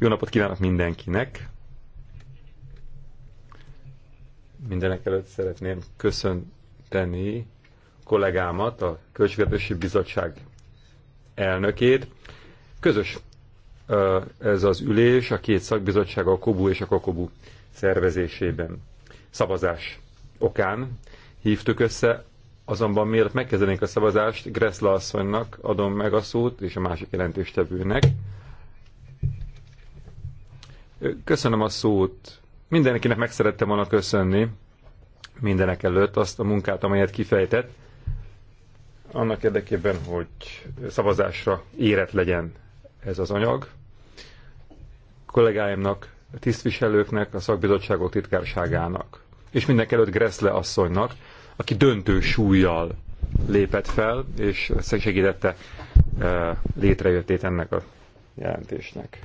Jó napot kívánok mindenkinek. Mindenek előtt szeretném köszönteni kollégámat, a Költségvetési Bizottság elnökét. Közös ez az ülés a két szakbizottság, a KOBU és a KOKOBU szervezésében. Szavazás okán hívtuk össze Azonban miért megkezdenénk a szavazást, Gressla asszonynak adom meg a szót, és a másik jelentéstevőnek. Köszönöm a szót. Mindenkinek meg szerettem volna köszönni mindenek előtt azt a munkát, amelyet kifejtett, annak érdekében, hogy szavazásra érett legyen ez az anyag. A kollégáimnak, a tisztviselőknek, a szakbizottságok titkárságának, és mindenek előtt Gressle asszonynak, aki döntő súlyjal lépett fel, és segítette eh, létrejöttét ennek a jelentésnek.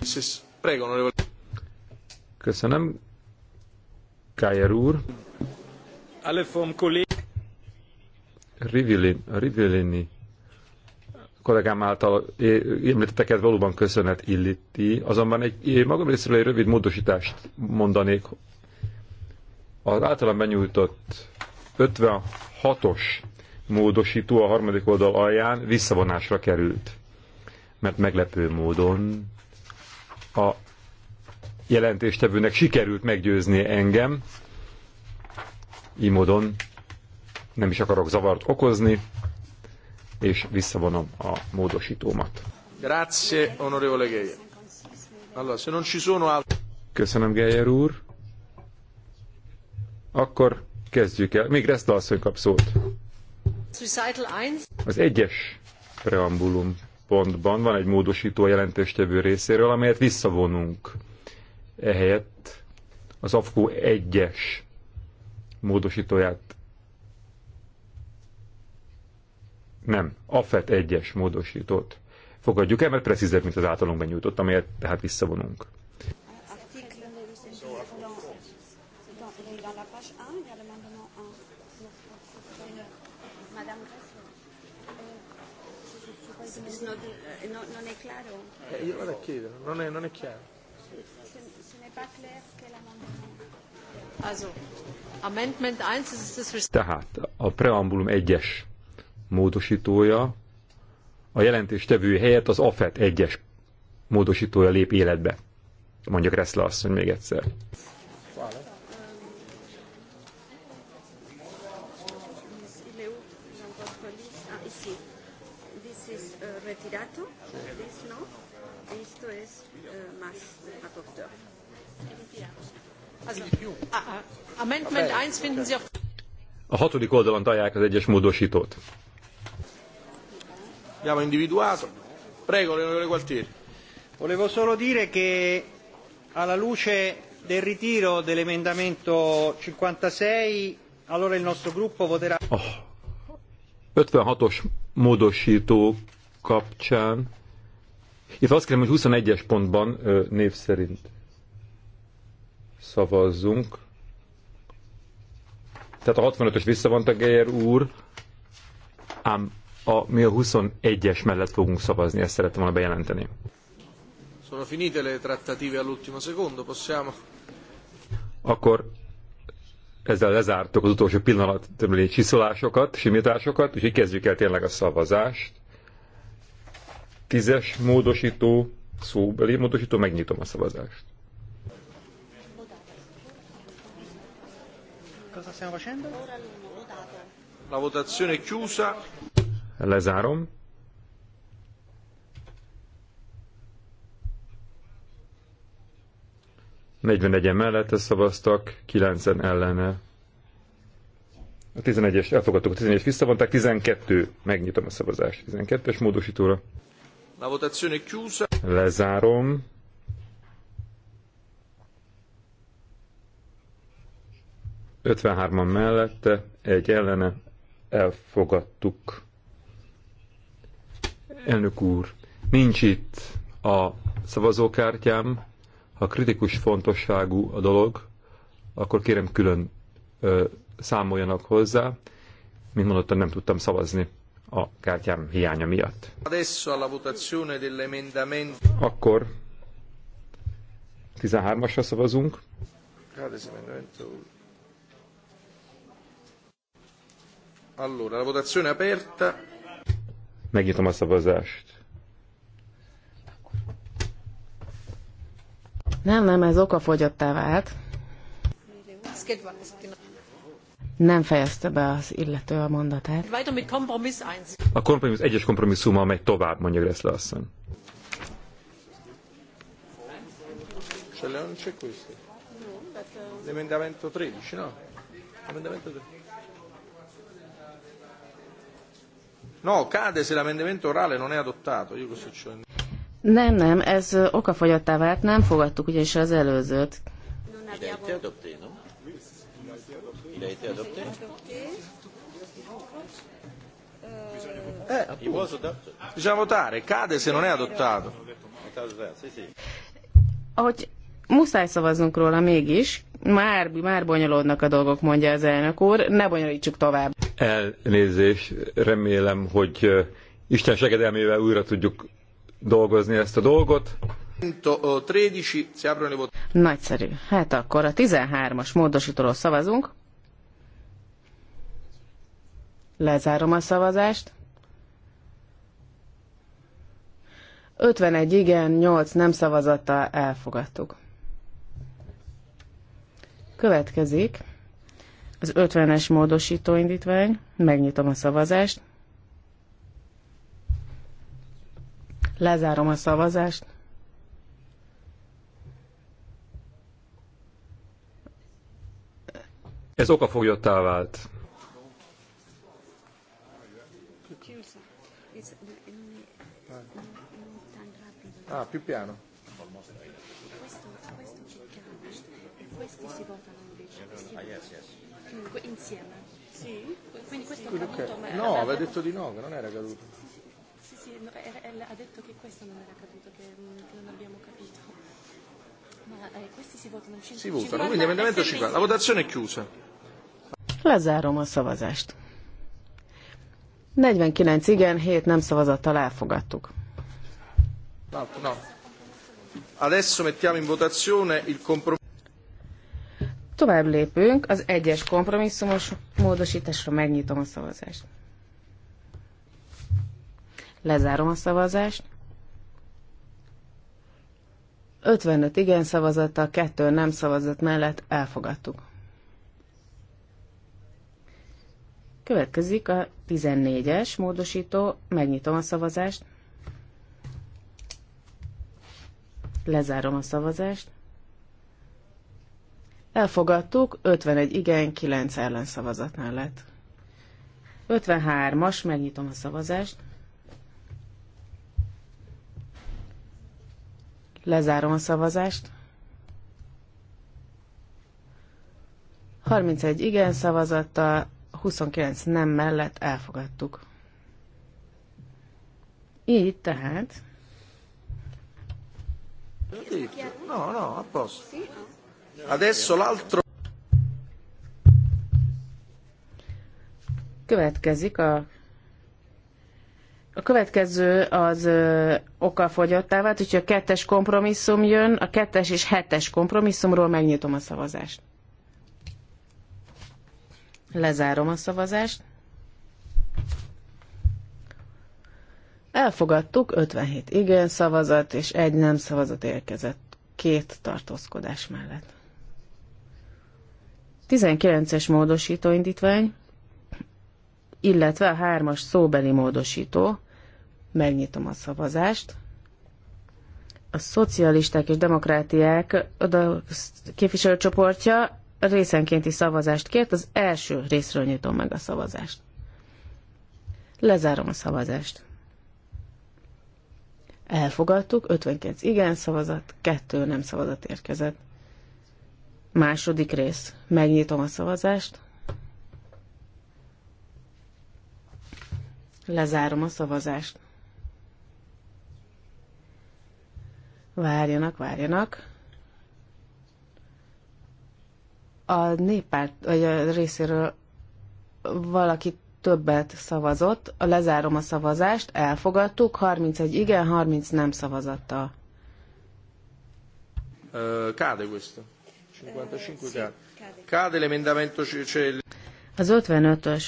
Köszönöm. Kájer úr. Rivillin, Rivillini kollégám által említetteket valóban köszönet illeti, azonban egy, magam részéről egy rövid módosítást mondanék. Az általam benyújtott 56-os módosító a harmadik oldal alján visszavonásra került, mert meglepő módon a jelentéstevőnek sikerült meggyőzni engem, így módon nem is akarok zavart okozni, és visszavonom a módosítómat. Grazie, onorevole Geyer. Allora, se non ci sono Köszönöm, Geyer úr. Akkor Kezdjük el. Még Reszta asszony kap szót. Az egyes preambulum pontban van egy módosító a jelentéstevő részéről, amelyet visszavonunk. Ehelyett az AFKO egyes módosítóját nem, AFET egyes módosítót fogadjuk el, mert precízebb, mint az általunk benyújtott, amelyet tehát visszavonunk. Eh, io vado a chiedere, non è, non è chiaro. Tehát a preambulum egyes módosítója a jelentéstevő helyett az AFET egyes módosítója lép életbe. Mondjuk Reszle asszony még egyszer. Ah, uh, retirato A hatodik oldalon találják az egyes módosítót. Abbiamo individuato. Prego, onorevole Gualtieri. Volevo solo dire che alla luce del ritiro dell'emendamento 56, allora il nostro gruppo voterà... Oh. Ah. 56-os módosító kapcsán. Itt azt kérem, hogy 21-es pontban név szerint szavazzunk. Tehát a 65-ös visszavont a Geyer úr, ám a, mi a 21-es mellett fogunk szavazni, ezt szerettem volna bejelenteni. Sono finite le trattative all'ultimo secondo, possiamo... Akkor ezzel lezártuk az utolsó pillanatbeli csiszolásokat, simításokat, és így kezdjük el tényleg a szavazást. Tízes módosító, szóbeli módosító, megnyitom a szavazást. Cosa stiamo facendo? La votazione è chiusa. Lezárom. Negyvenegyen mellette szavaztak, 90 ellene. A 11-es elfogadtuk, a 11-es visszavonták, 12. Megnyitom a szavazást 12-es módosítóra. La votazione è chiusa. Lezárom. 53-an mellette, egy ellene elfogadtuk. Elnök úr, nincs itt a szavazókártyám, ha kritikus fontosságú a dolog, akkor kérem külön ö, számoljanak hozzá. Mint mondottam, nem tudtam szavazni a kártyám hiánya miatt. Akkor 13-asra szavazunk. Allora, la votazione aperta. Megnyitom a szavazást. Nem, nem, ez okafogyottá vált. Nem fejezte be az illető a mondatát. A kompromissz egyes kompromisszuma megy tovább, mondja Gressler asszony. L'emendamento 13, no? L'emendamento 13. No, cade se l'amendamento orale non è adottato. Io Nem, nem, ez okafogyottá vált, nem fogadtuk ugyanis az előzőt. Il adopté, non? Il adopté? Eh, Bisogna votare, cade se non è adottato. Ahogy muszáj szavaznunk róla mégis, már, már bonyolódnak a dolgok, mondja az elnök úr, ne bonyolítsuk tovább. Elnézés, remélem, hogy Isten segedelmével újra tudjuk dolgozni ezt a dolgot. Nagyszerű. Hát akkor a 13-as módosítóról szavazunk. Lezárom a szavazást. 51 igen, 8 nem szavazattal elfogadtuk. Következik az 50-es módosító indítvány, megnyitom a szavazást. Lezárom a szavazást. Ez okafogyottá vált. Ah, più piano. Questo, questo ci chiama. Questi si votano invece. Ah, yes, yes comunque insieme. Sì. Quindi questo sì. è caduto. Okay. Ma no, aveva detto di no, che non era caduto. Sì, sì, sì, no, è, è, è, ha detto che questo non era caduto, che, mm, che non abbiamo capito. Ma eh, questi si votano 5 Si votano, quindi emendamento 5. La votazione è chiusa. Lezárom a szavazást. 49 igen, 7 nem szavazattal elfogadtuk. No, no. Adesso mettiamo in votazione il compromesso. Tovább lépünk, az egyes kompromisszumos módosításra megnyitom a szavazást. Lezárom a szavazást. 55 igen szavazata, 2 nem szavazat mellett elfogadtuk. Következik a 14-es módosító, megnyitom a szavazást. Lezárom a szavazást. Elfogadtuk, 51 igen, 9 ellenszavazatnál lett. 53-as, megnyitom a szavazást. Lezárom a szavazást. 31 igen szavazattal, 29 nem mellett elfogadtuk. Így tehát. No, no, a posto. Adesso l'altro... Következik a a következő az oka okafogyottá vált, hogyha a kettes kompromisszum jön, a kettes és hetes kompromisszumról megnyitom a szavazást. Lezárom a szavazást. Elfogadtuk, 57 igen szavazat és egy nem szavazat érkezett két tartózkodás mellett. 19-es módosítóindítvány, illetve a 3-as szóbeli módosító. Megnyitom a szavazást. A szocialisták és demokrátiák oda képviselőcsoportja részenkénti szavazást kért. Az első részről nyitom meg a szavazást. Lezárom a szavazást. Elfogadtuk, 59 igen szavazat, 2 nem szavazat érkezett. Második rész. Megnyitom a szavazást. Lezárom a szavazást. Várjanak, várjanak. A néppárt vagy a részéről valaki többet szavazott. a Lezárom a szavazást, elfogadtuk. 31 igen, 30 nem szavazattal. Cade questo. 55 eh, cade. Cade l'emendamento cioè Az 55-ös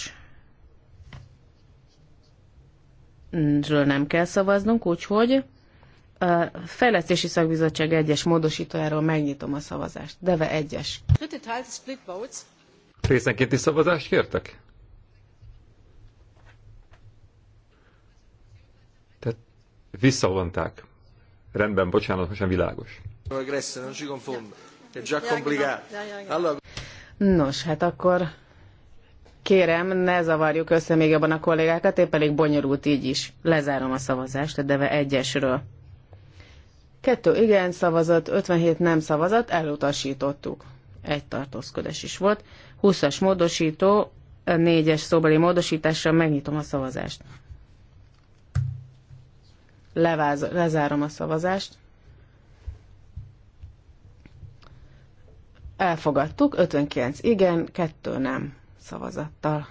nem kell szavaznunk, úgyhogy a Fejlesztési Szakbizottság egyes módosítójáról megnyitom a szavazást. Deve egyes. Részenkénti szavazást kértek? Tehát visszavonták. Rendben, bocsánat, most sem világos. Nos, hát akkor kérem, ne zavarjuk össze még abban a kollégákat, épp elég bonyolult így is. Lezárom a szavazást a Deve egyesről. Kettő igen szavazat, 57 nem szavazat, elutasítottuk. Egy tartózkodás is volt. 20-as módosító, 4-es szóbeli módosítással megnyitom a szavazást. Leváz, lezárom a szavazást. Elfogadtuk, 59 igen, 2 nem szavazattal.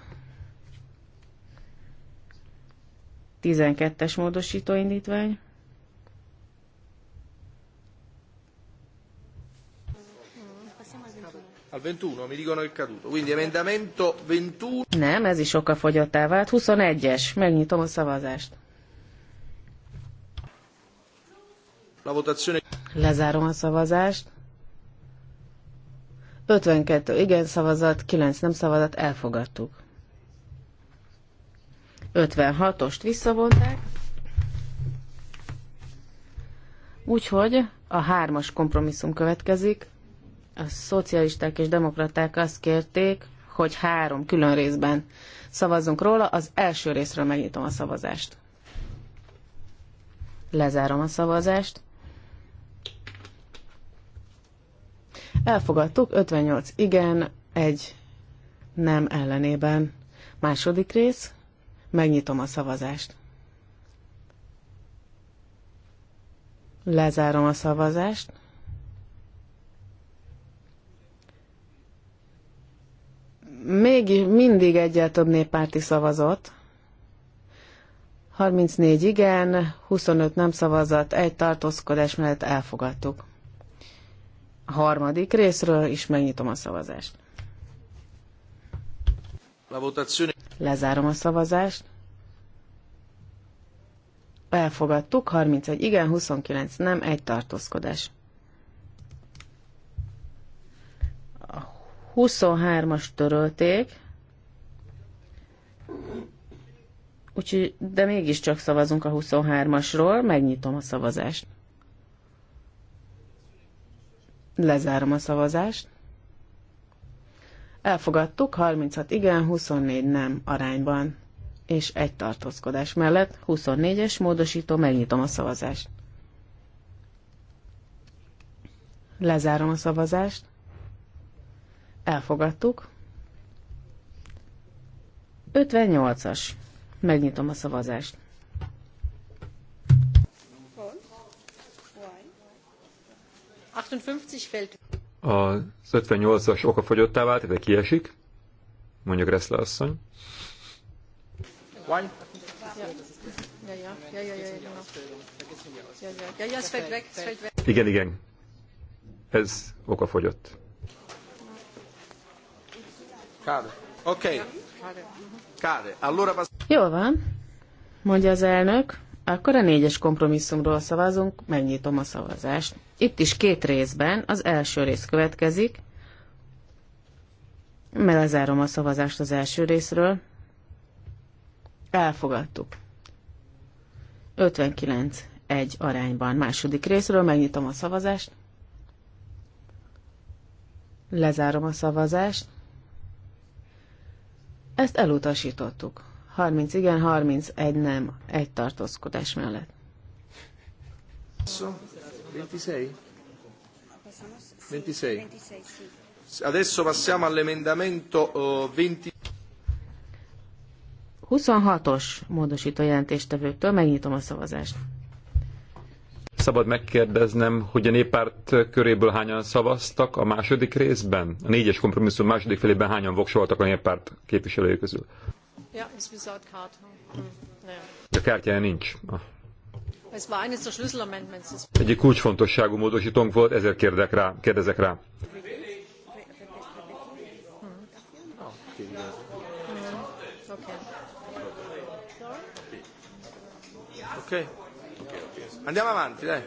12-es módosító indítvány. Al 21 mi dicono che caduto, quindi emendamento 21. Nem, ez is okafogyottá vált. 21-es, megnyitom a szavazást. La votazione. Lezárom a szavazást. 52 igen szavazat, 9 nem szavazat, elfogadtuk. 56-ost visszavonták, úgyhogy a hármas kompromisszum következik. A szocialisták és demokraták azt kérték, hogy három külön részben szavazzunk róla. Az első részről megnyitom a szavazást. Lezárom a szavazást. Elfogadtuk, 58 igen, egy nem ellenében. Második rész, megnyitom a szavazást. Lezárom a szavazást. Még mindig egyel több néppárti szavazott. 34 igen, 25 nem szavazat, egy tartózkodás mellett elfogadtuk. A harmadik részről is megnyitom a szavazást. Lezárom a szavazást. Elfogadtuk, 31 igen, 29 nem, egy tartózkodás. A 23-as törölték, úgyhogy, de mégiscsak szavazunk a 23-asról, megnyitom a szavazást. Lezárom a szavazást. Elfogadtuk 36 igen, 24 nem arányban, és egy tartózkodás mellett 24-es módosító, megnyitom a szavazást. Lezárom a szavazást. Elfogadtuk. 58-as. Megnyitom a szavazást. Az 58-as okafogyottá vált, de kiesik, mondja Gressle asszony. Igen, igen. Ez okafogyott. fogyott. Oké. Okay. Kade. Jól van, mondja az elnök. Akkor a négyes kompromisszumról szavazunk, megnyitom a szavazást. Itt is két részben, az első rész következik, lezárom a szavazást az első részről. Elfogadtuk. 59 egy arányban. Második részről megnyitom a szavazást. Lezárom a szavazást. Ezt elutasítottuk. 30 igen, 31 nem, egy tartózkodás mellett. 26. 26. Adesso passiamo all'emendamento 20. Eh, 26-os módosító jelentéstevőktől megnyitom a szavazást. Szabad megkérdeznem, hogy a néppárt köréből hányan szavaztak a második részben? A négyes kompromisszum második felében hányan voksoltak a néppárt képviselői közül? A kártyája nincs. Egyik kulcsfontosságú módosítónk volt, ezért kérdek rá, kérdezek rá. Andiamo avanti, dai.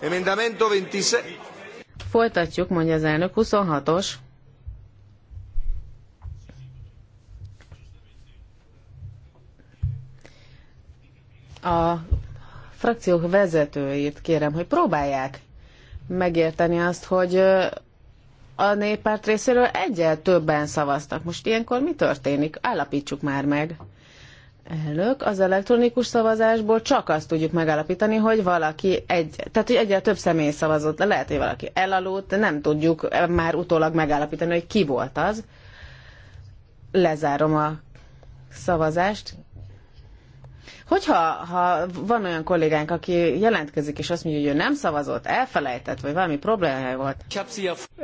Emendamento 26. Folytatjuk, mondja az elnök, 26-os. a frakciók vezetőit kérem, hogy próbálják megérteni azt, hogy a néppárt részéről egyel többen szavaztak. Most ilyenkor mi történik? Állapítsuk már meg. Elnök, az elektronikus szavazásból csak azt tudjuk megállapítani, hogy valaki egy, tehát hogy egyre több személy szavazott, lehet, hogy valaki elaludt, nem tudjuk már utólag megállapítani, hogy ki volt az. Lezárom a szavazást, Hogyha ha van olyan kollégánk, aki jelentkezik, és azt mondja, hogy ő nem szavazott, elfelejtett, vagy valami problémája volt.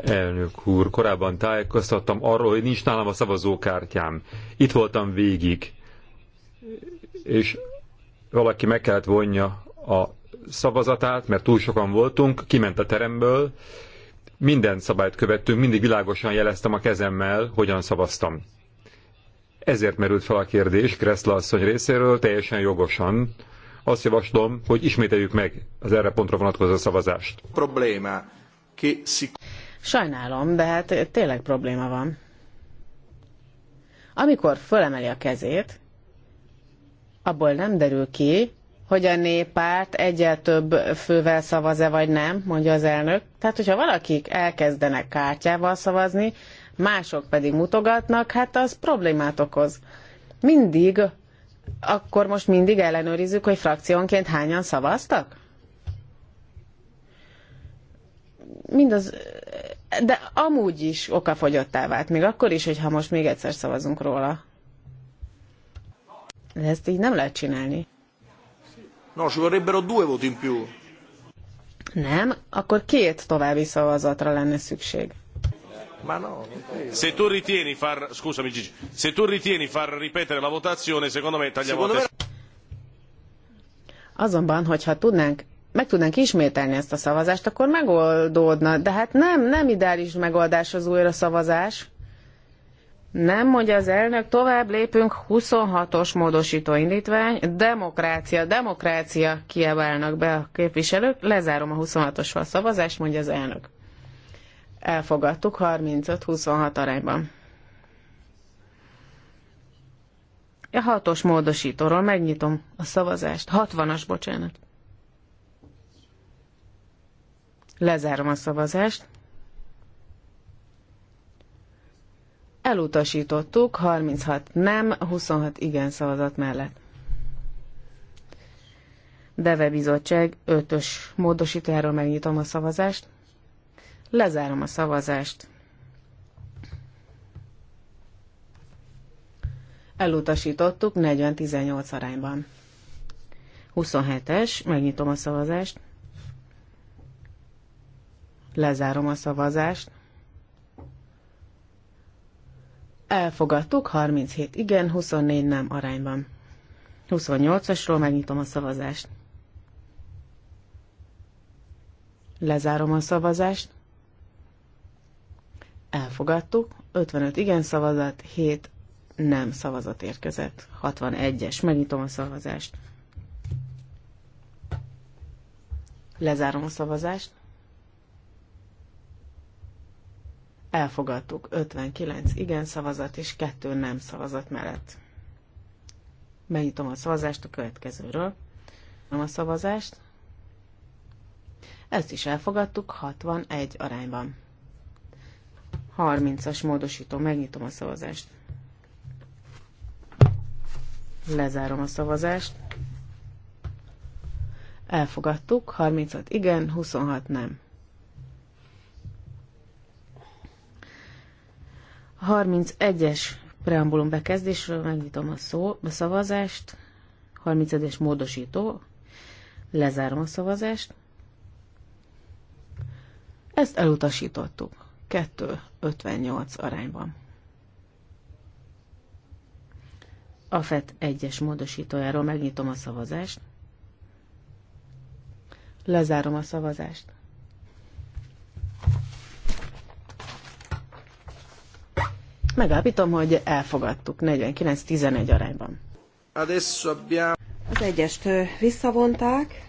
Elnök úr, korábban tájékoztattam arról, hogy nincs nálam a szavazókártyám. Itt voltam végig, és valaki meg kellett vonja a szavazatát, mert túl sokan voltunk, kiment a teremből, minden szabályt követtünk, mindig világosan jeleztem a kezemmel, hogyan szavaztam. Ezért merült fel a kérdés Kressla asszony részéről, teljesen jogosan. Azt javaslom, hogy ismételjük meg az erre pontra vonatkozó szavazást. Probléma. Sajnálom, de hát tényleg probléma van. Amikor fölemeli a kezét, abból nem derül ki, hogy a néppárt egyel több fővel szavaz-e vagy nem, mondja az elnök. Tehát, hogyha valakik elkezdenek kártyával szavazni, mások pedig mutogatnak, hát az problémát okoz. Mindig, akkor most mindig ellenőrizzük, hogy frakciónként hányan szavaztak? Mindaz, de amúgy is okafogyottá vált, még akkor is, hogyha most még egyszer szavazunk róla. De ezt így nem lehet csinálni. No, ci vorrebbero due voti in più. Nem, akkor két további szavazatra lenne szükség. Ma no. Se tu ritieni far, scusami Gigi, se tu ritieni far ripetere la votazione, secondo me tagliamo secondo a testa. Azonban, hogyha tudnánk meg tudnánk ismételni ezt a szavazást, akkor megoldódna. De hát nem, nem ideális megoldás az újra szavazás. Nem, mondja az elnök, tovább lépünk 26-os módosító indítvány, demokrácia, demokrácia kiabálnak be a képviselők, lezárom a 26 os szavazást, mondja az elnök. Elfogadtuk 35-26 arányban. A hatos módosítóról megnyitom a szavazást. 60-as, bocsánat. Lezárom a szavazást. Elutasítottuk 36 nem, 26 igen szavazat mellett. Deve bizottság 5-ös módosítójáról megnyitom a szavazást. Lezárom a szavazást. Elutasítottuk 40-18 arányban. 27-es, megnyitom a szavazást. Lezárom a szavazást. Elfogadtuk 37 igen, 24 nem arányban. 28-asról megnyitom a szavazást. Lezárom a szavazást. Elfogadtuk. 55 igen szavazat, 7 nem szavazat érkezett. 61-es. Megnyitom a szavazást. Lezárom a szavazást. Elfogadtuk 59 igen szavazat és 2 nem szavazat mellett. Megnyitom a szavazást a következőről. Nem a szavazást. Ezt is elfogadtuk 61 arányban. 30-as módosító. Megnyitom a szavazást. Lezárom a szavazást. Elfogadtuk. 36 igen, 26 nem. 31-es preambulum bekezdésről megnyitom a, szó, a szavazást. 31-es módosító. Lezárom a szavazást. Ezt elutasítottuk. 2-58 arányban. A FET egyes módosítójáról megnyitom a szavazást. Lezárom a szavazást. Megállapítom, hogy elfogadtuk 49-11 arányban. Az egyest visszavonták.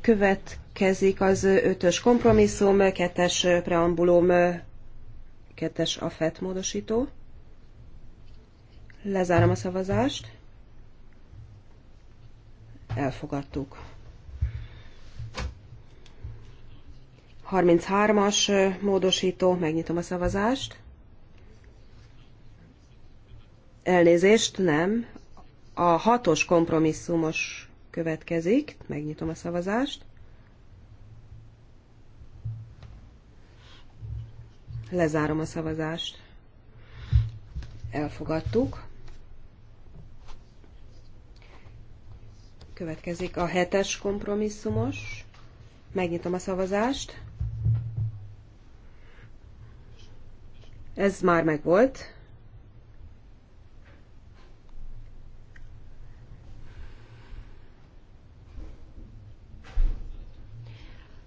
Követ következik az ötös kompromisszum, kettes preambulum, kettes afet módosító. Lezárom a szavazást. Elfogadtuk. 33-as módosító, megnyitom a szavazást. Elnézést, nem. A hatos kompromisszumos következik, megnyitom a szavazást. Lezárom a szavazást. Elfogadtuk. Következik a hetes kompromisszumos. Megnyitom a szavazást. Ez már megvolt.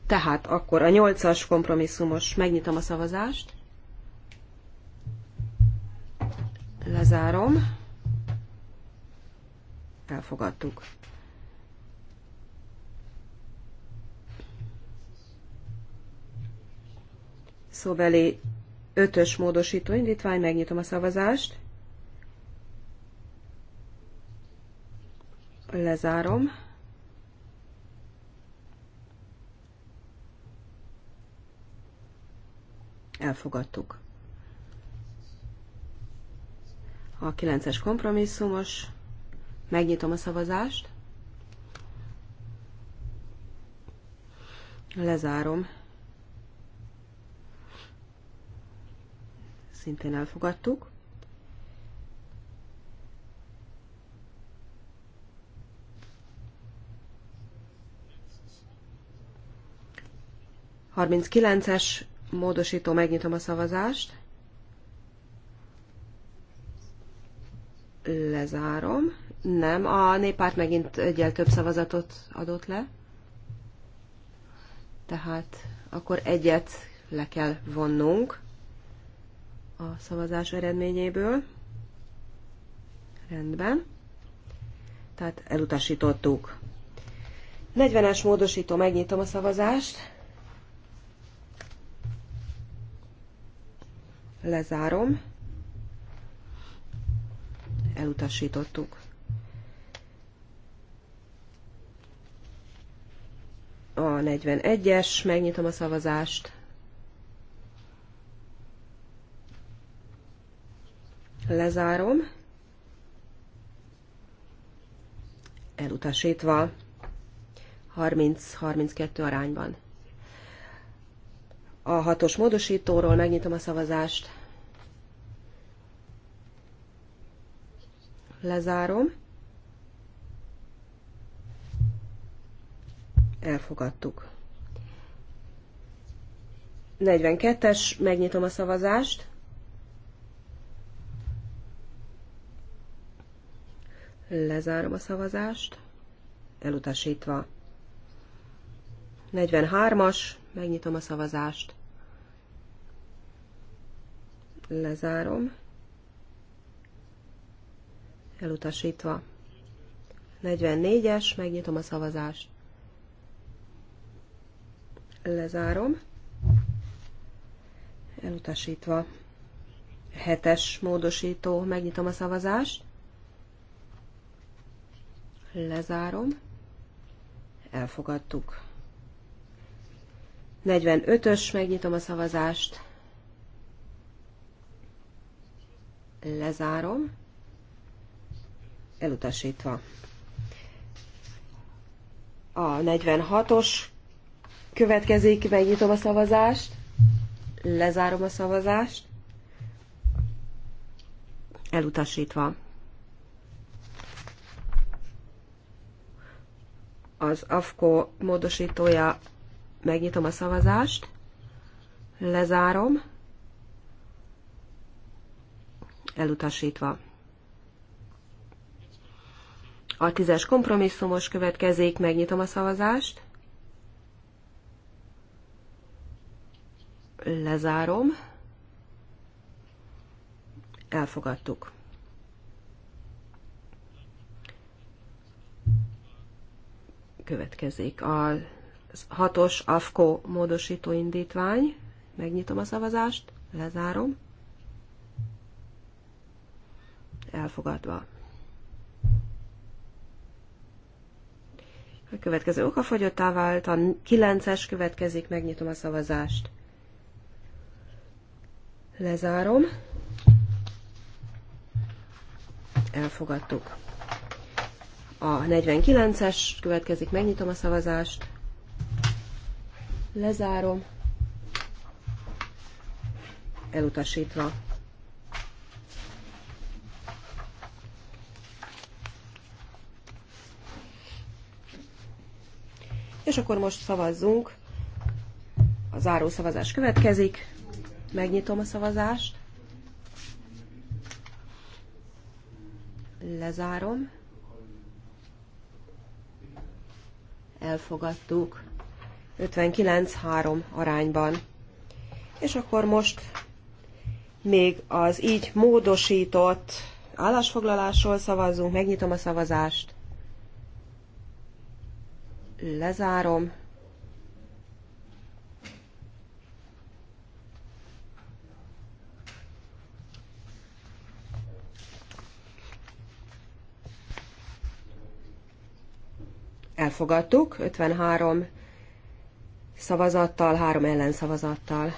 Tehát akkor a nyolcas kompromisszumos, megnyitom a szavazást. Lezárom. Elfogadtuk. Szóbeli ötös módosító indítvány, megnyitom a szavazást. Lezárom. Elfogadtuk. A 9-es kompromisszumos. Megnyitom a szavazást. Lezárom. Szintén elfogadtuk. Harminckilences módosító, megnyitom a szavazást. Lezárom. Nem, a néppárt megint egyel több szavazatot adott le. Tehát akkor egyet le kell vonnunk a szavazás eredményéből. Rendben. Tehát elutasítottuk. 40-es módosító, megnyitom a szavazást. Lezárom. Elutasítottuk. A 41-es, megnyitom a szavazást. Lezárom. Elutasítva. 30-32 arányban a hatos módosítóról, megnyitom a szavazást. Lezárom. Elfogadtuk. 42-es, megnyitom a szavazást. Lezárom a szavazást. Elutasítva. 43-as, megnyitom a szavazást. Lezárom. Elutasítva. 44-es, megnyitom a szavazást. Lezárom. Elutasítva. 7-es módosító, megnyitom a szavazást. Lezárom. Elfogadtuk. 45-ös, megnyitom a szavazást. Lezárom. Elutasítva. A 46-os következik, megnyitom a szavazást. Lezárom a szavazást. Elutasítva. az AFKO módosítója, megnyitom a szavazást, lezárom, elutasítva. A tízes kompromisszumos következék, megnyitom a szavazást. Lezárom. Elfogadtuk. Következik a hatos AFKO módosító indítvány. Megnyitom a szavazást, lezárom elfogadva. A következő okafogyottá vált, a 9-es következik, megnyitom a szavazást. Lezárom. Elfogadtuk. A 49-es következik, megnyitom a szavazást. Lezárom. Elutasítva. És akkor most szavazzunk. A záró szavazás következik. Megnyitom a szavazást. Lezárom. Elfogadtuk. 59-3 arányban. És akkor most még az így módosított állásfoglalásról szavazzunk, megnyitom a szavazást. Lezárom. Elfogadtuk, 53 szavazattal, három ellenszavazattal.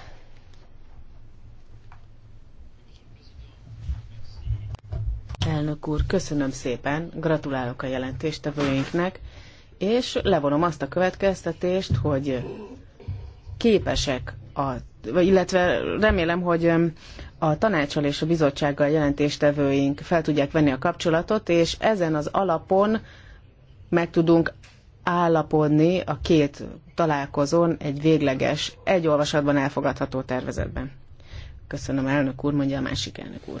Elnök úr, köszönöm szépen, gratulálok a jelentéstevőinknek és levonom azt a következtetést, hogy képesek a, illetve remélem, hogy a tanácsal és a bizottsággal jelentéstevőink fel tudják venni a kapcsolatot, és ezen az alapon meg tudunk állapodni a két találkozón egy végleges, egy olvasatban elfogadható tervezetben. Köszönöm, elnök úr, mondja a másik elnök úr.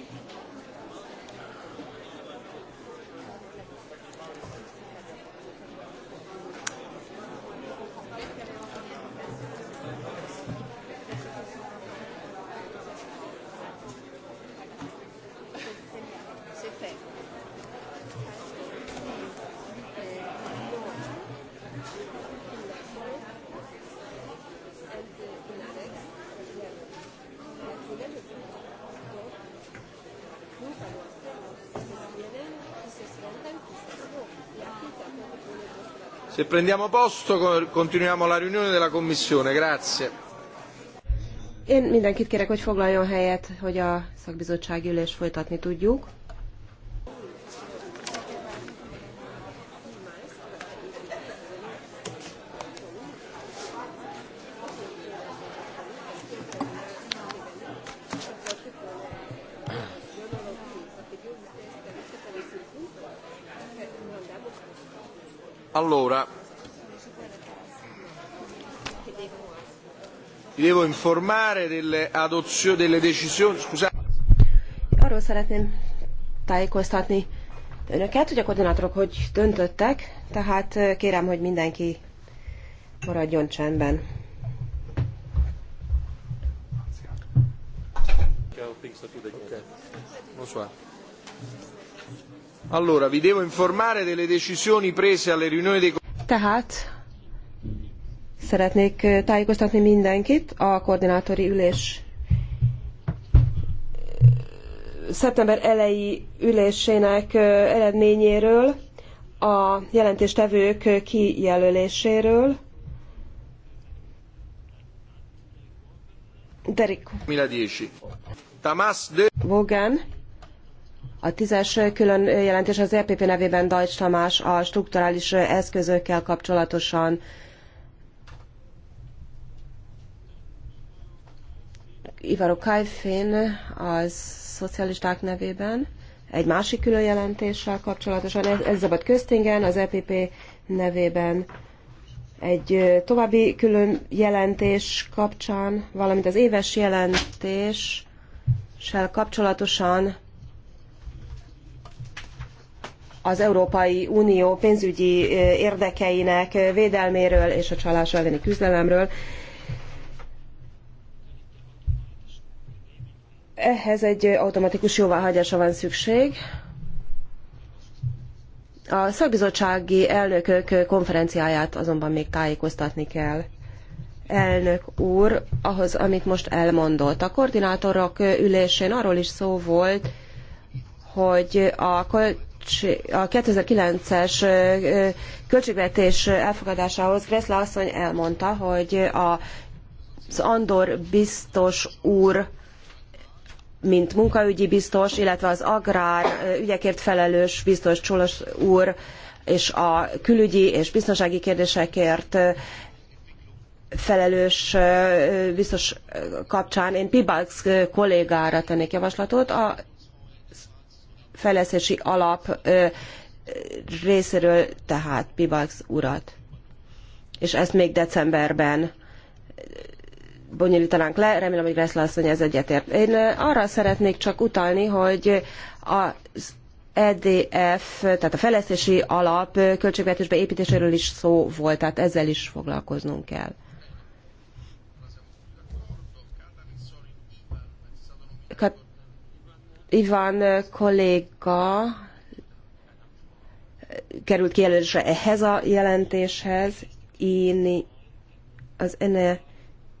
Se prendiamo posto continuiamo la riunione della Commissione. Grazie. Én mindenkit kérek, hogy foglaljon helyet, hogy a szakbizottsági ülést folytatni tudjuk. Allora, devo informare delle delle decisioni, scusate. Arról szeretném tájékoztatni önöket, hogy a koordinátorok hogy döntöttek, tehát eh, kérem, hogy mindenki maradjon csendben. Bonsoir. Allora, vi devo informare delle decisioni prese alle riunioni dei... Tehát szeretnék eh, tájékoztatni mindenkit a koordinátori ülés eh, szeptember elejé ülésének eh, eredményéről, a jelentéstevők kijelöléséről. Derek. Bogan a tízes külön jelentés az EPP nevében Dajcs Tamás a strukturális eszközökkel kapcsolatosan Ivaro Kajfén az szocialisták nevében egy másik külön jelentéssel kapcsolatosan, Elizabeth Köztingen az EPP nevében egy további külön jelentés kapcsán, valamint az éves jelentéssel kapcsolatosan az Európai Unió pénzügyi érdekeinek védelméről és a csalás elleni küzdelemről. Ehhez egy automatikus jóváhagyása van szükség. A szakbizottsági elnökök konferenciáját azonban még tájékoztatni kell. Elnök úr, ahhoz, amit most elmondott. A koordinátorok ülésén arról is szó volt, hogy a a 2009-es költségvetés elfogadásához Greszle asszony elmondta, hogy a, az Andor biztos úr mint munkaügyi biztos, illetve az agrár ügyekért felelős biztos Csolos úr és a külügyi és biztonsági kérdésekért felelős biztos kapcsán én Pibalx kollégára tennék javaslatot, a fejlesztési alap részéről, tehát Pivax urat. És ezt még decemberben bonyolítanánk le, remélem, hogy Gressler asszony ez egyetért. Én arra szeretnék csak utalni, hogy az EDF, tehát a fejlesztési alap költségvetésbe építéséről is szó volt, tehát ezzel is foglalkoznunk kell. Iván kolléga került kijelölésre ehhez a jelentéshez, íni az e ENE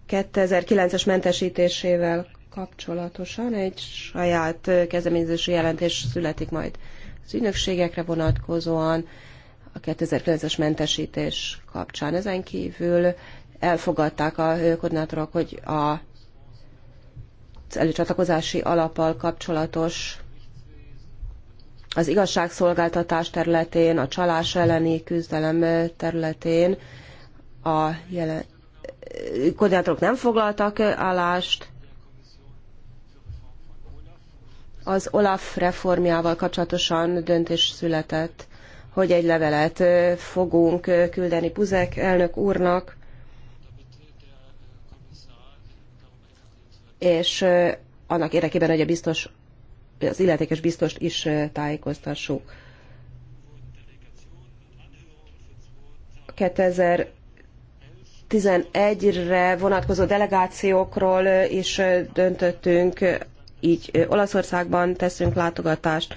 2009-es mentesítésével kapcsolatosan egy saját kezdeményezési jelentés születik majd az ügynökségekre vonatkozóan a 2009-es mentesítés kapcsán. Ezen kívül elfogadták a koordinátorok, hogy a előcsatlakozási alappal kapcsolatos, az igazságszolgáltatás területén, a csalás elleni küzdelem területén a jelen... koordinátorok nem foglaltak állást, az Olaf reformjával kapcsolatosan döntés született, hogy egy levelet fogunk küldeni Buzek elnök úrnak, és annak érdekében, hogy a biztos, az illetékes biztost is tájékoztassuk. 2011-re vonatkozó delegációkról is döntöttünk, így Olaszországban teszünk látogatást,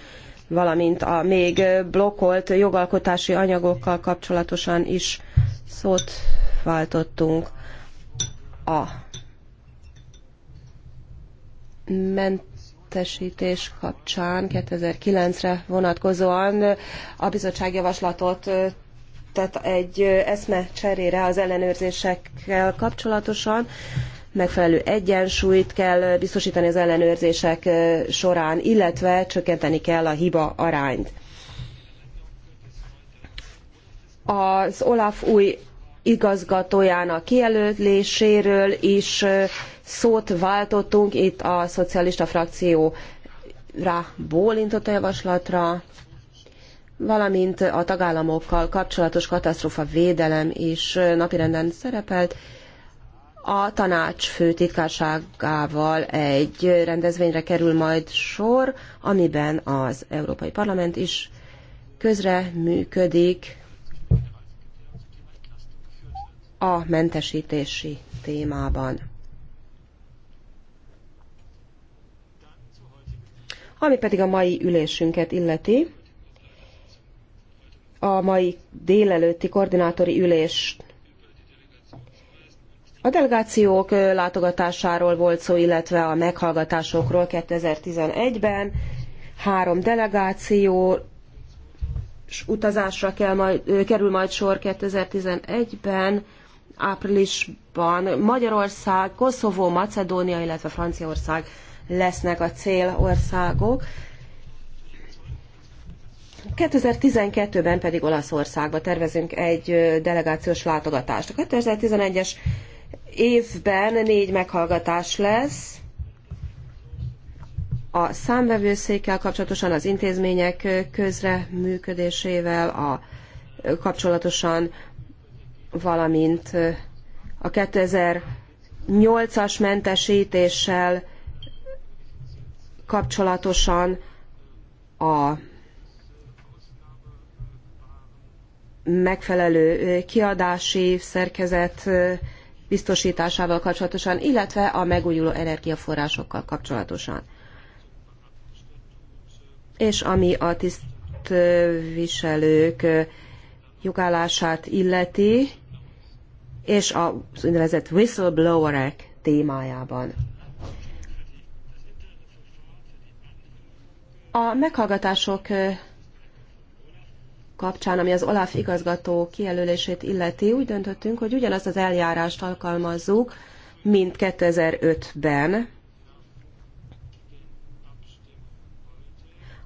valamint a még blokkolt jogalkotási anyagokkal kapcsolatosan is szót váltottunk a mentesítés kapcsán 2009-re vonatkozóan a bizottság javaslatot tett egy eszme cserére az ellenőrzésekkel kapcsolatosan. Megfelelő egyensúlyt kell biztosítani az ellenőrzések során, illetve csökkenteni kell a hiba arányt. Az Olaf új igazgatójának kijelöléséről is szót váltottunk. Itt a szocialista frakció rá bólintott a javaslatra, valamint a tagállamokkal kapcsolatos katasztrófa védelem is napirenden szerepelt. A tanács főtitkárságával egy rendezvényre kerül majd sor, amiben az Európai Parlament is közre működik a mentesítési témában. Ami pedig a mai ülésünket illeti, a mai délelőtti koordinátori ülés a delegációk látogatásáról volt szó, illetve a meghallgatásokról 2011-ben. Három delegáció utazásra kell majd, kerül majd sor 2011-ben áprilisban Magyarország, Koszovó, Macedónia, illetve Franciaország lesznek a célországok. 2012-ben pedig Olaszországba tervezünk egy delegációs látogatást. A 2011-es évben négy meghallgatás lesz a számvevőszékkel kapcsolatosan, az intézmények közreműködésével, a kapcsolatosan valamint a 2008-as mentesítéssel kapcsolatosan a megfelelő kiadási szerkezet biztosításával kapcsolatosan, illetve a megújuló energiaforrásokkal kapcsolatosan. És ami a tisztviselők jogállását illeti, és az úgynevezett whistleblowerek témájában. A meghallgatások kapcsán, ami az OLAF igazgató kijelölését illeti, úgy döntöttünk, hogy ugyanazt az eljárást alkalmazzuk, mint 2005-ben.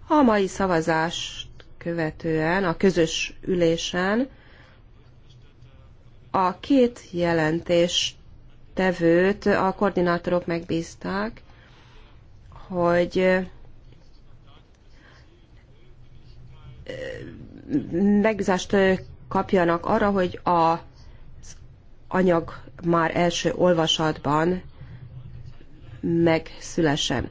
A mai szavazást követően, a közös ülésen a két jelentés tevőt a koordinátorok megbízták, hogy megbízást kapjanak arra, hogy a anyag már első olvasatban megszülesen.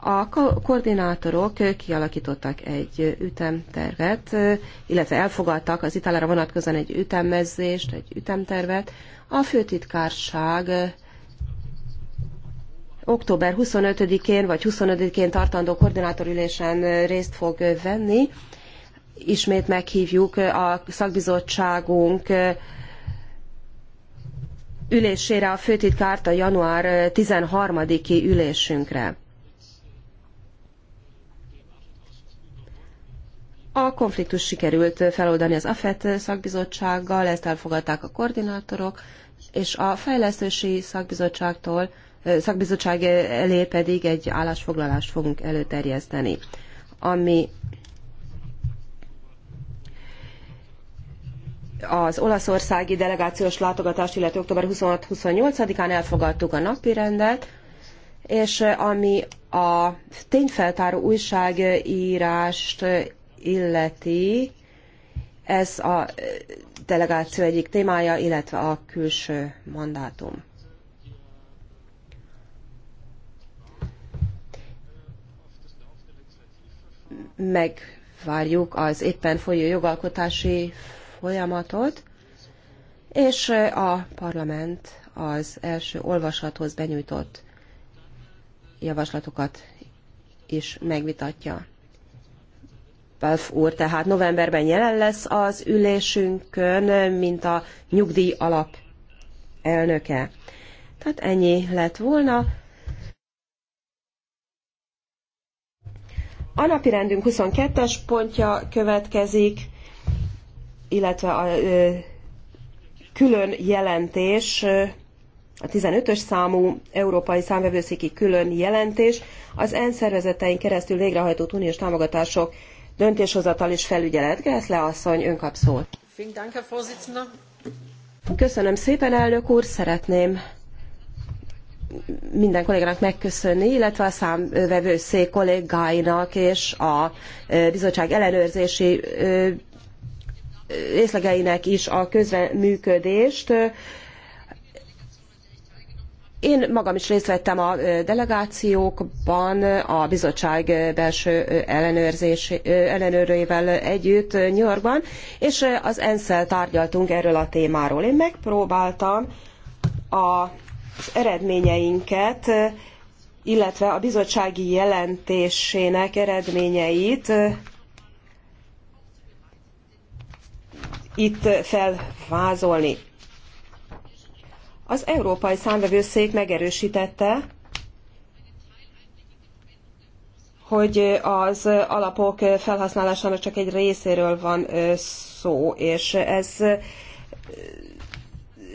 A koordinátorok kialakítottak egy ütemtervet, illetve elfogadtak az italára vonatkozóan egy ütemmezést, egy ütemtervet. A főtitkárság október 25-én vagy 25-én tartandó koordinátorülésen részt fog venni. Ismét meghívjuk a szakbizottságunk ülésére a főtitkárt a január 13-i ülésünkre. A konfliktus sikerült feloldani az AFET szakbizottsággal, ezt elfogadták a koordinátorok, és a fejlesztési szakbizottságtól, szakbizottság elé pedig egy állásfoglalást fogunk előterjeszteni, ami az olaszországi delegációs látogatást, illetve október 26-28-án elfogadtuk a rendet, és ami a tényfeltáró újságírást illeti, ez a eh, delegáció egyik témája, illetve a külső mandátum. Megvárjuk az éppen folyó jogalkotási folyamatot, és eh, a parlament az első olvasathoz benyújtott javaslatokat is megvitatja. Belf úr tehát novemberben jelen lesz az ülésünkön, mint a nyugdíj alap elnöke. Tehát ennyi lett volna. A napi rendünk 22-es pontja következik, illetve a ö, külön jelentés, a 15-ös számú európai számvevőszéki külön jelentés az ENSZ szervezetein keresztül végrehajtott uniós támogatások döntéshozatal és felügyelet. Greszle asszony, ön kap szót. Köszönöm szépen, elnök úr, szeretném minden kollégának megköszönni, illetve a számvevőszék kollégáinak és a bizottság ellenőrzési részlegeinek is a közreműködést. működést én magam is részt vettem a delegációkban, a bizottság belső ellenőrzés, ellenőrőjével együtt New Yorkban, és az ENSZ-el tárgyaltunk erről a témáról. Én megpróbáltam az eredményeinket, illetve a bizottsági jelentésének eredményeit itt felvázolni. Az Európai Számvevőszék megerősítette, hogy az alapok felhasználásának csak egy részéről van szó, és ez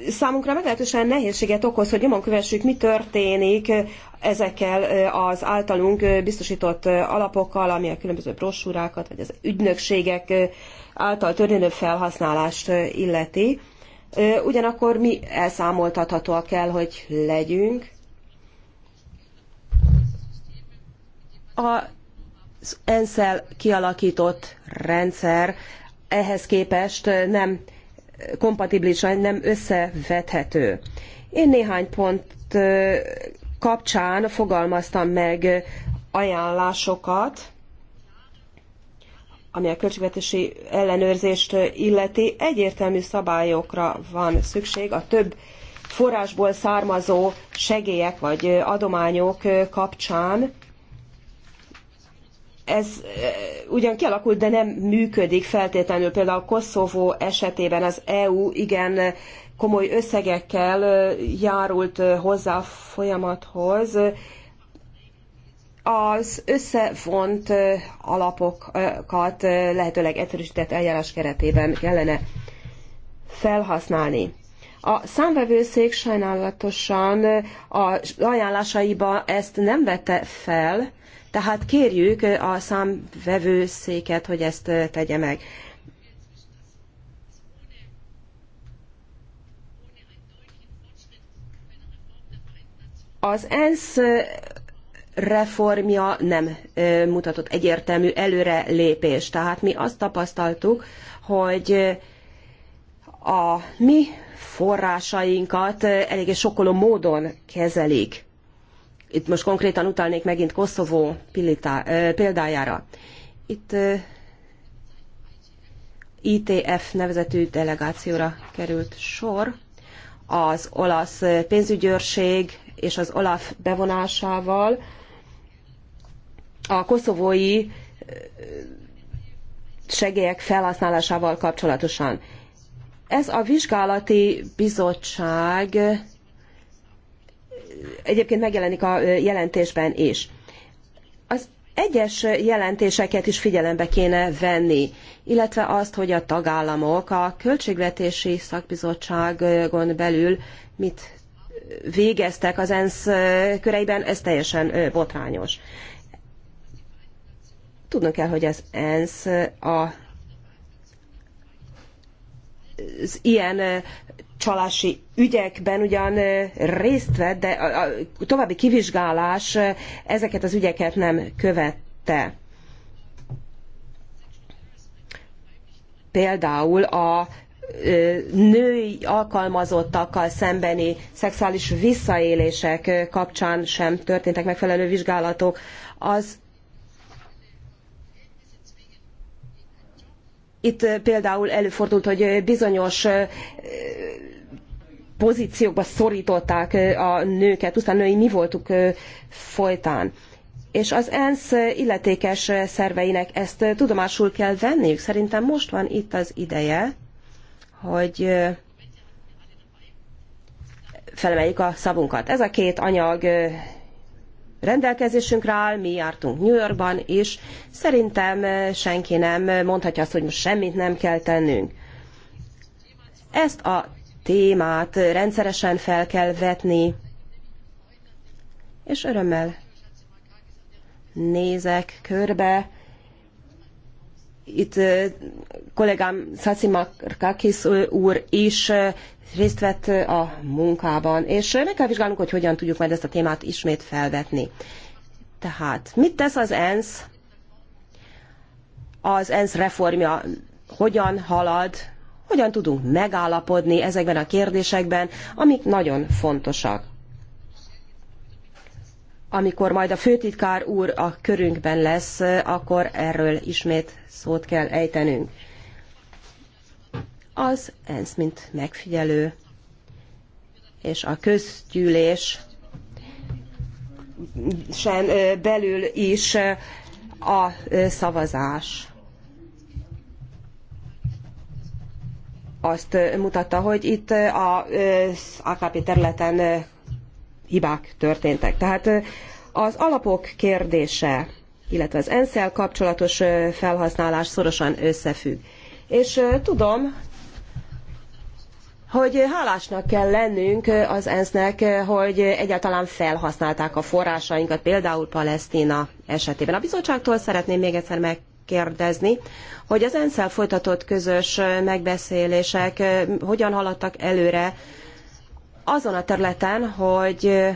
számunkra meglehetősen nehézséget okoz, hogy nyomon kövessük, mi történik ezekkel az általunk biztosított alapokkal, ami a különböző brosúrákat, vagy az ügynökségek által történő felhasználást illeti. Ugyanakkor mi elszámoltathatóak kell, hogy legyünk. Az ensz kialakított rendszer ehhez képest nem kompatibilis, nem összevethető. Én néhány pont kapcsán fogalmaztam meg ajánlásokat, ami a költségvetési ellenőrzést illeti, egyértelmű szabályokra van szükség a több forrásból származó segélyek vagy adományok kapcsán. Ez eh, ugyan kialakult, de nem működik feltétlenül. Például a Koszovó esetében az EU igen komoly összegekkel eh, járult eh, hozzá a folyamathoz, az összefont alapokat lehetőleg egyszerűsített eljárás keretében kellene felhasználni. A számvevőszék sajnálatosan az ajánlásaiba ezt nem vette fel, tehát kérjük a számvevőszéket, hogy ezt tegye meg. Az ENSZ reformja nem mutatott egyértelmű előrelépést. Tehát mi azt tapasztaltuk, hogy a mi forrásainkat eléggé sokkoló módon kezelik. Itt most konkrétan utalnék megint Koszovó példájára. Itt ITF nevezetű delegációra került sor. Az olasz pénzügyőrség és az OLAF bevonásával a koszovói segélyek felhasználásával kapcsolatosan. Ez a vizsgálati bizottság egyébként megjelenik a jelentésben is. Az egyes jelentéseket is figyelembe kéne venni, illetve azt, hogy a tagállamok a költségvetési szakbizottságon belül mit végeztek az ENSZ köreiben, ez teljesen botrányos. Tudnunk kell, hogy az ENSZ a az ilyen csalási ügyekben ugyan részt vett, de a további kivizsgálás ezeket az ügyeket nem követte. Például a női alkalmazottakkal szembeni szexuális visszaélések kapcsán sem történtek megfelelő vizsgálatok. Az Itt például előfordult, hogy bizonyos pozíciókba szorították a nőket, pusztán női mi voltuk folytán. És az ENSZ illetékes szerveinek ezt tudomásul kell venniük. Szerintem most van itt az ideje, hogy felemeljük a szavunkat. Ez a két anyag rendelkezésünkre áll, mi jártunk New Yorkban és Szerintem eh, senki nem mondhatja azt, hogy most semmit nem kell tennünk. Ezt a témát rendszeresen fel kell vetni, és örömmel nézek körbe, itt kollégám Szacimakakis úr is részt vett a munkában, és meg kell vizsgálnunk, hogy hogyan tudjuk majd ezt a témát ismét felvetni. Tehát mit tesz az ENSZ? Az ENSZ reformja hogyan halad? Hogyan tudunk megállapodni ezekben a kérdésekben, amik nagyon fontosak? amikor majd a főtitkár úr a körünkben lesz, akkor erről ismét szót kell ejtenünk. Az ENSZ, mint megfigyelő, és a közgyűlés sen belül is a szavazás. Azt mutatta, hogy itt az AKP területen hibák történtek. Tehát az alapok kérdése, illetve az ensz kapcsolatos felhasználás szorosan összefügg. És tudom, hogy hálásnak kell lennünk az ENSZ-nek, hogy egyáltalán felhasználták a forrásainkat, például Palesztina esetében. A bizottságtól szeretném még egyszer meg kérdezni, hogy az ensz folytatott közös megbeszélések hogyan haladtak előre azon a területen, hogy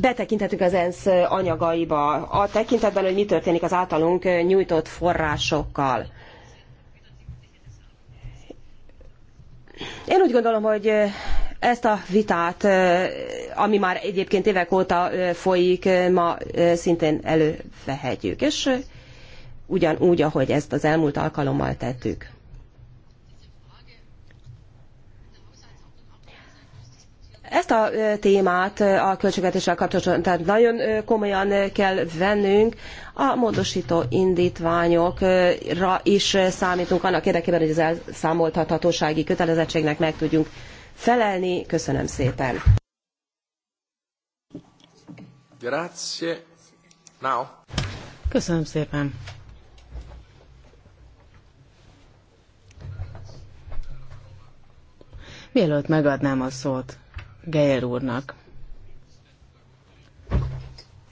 betekinthetünk az ENSZ anyagaiba, a tekintetben, hogy mi történik az általunk nyújtott forrásokkal. Én úgy gondolom, hogy ezt a vitát, ami már egyébként évek óta folyik, ma szintén elővehetjük, és ugyanúgy, ahogy ezt az elmúlt alkalommal tettük. Ezt a témát a költségvetéssel kapcsolatban tehát nagyon komolyan kell vennünk. A módosító indítványokra is számítunk annak érdekében, hogy az elszámoltathatósági kötelezettségnek meg tudjunk felelni. Köszönöm szépen. Grazie. Now. Köszönöm szépen. Mielőtt megadnám a szót Geyer úrnak.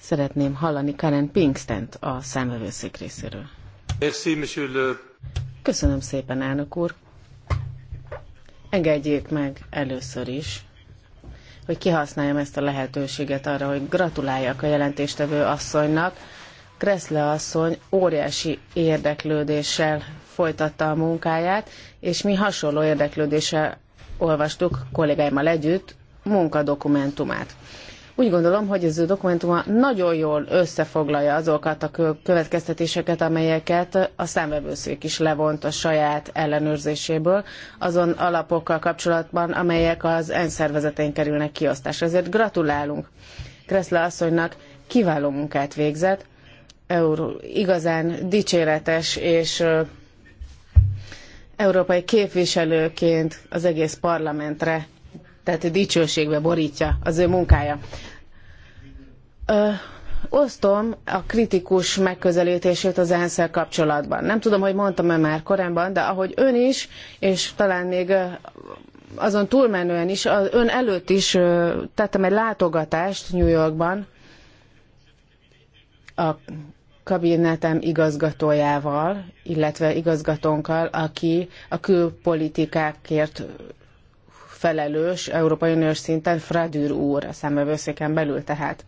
Szeretném hallani Karen Pinkstent a számövőszék részéről. Köszönöm szépen, elnök úr. Engedjék meg először is, hogy kihasználjam ezt a lehetőséget arra, hogy gratuláljak a jelentéstevő asszonynak. Kreszle asszony óriási érdeklődéssel folytatta a munkáját, és mi hasonló érdeklődéssel olvastuk kollégáimmal együtt munkadokumentumát. Úgy gondolom, hogy ez a dokumentuma nagyon jól összefoglalja azokat a következtetéseket, amelyeket a számvevőszék is levont a saját ellenőrzéséből, azon alapokkal kapcsolatban, amelyek az ENSZ szervezetén kerülnek kiosztásra. Ezért gratulálunk Kreszle asszonynak, kiváló munkát végzett, Euró, igazán dicséretes és európai képviselőként az egész parlamentre tehát dicsőségbe borítja az ő munkája. Ö, osztom a kritikus megközelítését az ensz kapcsolatban. Nem tudom, hogy mondtam-e már korábban, de ahogy ön is, és talán még azon túlmenően is, az ön előtt is tettem egy látogatást New Yorkban a kabinetem igazgatójával, illetve igazgatónkkal, aki a külpolitikákért felelős Európai Uniós szinten, Fradür úr a számvevőszéken belül tehát.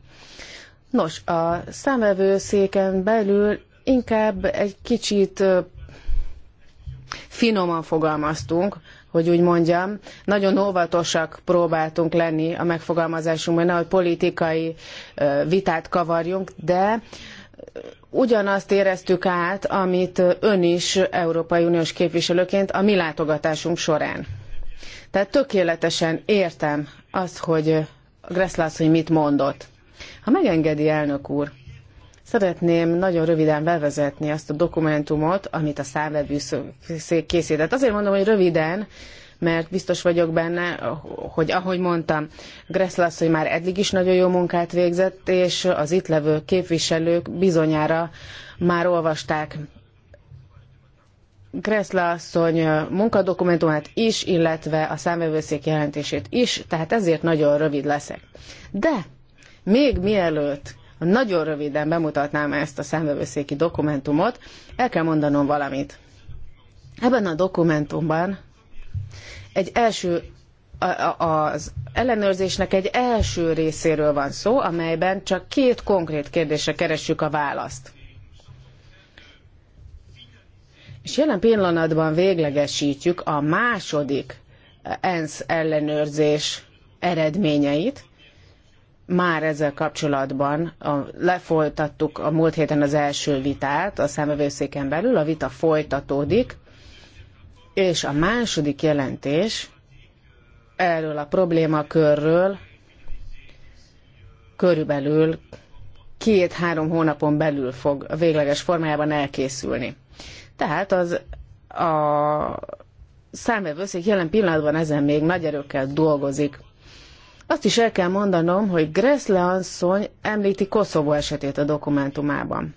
Nos, a számvevőszéken belül inkább egy kicsit finoman fogalmaztunk, hogy úgy mondjam. Nagyon óvatosak próbáltunk lenni a megfogalmazásunkban, nehogy politikai vitát kavarjunk, de ugyanazt éreztük át, amit ön is Európai Uniós képviselőként a mi látogatásunk során. Tehát tökéletesen értem azt, hogy Greszlász, hogy mit mondott. Ha megengedi, elnök úr, szeretném nagyon röviden bevezetni azt a dokumentumot, amit a számvevőszék készített. Azért mondom, hogy röviden, mert biztos vagyok benne, hogy ahogy mondtam, Greszlász, hogy már eddig is nagyon jó munkát végzett, és az itt levő képviselők bizonyára már olvasták Greszle asszony munkadokumentumát is, illetve a számvevőszék jelentését is, tehát ezért nagyon rövid leszek. De még mielőtt nagyon röviden bemutatnám ezt a számvevőszéki dokumentumot, el kell mondanom valamit. Ebben a dokumentumban egy első az ellenőrzésnek egy első részéről van szó, amelyben csak két konkrét kérdésre keressük a választ. És jelen pillanatban véglegesítjük a második ENSZ ellenőrzés eredményeit. Már ezzel kapcsolatban a, lefolytattuk a múlt héten az első vitát a számövőszéken belül, a vita folytatódik, és a második jelentés erről a problémakörről körülbelül két-három hónapon belül fog a végleges formájában elkészülni. Tehát az a számvevőszék jelen pillanatban ezen még nagy erőkkel dolgozik. Azt is el kell mondanom, hogy Gressle asszony említi Koszovó esetét a dokumentumában.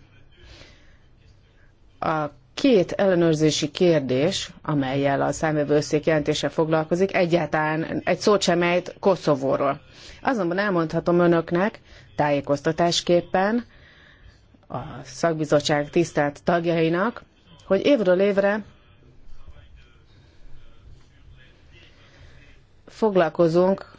A két ellenőrzési kérdés, amelyel a számvevőszék jelentése foglalkozik, egyáltalán egy szót sem ejt Koszovóról. Azonban elmondhatom önöknek tájékoztatásképpen a szakbizottság tisztelt tagjainak, hogy évről évre foglalkozunk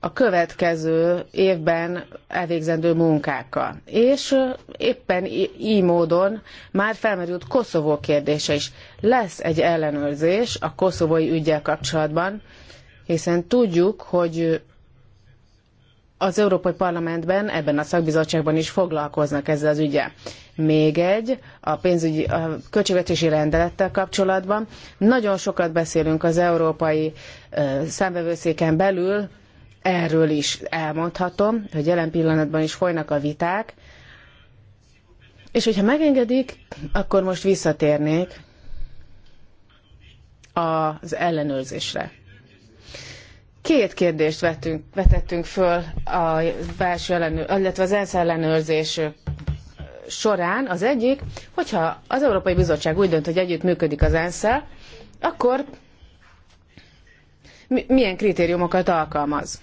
a következő évben elvégzendő munkákkal. És éppen így módon már felmerült Koszovó kérdése is. Lesz egy ellenőrzés a koszovói ügyel kapcsolatban, hiszen tudjuk, hogy az Európai Parlamentben, ebben a szakbizottságban is foglalkoznak ezzel az ügyel. Még egy, a pénzügyi a költségvetési rendelettel kapcsolatban. Nagyon sokat beszélünk az európai számbevőszéken belül, erről is elmondhatom, hogy jelen pillanatban is folynak a viták, és hogyha megengedik, akkor most visszatérnék az ellenőrzésre. Két kérdést vetettünk föl a belső ellenőr, illetve az ENSZ ellenőrzés során az egyik, hogyha az Európai Bizottság úgy dönt, hogy együtt működik az ensz akkor milyen kritériumokat alkalmaz?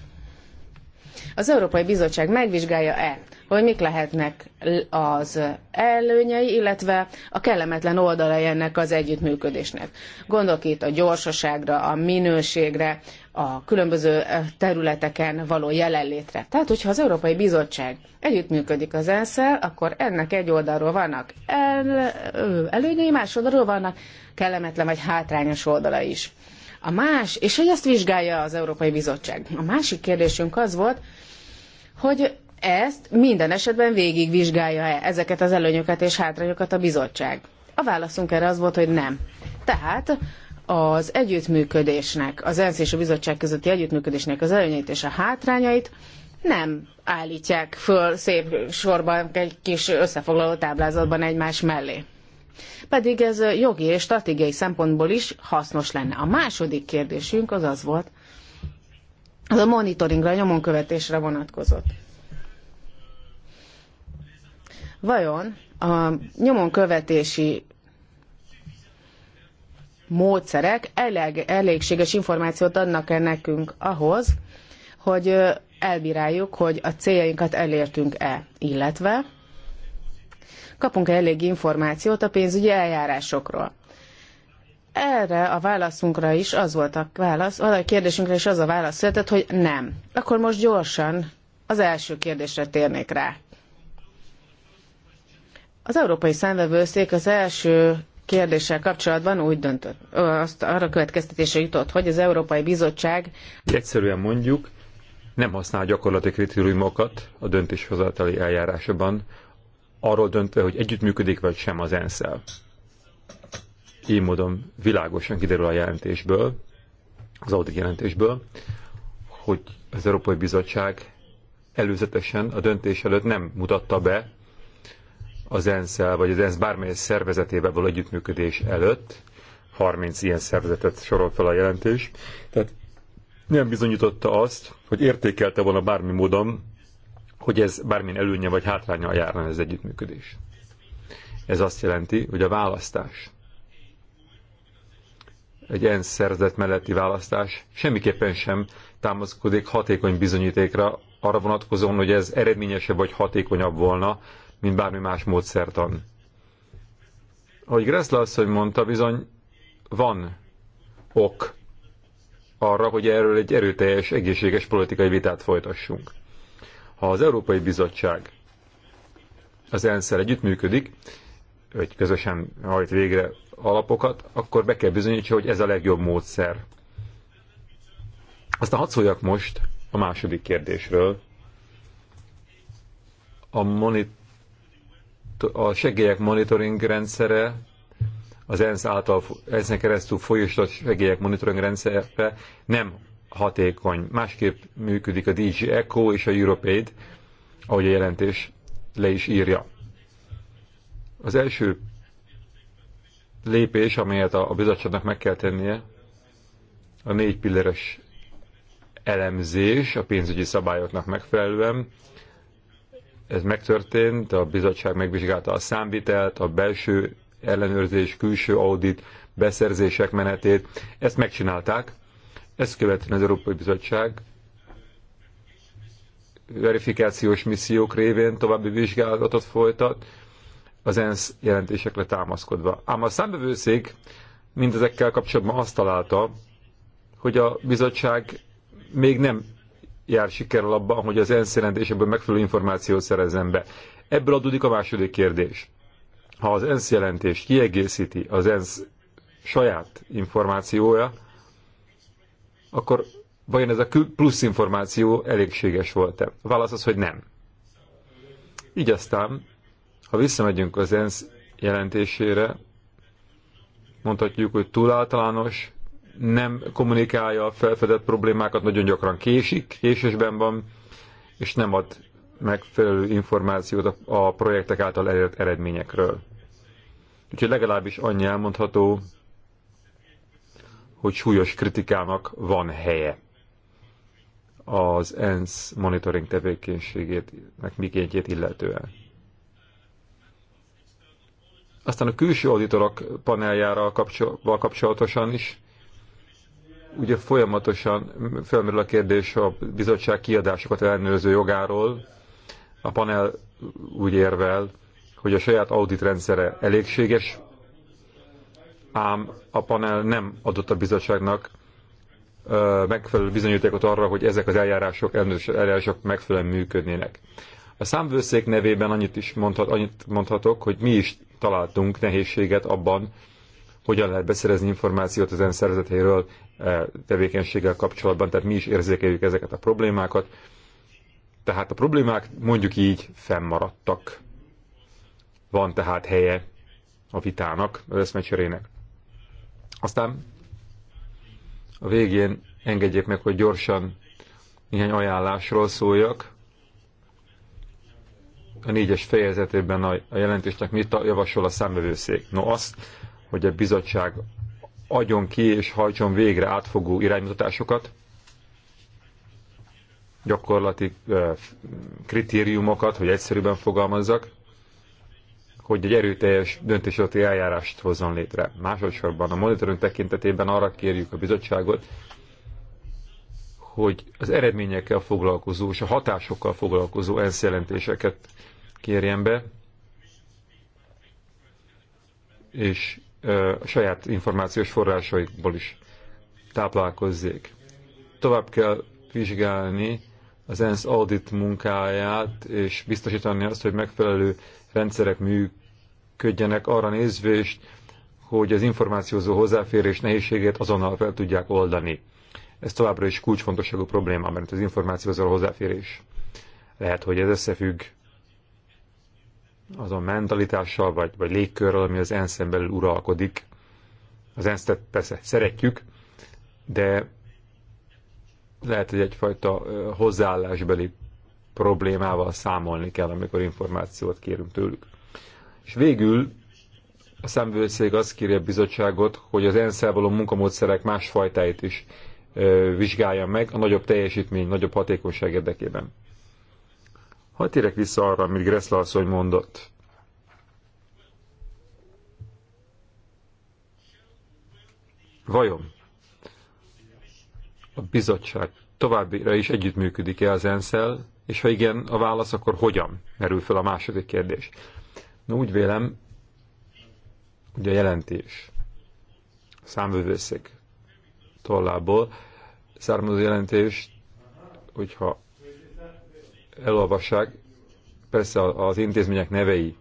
Az Európai Bizottság megvizsgálja-e hogy mik lehetnek az előnyei, illetve a kellemetlen oldalai ennek az együttműködésnek. Gondolk itt a gyorsaságra, a minőségre, a különböző területeken való jelenlétre. Tehát, hogyha az Európai Bizottság együttműködik az ensz akkor ennek egy oldalról vannak el, előnyei, más oldalról vannak kellemetlen vagy hátrányos oldala is. A más, és hogy ezt vizsgálja az Európai Bizottság. A másik kérdésünk az volt, hogy ezt minden esetben végigvizsgálja-e ezeket az előnyöket és hátrányokat a bizottság? A válaszunk erre az volt, hogy nem. Tehát az együttműködésnek, az ENSZ és a bizottság közötti együttműködésnek az előnyeit és a hátrányait nem állítják föl szép sorban egy kis összefoglaló táblázatban egymás mellé. Pedig ez jogi és stratégiai szempontból is hasznos lenne. A második kérdésünk az az volt, az a monitoringra, a nyomonkövetésre vonatkozott. Vajon a nyomon követési módszerek elég, elégséges információt adnak-e nekünk ahhoz, hogy elbíráljuk, hogy a céljainkat elértünk-e, illetve kapunk-e elég információt a pénzügyi eljárásokról. Erre a válaszunkra is az volt a válasz, a kérdésünkre is az a válasz született, hogy nem. Akkor most gyorsan az első kérdésre térnék rá. Az Európai Számvevőszék az első kérdéssel kapcsolatban úgy döntött, azt arra következtetése jutott, hogy az Európai Bizottság... Egyszerűen mondjuk, nem használ gyakorlati kritériumokat a döntéshozatali eljárásban, arról döntve, hogy együttműködik vagy sem az ensz -el. Így módon világosan kiderül a jelentésből, az audit jelentésből, hogy az Európai Bizottság előzetesen a döntés előtt nem mutatta be az ensz vagy az ENSZ bármely szervezetével való együttműködés előtt. 30 ilyen szervezetet sorol fel a jelentés. Tehát nem bizonyította azt, hogy értékelte volna bármi módon, hogy ez bármilyen előnye vagy hátránya járna ez együttműködés. Ez azt jelenti, hogy a választás, egy ENSZ szerzet melletti választás semmiképpen sem támaszkodik hatékony bizonyítékra arra vonatkozóan, hogy ez eredményesebb vagy hatékonyabb volna, mint bármi más módszertan. Ahogy Gressle asszony mondta, bizony van ok arra, hogy erről egy erőteljes, egészséges politikai vitát folytassunk. Ha az Európai Bizottság az ENSZ-el együttműködik, vagy közösen hajt végre alapokat, akkor be kell bizonyítsa, hogy ez a legjobb módszer. Aztán hadd szóljak most a második kérdésről, a monit a segélyek monitoring rendszere, az ENSZ által ezen keresztül folyosított segélyek monitoring rendszerre nem hatékony. Másképp működik a DG ECO és a Europaid, ahogy a jelentés le is írja. Az első lépés, amelyet a bizottságnak meg kell tennie, a négy pilleres elemzés a pénzügyi szabályoknak megfelelően, ez megtörtént, a bizottság megvizsgálta a számvitelt, a belső ellenőrzés, külső audit, beszerzések menetét. Ezt megcsinálták. Ezt követően az Európai Bizottság verifikációs missziók révén további vizsgálatot folytat, az ENSZ jelentésekre támaszkodva. Ám a számbevőszék mindezekkel kapcsolatban azt találta, hogy a bizottság még nem jár sikerrel abban, hogy az ENSZ jelentésemből megfelelő információt szerezzen be. Ebből adódik a második kérdés. Ha az ENSZ jelentés kiegészíti az ENSZ saját információja, akkor vajon ez a plusz információ elégséges volt-e? A válasz az, hogy nem. Így aztán, ha visszamegyünk az ENSZ jelentésére, mondhatjuk, hogy túl általános, nem kommunikálja a felfedett problémákat, nagyon gyakran késik, késésben van, és nem ad megfelelő információt a projektek által elért eredményekről. Úgyhogy legalábbis annyi elmondható, hogy súlyos kritikának van helye az ENSZ monitoring tevékenységét, meg mikéntjét illetően. Aztán a külső auditorok paneljára kapcsol, kapcsolatosan is ugye folyamatosan felmerül a kérdés a bizottság kiadásokat ellenőrző jogáról. A panel úgy érvel, hogy a saját audit rendszere elégséges, ám a panel nem adott a bizottságnak megfelelő bizonyítékot arra, hogy ezek az eljárások, eljárások megfelelően működnének. A számvőszék nevében annyit is mondhat, annyit mondhatok, hogy mi is találtunk nehézséget abban, hogyan lehet beszerezni információt az ENSZ szervezetéről tevékenységgel kapcsolatban, tehát mi is érzékeljük ezeket a problémákat. Tehát a problémák mondjuk így fennmaradtak. Van tehát helye a vitának, az eszmecserének. Aztán a végén engedjék meg, hogy gyorsan néhány ajánlásról szóljak. A négyes fejezetében a jelentésnek mit javasol a számvevőszék? No azt, hogy a bizottság adjon ki és hajtson végre átfogó iránymutatásokat, gyakorlati kritériumokat, hogy egyszerűbben fogalmazzak, hogy egy erőteljes döntéshozati eljárást hozzon létre. Másodszorban a monitoring tekintetében arra kérjük a bizottságot, hogy az eredményekkel foglalkozó és a hatásokkal foglalkozó ENSZ jelentéseket kérjen be, és a saját információs forrásaikból is táplálkozzék. Tovább kell vizsgálni az ENSZ audit munkáját, és biztosítani azt, hogy megfelelő rendszerek működjenek arra nézvést, hogy az információzó hozzáférés nehézségét azonnal fel tudják oldani. Ez továbbra is kulcsfontosságú probléma, mert az információzó hozzáférés. Lehet, hogy ez összefügg azon mentalitással vagy, vagy légkörrel, ami az ensz belül uralkodik. Az ensz persze szeretjük, de lehet, hogy egyfajta hozzáállásbeli problémával számolni kell, amikor információt kérünk tőlük. És végül a számvőszég azt kérje a bizottságot, hogy az ensz való munkamódszerek másfajtáit is vizsgálja meg a nagyobb teljesítmény, nagyobb hatékonyság érdekében. Hadd térek vissza arra, amit Gressla asszony mondott. Vajon a bizottság továbbra is együttműködik-e az ensz és ha igen, a válasz, akkor hogyan? Merül fel a második kérdés. Na úgy vélem, hogy a jelentés számvevőszék tollából származó jelentés, hogyha elolvassák, persze az intézmények nevei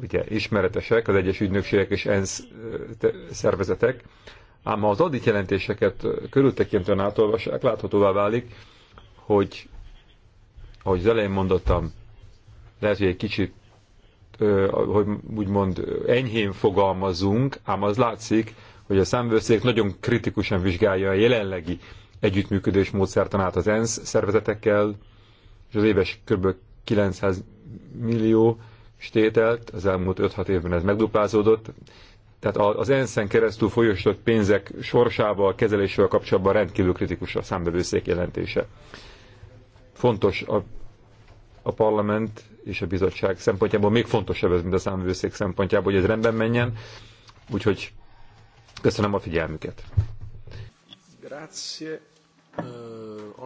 ugye ismeretesek, az egyes ügynökségek és ENSZ szervezetek, ám ha az adit jelentéseket körültekintően átolvassák, láthatóvá válik, hogy ahogy az elején mondottam, lehet, hogy egy kicsit hogy úgymond enyhén fogalmazunk, ám az látszik, hogy a számvőszék nagyon kritikusan vizsgálja a jelenlegi együttműködés módszertanát az ENSZ szervezetekkel, és az éves kb. 900 millió stételt, az elmúlt 5-6 évben ez megduplázódott, tehát az ENSZ-en keresztül folyosított pénzek sorsával, kezelésével kapcsolatban rendkívül kritikus a számbevőszék jelentése. Fontos a, a parlament és a bizottság szempontjából, még fontosabb ez, mint a számbevőszék szempontjából, hogy ez rendben menjen, úgyhogy köszönöm a figyelmüket. Grazie. Uh,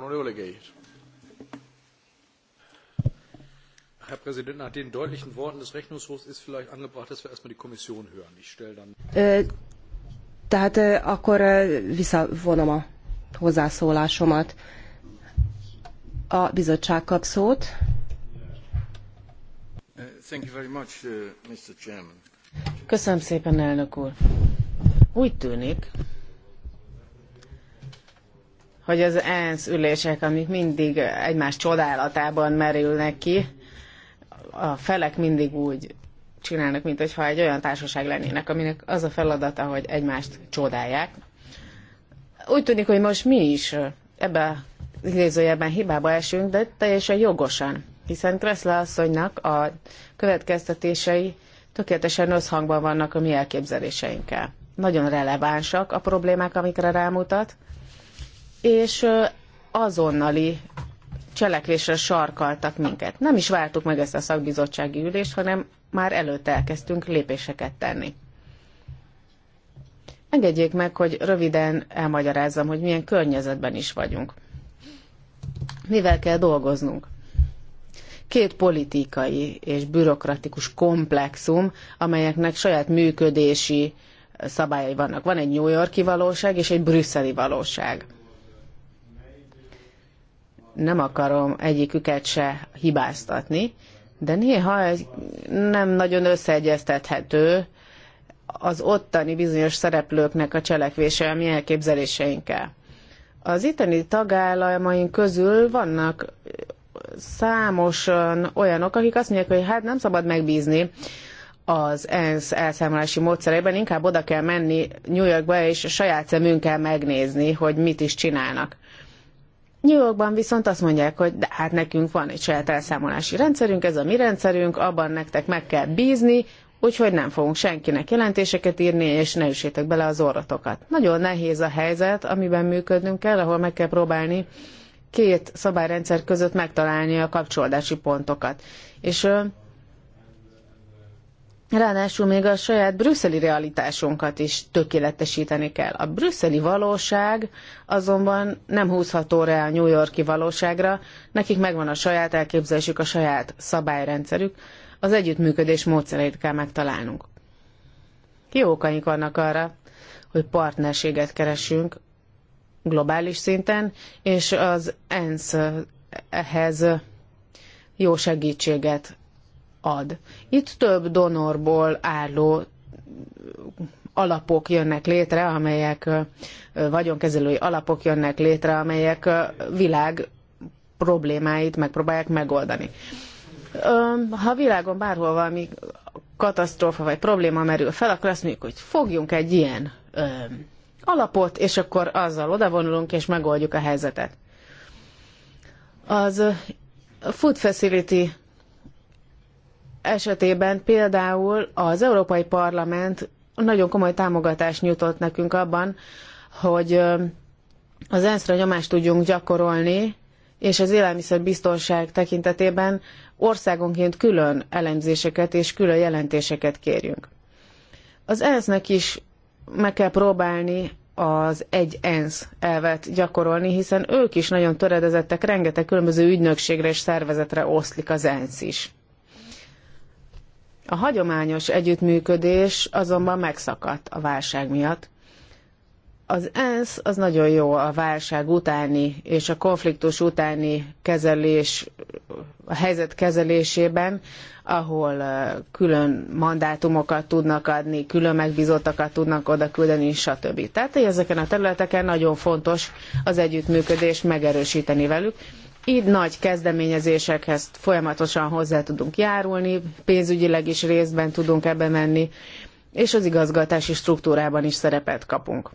Herr Präsident, nach den deutlichen Worten des Rechnungshofs ist vielleicht angebracht, dass wir erstmal die Kommission hören. Ich stelle dann. Tehát akkor visszavonom a hozzászólásomat. A bizottság kap szót. Uh, much, uh, Köszönöm szépen, elnök úr. Úgy tűnik, hogy az ENSZ ülések, amik mindig egymás csodálatában merülnek ki, a felek mindig úgy csinálnak, mint hogyha egy olyan társaság lennének, aminek az a feladata, hogy egymást csodálják. Úgy tűnik, hogy most mi is ebbe idézőjelben hibába esünk, de teljesen jogosan, hiszen Kressle asszonynak a következtetései tökéletesen összhangban vannak a mi elképzeléseinkkel. Nagyon relevánsak a problémák, amikre rámutat, és azonnali cselekvésre sarkaltak minket. Nem is vártuk meg ezt a szakbizottsági ülést, hanem már előtte elkezdtünk lépéseket tenni. Engedjék meg, hogy röviden elmagyarázzam, hogy milyen környezetben is vagyunk. Mivel kell dolgoznunk? Két politikai és bürokratikus komplexum, amelyeknek saját működési szabályai vannak. Van egy New Yorki valóság és egy brüsszeli valóság nem akarom egyiküket se hibáztatni, de néha ez nem nagyon összeegyeztethető az ottani bizonyos szereplőknek a cselekvése a mi elképzeléseinkkel. Az itteni tagállamaink közül vannak számosan olyanok, akik azt mondják, hogy hát nem szabad megbízni az ENSZ elszámolási módszereiben, inkább oda kell menni New Yorkba és a saját szemünkkel megnézni, hogy mit is csinálnak. New Yorkban viszont azt mondják, hogy de hát nekünk van egy saját elszámolási rendszerünk, ez a mi rendszerünk, abban nektek meg kell bízni, úgyhogy nem fogunk senkinek jelentéseket írni, és ne üssétek bele az orratokat. Nagyon nehéz a helyzet, amiben működnünk kell, ahol meg kell próbálni két szabályrendszer között megtalálni a kapcsolódási pontokat. És Ráadásul még a saját brüsszeli realitásunkat is tökéletesíteni kell. A brüsszeli valóság azonban nem húzható rá a New Yorki valóságra, nekik megvan a saját elképzelésük, a saját szabályrendszerük, az együttműködés módszereit kell megtalálnunk. Jó okaink vannak arra, hogy partnerséget keresünk globális szinten, és az ENSZ ehhez jó segítséget ad. Itt több donorból álló alapok jönnek létre, amelyek vagyonkezelői alapok jönnek létre, amelyek világ problémáit megpróbálják megoldani. Ha világon bárhol valami katasztrófa vagy probléma merül fel, akkor azt mondjuk, hogy fogjunk egy ilyen alapot, és akkor azzal odavonulunk, és megoldjuk a helyzetet. Az Food Facility esetében például az Európai Parlament nagyon komoly támogatást nyújtott nekünk abban, hogy az ENSZ-re nyomást tudjunk gyakorolni, és az élelmiszerbiztonság tekintetében országonként külön elemzéseket és külön jelentéseket kérjünk. Az ENSZ-nek is meg kell próbálni az egy ENSZ elvet gyakorolni, hiszen ők is nagyon töredezettek, rengeteg különböző ügynökségre és szervezetre oszlik az ENSZ is. A hagyományos együttműködés azonban megszakadt a válság miatt. Az ENSZ az nagyon jó a válság utáni és a konfliktus utáni kezelés, a helyzet kezelésében, ahol külön mandátumokat tudnak adni, külön megbízottakat tudnak oda küldeni, stb. Tehát ezeken a területeken nagyon fontos az együttműködést megerősíteni velük így nagy kezdeményezésekhez folyamatosan hozzá tudunk járulni, pénzügyileg is részben tudunk ebbe menni, és az igazgatási struktúrában is szerepet kapunk.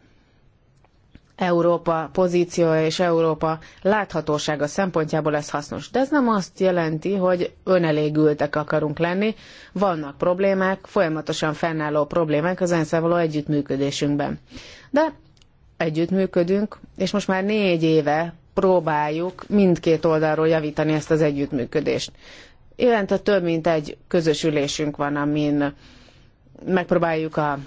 Európa pozíciója és Európa láthatósága szempontjából ez hasznos. De ez nem azt jelenti, hogy önelégültek akarunk lenni. Vannak problémák, folyamatosan fennálló problémák az ensz való együttműködésünkben. De együttműködünk, és most már négy éve próbáljuk mindkét oldalról javítani ezt az együttműködést. Évente több mint egy közös ülésünk van, amin megpróbáljuk a,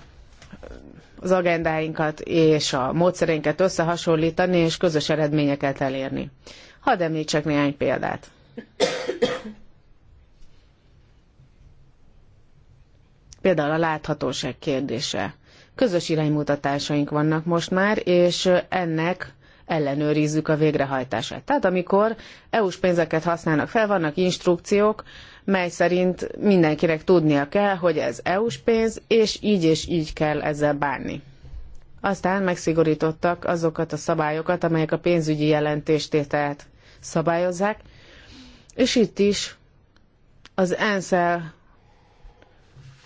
az agendáinkat és a módszerénket összehasonlítani, és közös eredményeket elérni. Hadd említsek néhány példát. Például a láthatóság kérdése. Közös iránymutatásaink vannak most már, és ennek ellenőrizzük a végrehajtását. Tehát amikor EU-s pénzeket használnak fel, vannak instrukciók, mely szerint mindenkinek tudnia kell, hogy ez EU-s pénz, és így és így kell ezzel bánni. Aztán megszigorítottak azokat a szabályokat, amelyek a pénzügyi jelentéstételt szabályozzák, és itt is az ENSZ-el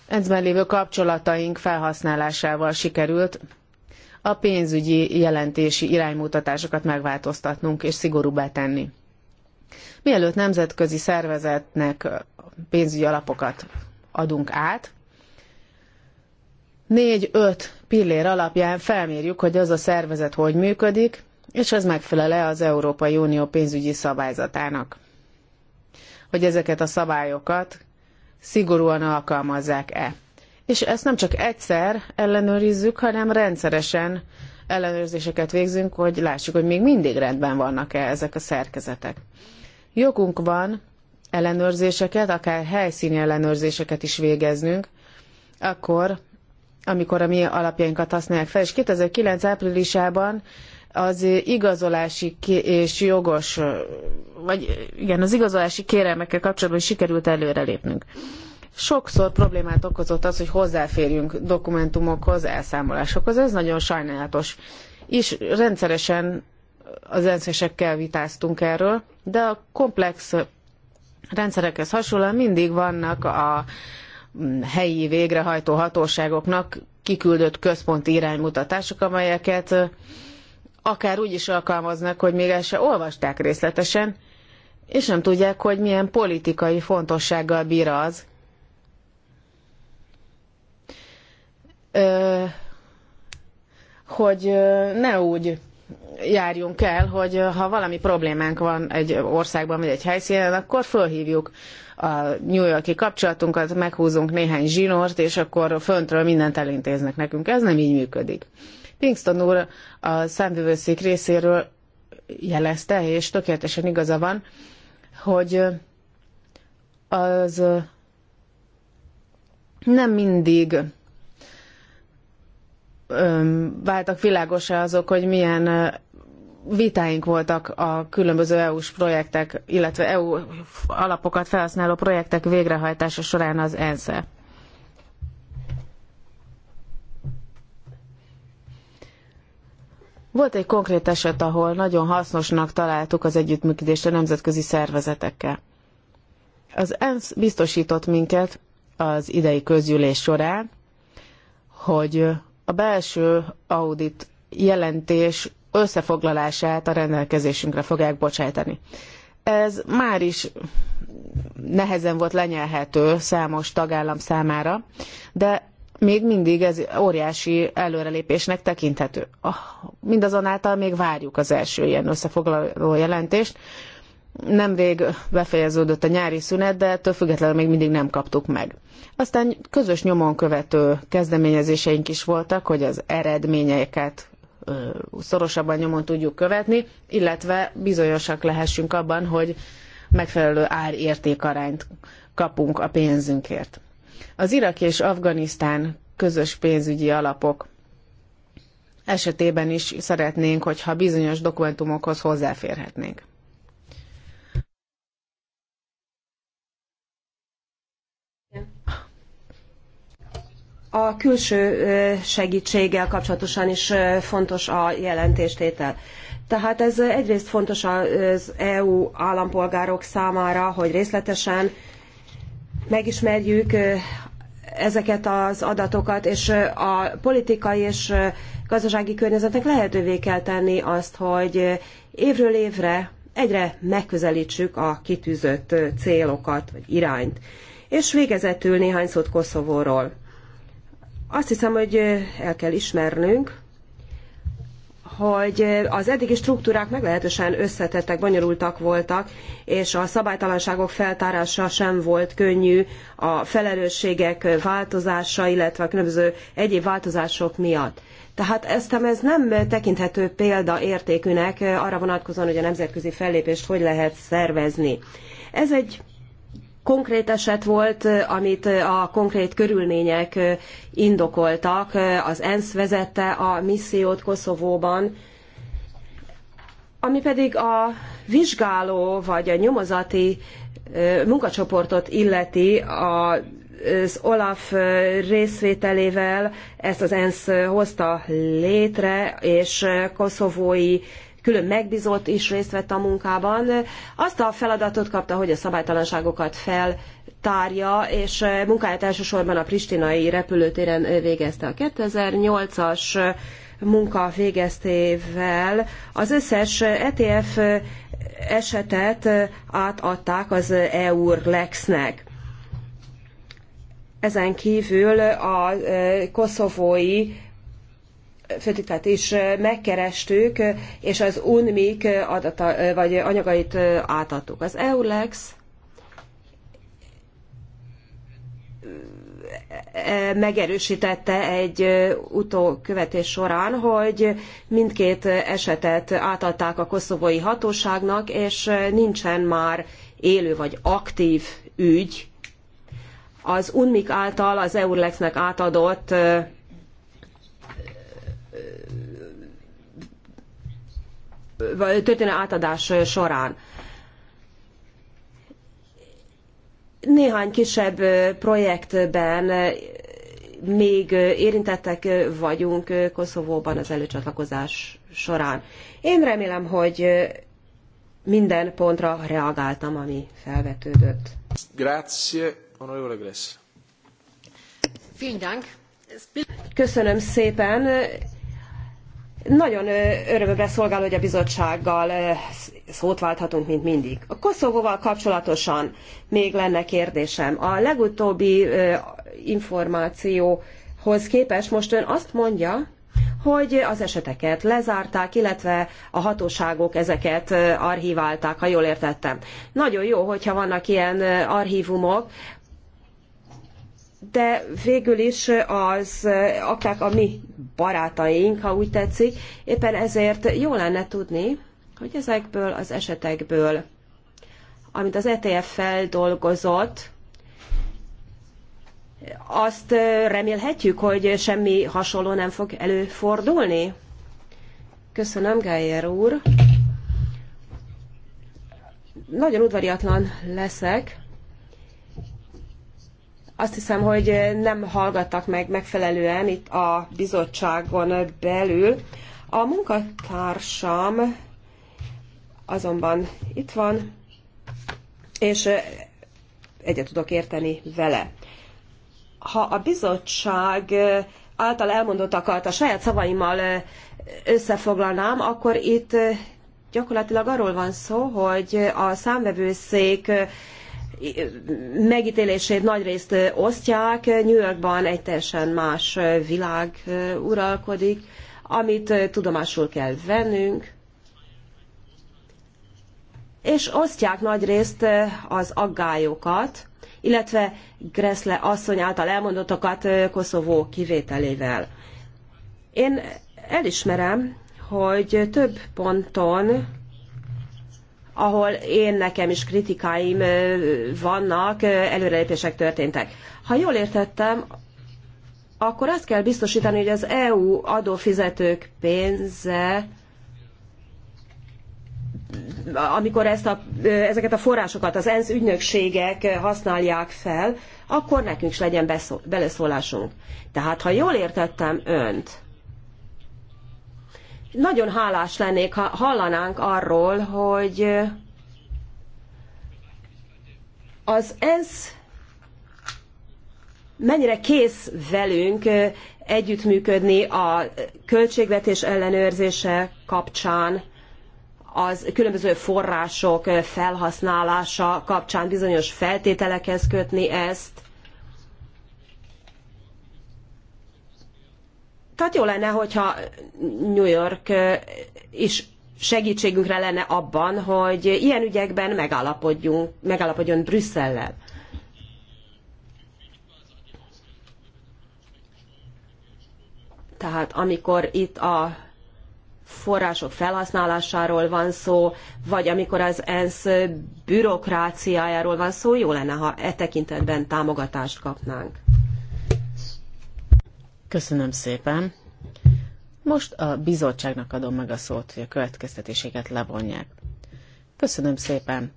ENSZ-ben lévő kapcsolataink felhasználásával sikerült a pénzügyi jelentési iránymutatásokat megváltoztatnunk és szigorúbbá tenni. Mielőtt nemzetközi szervezetnek pénzügyi alapokat adunk át, négy-öt pillér alapján felmérjük, hogy az a szervezet hogy működik, és ez megfelele az Európai Unió pénzügyi szabályzatának. Hogy ezeket a szabályokat szigorúan alkalmazzák-e és ezt nem csak egyszer ellenőrizzük, hanem rendszeresen ellenőrzéseket végzünk, hogy lássuk, hogy még mindig rendben vannak-e ezek a szerkezetek. Jogunk van ellenőrzéseket, akár helyszíni ellenőrzéseket is végeznünk, akkor, amikor a mi alapjainkat használják fel, és 2009 áprilisában az igazolási és jogos, vagy igen, az igazolási kérelmekkel kapcsolatban is sikerült előrelépnünk sokszor problémát okozott az, hogy hozzáférjünk dokumentumokhoz, elszámolásokhoz. Ez nagyon sajnálatos. És rendszeresen az enszésekkel vitáztunk erről, de a komplex rendszerekhez hasonlóan mindig vannak a helyi végrehajtó hatóságoknak kiküldött központi iránymutatások, amelyeket akár úgy is alkalmaznak, hogy még el se olvasták részletesen, és nem tudják, hogy milyen politikai fontossággal bír az, hogy ne úgy járjunk el, hogy ha valami problémánk van egy országban, vagy egy helyszínen, akkor fölhívjuk a New Yorki kapcsolatunkat, meghúzunk néhány zsinort, és akkor föntről mindent elintéznek nekünk. Ez nem így működik. Pinkston úr a számvevőszék részéről jelezte, és tökéletesen igaza van, hogy az nem mindig váltak világosá azok, hogy milyen vitáink voltak a különböző EU-s projektek, illetve EU alapokat felhasználó projektek végrehajtása során az ensz -e. Volt egy konkrét eset, ahol nagyon hasznosnak találtuk az együttműködést a nemzetközi szervezetekkel. Az ENSZ biztosított minket az idei közgyűlés során, hogy a belső audit jelentés összefoglalását a rendelkezésünkre fogják bocsátani. Ez már is nehezen volt lenyelhető számos tagállam számára, de még mindig ez óriási előrelépésnek tekinthető. Ah, mindazonáltal még várjuk az első ilyen összefoglaló jelentést, Nemrég befejeződött a nyári szünet, de ettől függetlenül még mindig nem kaptuk meg. Aztán közös nyomon követő kezdeményezéseink is voltak, hogy az eredményeket szorosabban nyomon tudjuk követni, illetve bizonyosak lehessünk abban, hogy megfelelő árértékarányt kapunk a pénzünkért. Az Irak és Afganisztán közös pénzügyi alapok esetében is szeretnénk, hogyha bizonyos dokumentumokhoz hozzáférhetnénk. A külső segítséggel kapcsolatosan is fontos a jelentéstétel. Tehát ez egyrészt fontos az EU állampolgárok számára, hogy részletesen megismerjük ezeket az adatokat, és a politikai és gazdasági környezetnek lehetővé kell tenni azt, hogy évről évre egyre megközelítsük a kitűzött célokat, vagy irányt. És végezetül néhány szót Koszovóról. Azt hiszem, hogy el kell ismernünk, hogy az eddigi struktúrák meglehetősen összetettek, bonyolultak voltak, és a szabálytalanságok feltárása sem volt könnyű a felelősségek változása, illetve a különböző egyéb változások miatt. Tehát eztem ez nem tekinthető példa értékűnek arra vonatkozóan, hogy a nemzetközi fellépést hogy lehet szervezni. Ez egy konkrét eset volt, amit a konkrét körülmények indokoltak. Az ENSZ vezette a missziót Koszovóban, ami pedig a vizsgáló vagy a nyomozati munkacsoportot illeti a az Olaf részvételével ezt az ENSZ hozta létre, és koszovói külön megbízott is részt vett a munkában. Azt a feladatot kapta, hogy a szabálytalanságokat tárja, és eh, munkáját elsősorban a pristinai repülőtéren eh, végezte. A 2008-as eh, munka végeztével az összes ETF e esetet átadták az EURLEX-nek. Ezen kívül a koszovói főtitát is megkerestük, és az UNMIK adata, vagy anyagait átadtuk. Az EULEX megerősítette egy utókövetés során, hogy mindkét esetet átadták a koszovói hatóságnak, és nincsen már élő vagy aktív ügy. Az UNMIK által az EURLEX-nek átadott vagy történő átadás során. Néhány kisebb projektben még érintettek vagyunk Koszovóban az előcsatlakozás során. Én remélem, hogy minden pontra reagáltam, ami felvetődött. Grazie, onorevole Gress. Köszönöm szépen. Nagyon örömömre szolgál, hogy a bizottsággal szót válthatunk, mint mindig. A Koszovóval kapcsolatosan még lenne kérdésem. A legutóbbi információhoz képest most ön azt mondja, hogy az eseteket lezárták, illetve a hatóságok ezeket archiválták, ha jól értettem. Nagyon jó, hogyha vannak ilyen archívumok, de végül is az akár a mi barátaink, ha úgy tetszik. Éppen ezért jó lenne tudni, hogy ezekből az esetekből, amit az ETF feldolgozott, azt remélhetjük, hogy semmi hasonló nem fog előfordulni? Köszönöm, Geyer úr. Nagyon udvariatlan leszek, azt hiszem, hogy eh, nem hallgattak meg megfelelően itt a bizottságon belül. A munkatársam azonban itt van, és eh, egyet tudok érteni vele. Ha a bizottság eh, által elmondottakat a saját szavaimmal összefoglalnám, akkor itt gyakorlatilag arról van szó, hogy a számvevőszék megítélését nagyrészt osztják. New Yorkban egy teljesen más világ uralkodik, amit tudomásul kell vennünk. És osztják nagyrészt az aggályokat, illetve Gressle asszony által elmondottakat Koszovó kivételével. Én elismerem, hogy több ponton ahol én nekem is kritikáim vannak, előrelépések történtek. Ha jól értettem, akkor azt kell biztosítani, hogy az EU adófizetők pénze, amikor ezt a, ezeket a forrásokat az ENSZ ügynökségek használják fel, akkor nekünk is legyen beleszólásunk. Tehát, ha jól értettem önt, nagyon hálás lennék, ha hallanánk arról, hogy az ENSZ mennyire kész velünk együttműködni a költségvetés ellenőrzése kapcsán, az különböző források felhasználása kapcsán bizonyos feltételekhez kötni ezt, Tehát jó lenne, hogyha New York is segítségünkre lenne abban, hogy ilyen ügyekben megállapodjunk, megállapodjon Brüsszellel. Tehát amikor itt a források felhasználásáról van szó, vagy amikor az ENSZ bürokráciájáról van szó, jó lenne, ha e tekintetben támogatást kapnánk. Köszönöm szépen. Most a bizottságnak adom meg a szót, hogy a következtetéséget levonják. Köszönöm szépen.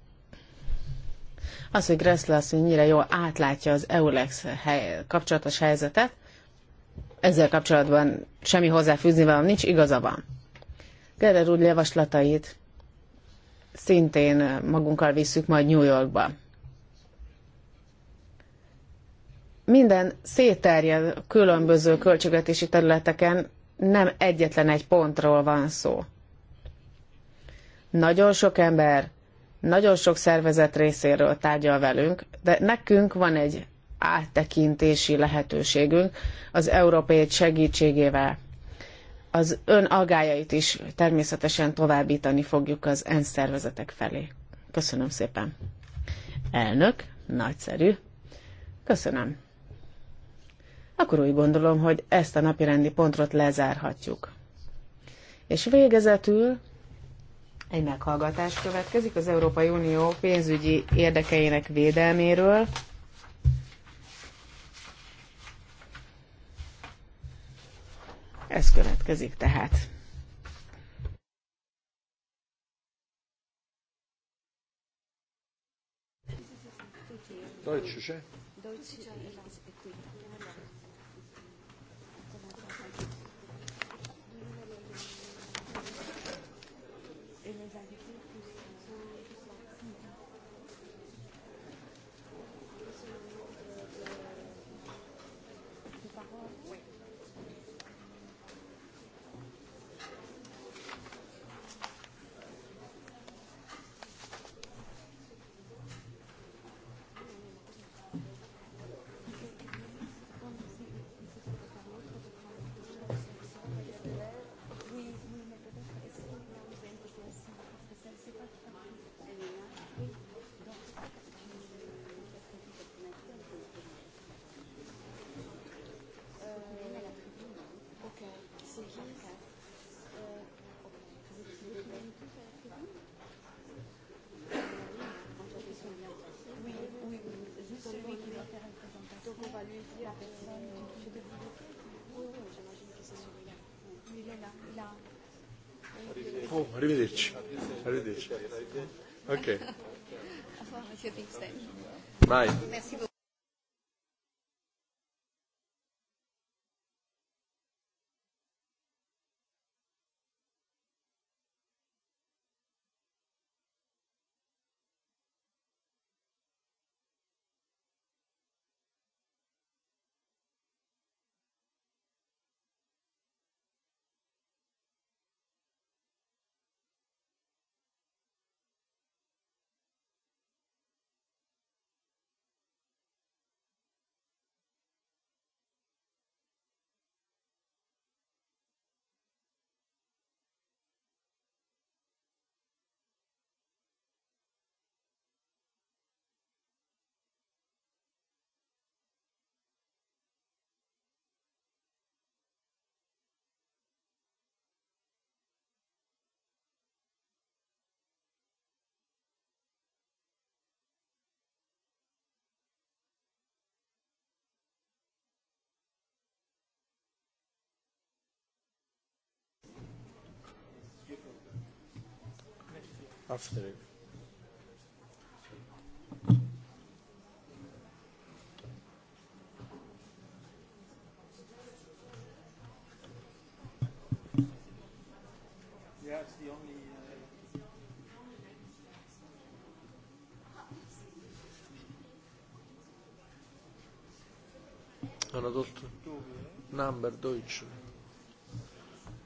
Az, hogy Gressler azt mennyire jól átlátja az EULEX hely, kapcsolatos helyzetet, ezzel kapcsolatban semmi hozzáfűzni velem nincs, igaza van. Gerer úr javaslatait szintén magunkkal visszük majd New Yorkba. minden széterjed, különböző költségvetési területeken, nem egyetlen egy pontról van szó. Nagyon sok ember, nagyon sok szervezet részéről tárgyal velünk, de nekünk van egy áttekintési lehetőségünk az európai segítségével. Az ön agájait is természetesen továbbítani fogjuk az ENSZ szervezetek felé. Köszönöm szépen. Elnök, nagyszerű. Köszönöm akkor úgy gondolom, hogy ezt a napirendi pontot lezárhatjuk. És végezetül egy meghallgatás következik az Európai Unió pénzügyi érdekeinek védelméről. Ez következik tehát. Deutsche. Deutsche. Arrivederci. Arrivederci. Ok. Vai. Merci beaucoup. After. Yeah, Hanno tolto number Deutsch,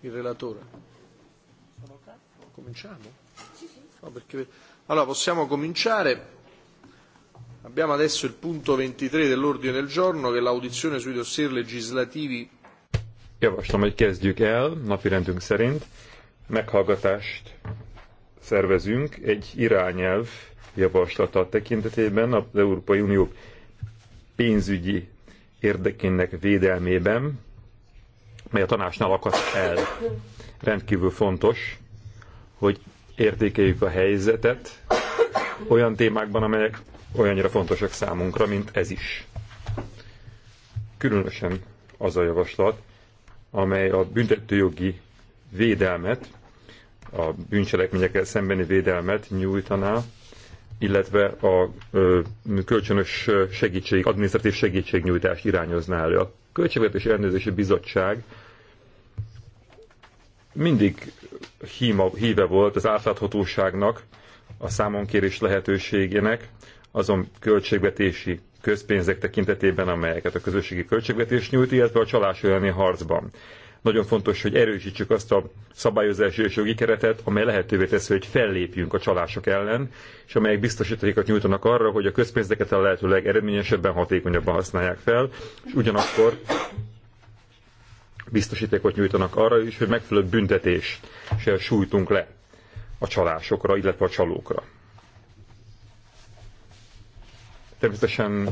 il relatore. Cominciamo? Sì, No, perché... Allora, possiamo cominciare. Abbiamo adesso il punto 23 dell'ordine del giorno, che è l'audizione sui dossier legislativi. Javaslom, hogy kezdjük el napirendünk szerint. Meghallgatást szervezünk egy irányelv javaslata tekintetében az Európai Unió pénzügyi érdekének védelmében, mely a tanácsnál akadt el. Rendkívül fontos, hogy értékeljük a helyzetet olyan témákban, amelyek olyannyira fontosak számunkra, mint ez is. Különösen az a javaslat, amely a büntetőjogi védelmet, a bűncselekményekkel szembeni védelmet nyújtaná, illetve a ö, kölcsönös segítség, adminisztratív nyújtás irányozná elő. A Költségvetési Elnőzési Bizottság mindig híma, híve volt az átláthatóságnak, a számonkérés lehetőségének, azon költségvetési közpénzek tekintetében, amelyeket a közösségi költségvetés nyújt, illetve a csalás elleni harcban. Nagyon fontos, hogy erősítsük azt a szabályozási és jogi keretet, amely lehetővé teszi, hogy fellépjünk a csalások ellen, és amelyek biztosítékat nyújtanak arra, hogy a közpénzeket a lehető legeredményesebben, hatékonyabban használják fel, és ugyanakkor biztosítékot nyújtanak arra is, hogy megfelelő büntetés se sújtunk le a csalásokra, illetve a csalókra. Természetesen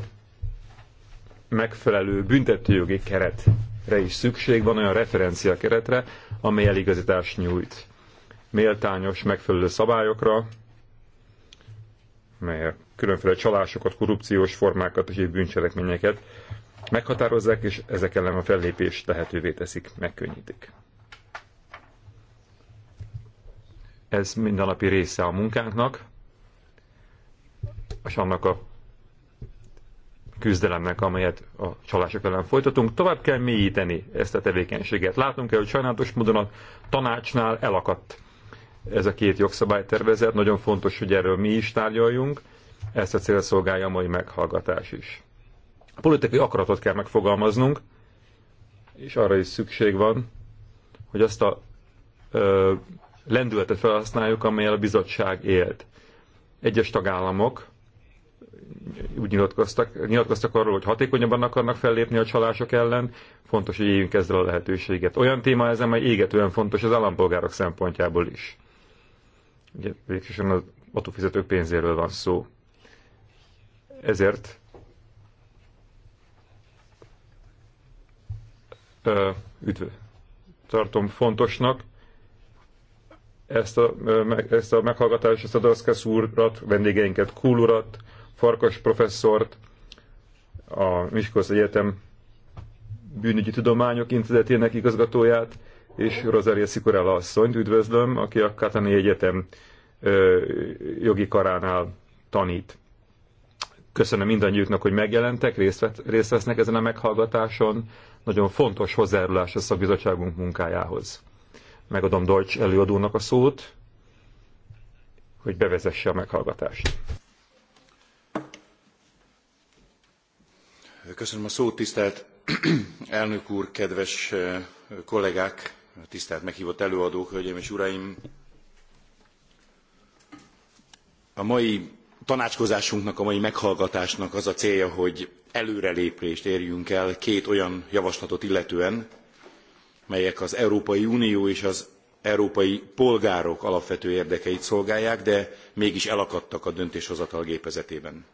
megfelelő büntetőjogi keretre is szükség van, olyan referencia keretre, amely eligazítást nyújt méltányos, megfelelő szabályokra, melyek különféle csalásokat, korrupciós formákat és bűncselekményeket meghatározzák, és ezek ellen a fellépést lehetővé teszik, megkönnyítik. Ez mindennapi része a munkánknak, és annak a küzdelemnek, amelyet a csalások ellen folytatunk. Tovább kell mélyíteni ezt a tevékenységet. Látunk el, hogy sajnálatos módon a tanácsnál elakadt ez a két jogszabálytervezet. Nagyon fontos, hogy erről mi is tárgyaljunk. Ezt a cél szolgálja a mai meghallgatás is. A politikai akaratot kell megfogalmaznunk, és arra is szükség van, hogy azt a ö, lendületet felhasználjuk, amelyel a bizottság élt. Egyes tagállamok úgy nyilatkoztak, nyilatkoztak arról, hogy hatékonyabban akarnak fellépni a csalások ellen, fontos, hogy éljünk ezzel a lehetőséget. Olyan téma ez, amely égetően fontos az állampolgárok szempontjából is. Ugye végsősorban az adófizetők pénzéről van szó. Ezért üdv, tartom fontosnak ezt a, ezt a meghallgatást, ezt a Daszkesz úrat, vendégeinket, Kúl urat, Farkas professzort, a Miskolc Egyetem bűnügyi tudományok intézetének igazgatóját, és Rosaria Szikorella asszonyt üdvözlöm, aki a Katani Egyetem ö, jogi karánál tanít. Köszönöm mindannyiuknak, hogy megjelentek, részt, vett, részt vesznek ezen a meghallgatáson nagyon fontos hozzájárulás a szakbizottságunk munkájához. Megadom Deutsch előadónak a szót, hogy bevezesse a meghallgatást. Köszönöm a szót, tisztelt elnök úr, kedves kollégák, tisztelt meghívott előadók, hölgyeim és uraim! A mai tanácskozásunknak a mai meghallgatásnak az a célja hogy előrelépést érjünk el két olyan javaslatot illetően melyek az európai unió és az európai polgárok alapvető érdekeit szolgálják de mégis elakadtak a döntéshozatal gépezetében.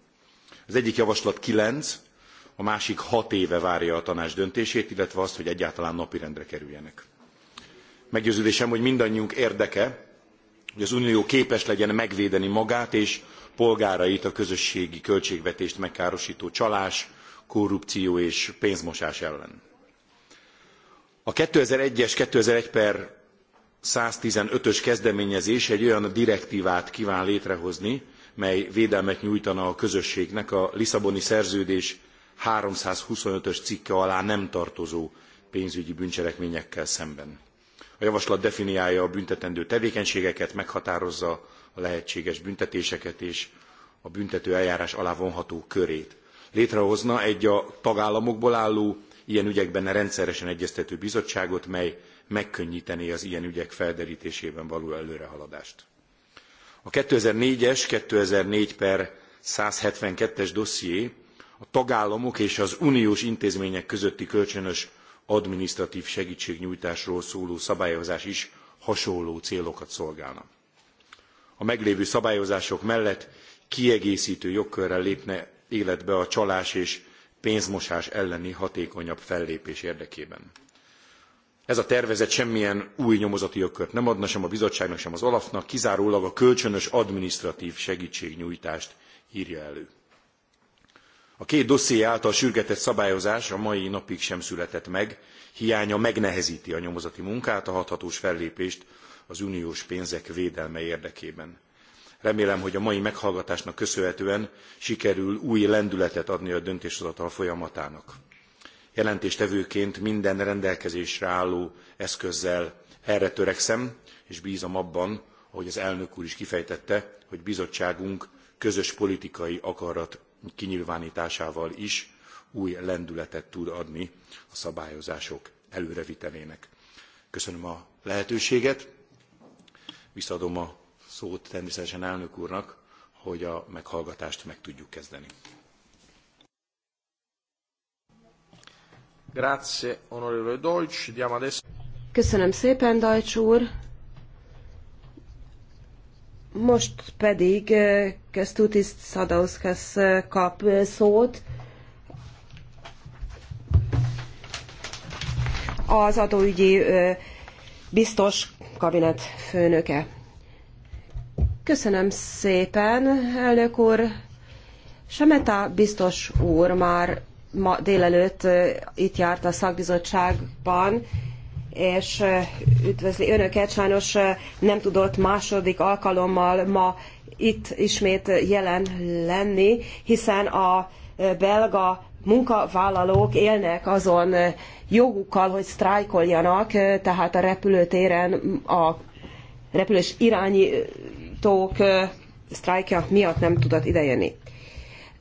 az egyik javaslat kilenc, a másik hat éve várja a tanács döntését illetve azt hogy egyáltalán napirendre kerüljenek. meggyőződésem hogy mindannyiunk érdeke hogy az unió képes legyen megvédeni magát és polgárait a közösségi költségvetést megkárostó csalás korrupció és pénzmosás ellen. a two thousand and one es two thousand and one one hundred and fifteen ös kezdeményezés egy olyan direktvát kván létrehozni mely védelmet nyújtana a közösségnek a lisszaboni szerződés three hundred and twenty five ös cikke alá nem tartozó pénzügyi bűncselekményekkel szemben. a javaslat definiálja a büntetendő tevékenységeket meghatározza a lehetséges büntetéseket és a büntető eljárás alá vonható körét. Létrehozna egy a tagállamokból álló, ilyen ügyekben rendszeresen egyeztető bizottságot, mely megkönnyítené az ilyen ügyek felderítésében való előrehaladást. A 2004-es, 2004 per 172-es dosszié a tagállamok és az uniós intézmények közötti kölcsönös adminisztratív segítségnyújtásról szóló szabályozás is hasonló célokat szolgálna a meglévő szabályozások mellett kiegésztő jogkörrel lépne életbe a csalás és pénzmosás elleni hatékonyabb fellépés érdekében. Ez a tervezet semmilyen új nyomozati jogkört nem adna sem a bizottságnak, sem az Olafnak, kizárólag a kölcsönös administratív segítségnyújtást írja elő. A két dosszié által sürgetett szabályozás a mai napig sem született meg, hiánya megnehezíti a nyomozati munkát, a hathatós fellépést az uniós pénzek védelme érdekében. Remélem, hogy a mai meghallgatásnak köszönhetően sikerül új lendületet adni a döntéshozatal folyamatának. Jelentéstevőként minden rendelkezésre álló eszközzel erre törekszem, és bízom abban, ahogy az elnök úr is kifejtette, hogy bizottságunk közös politikai akarat kinyilvánításával is új lendületet tud adni a szabályozások előrevitelének. Köszönöm a lehetőséget, Visszadom a szót természetesen elnök úrnak, hogy a meghallgatást meg tudjuk kezdeni. Grazie, onorevole Deutsch. Diamo adesso... Köszönöm szépen, Deutsch úr. Most pedig eh, Kestutis Szadauskas eh, kap eh, szót. Az adóügyi biztos kabinet főnöke. Köszönöm szépen, elnök úr. Semeta biztos úr már ma délelőtt itt járt a szakbizottságban, és üdvözli önöket. Sajnos nem tudott második alkalommal ma itt ismét jelen lenni, hiszen a belga munkavállalók élnek azon eh, jogukkal, hogy sztrájkoljanak, eh, tehát a repülőtéren a repülés irányítók eh, sztrájkja miatt nem tudott idejönni.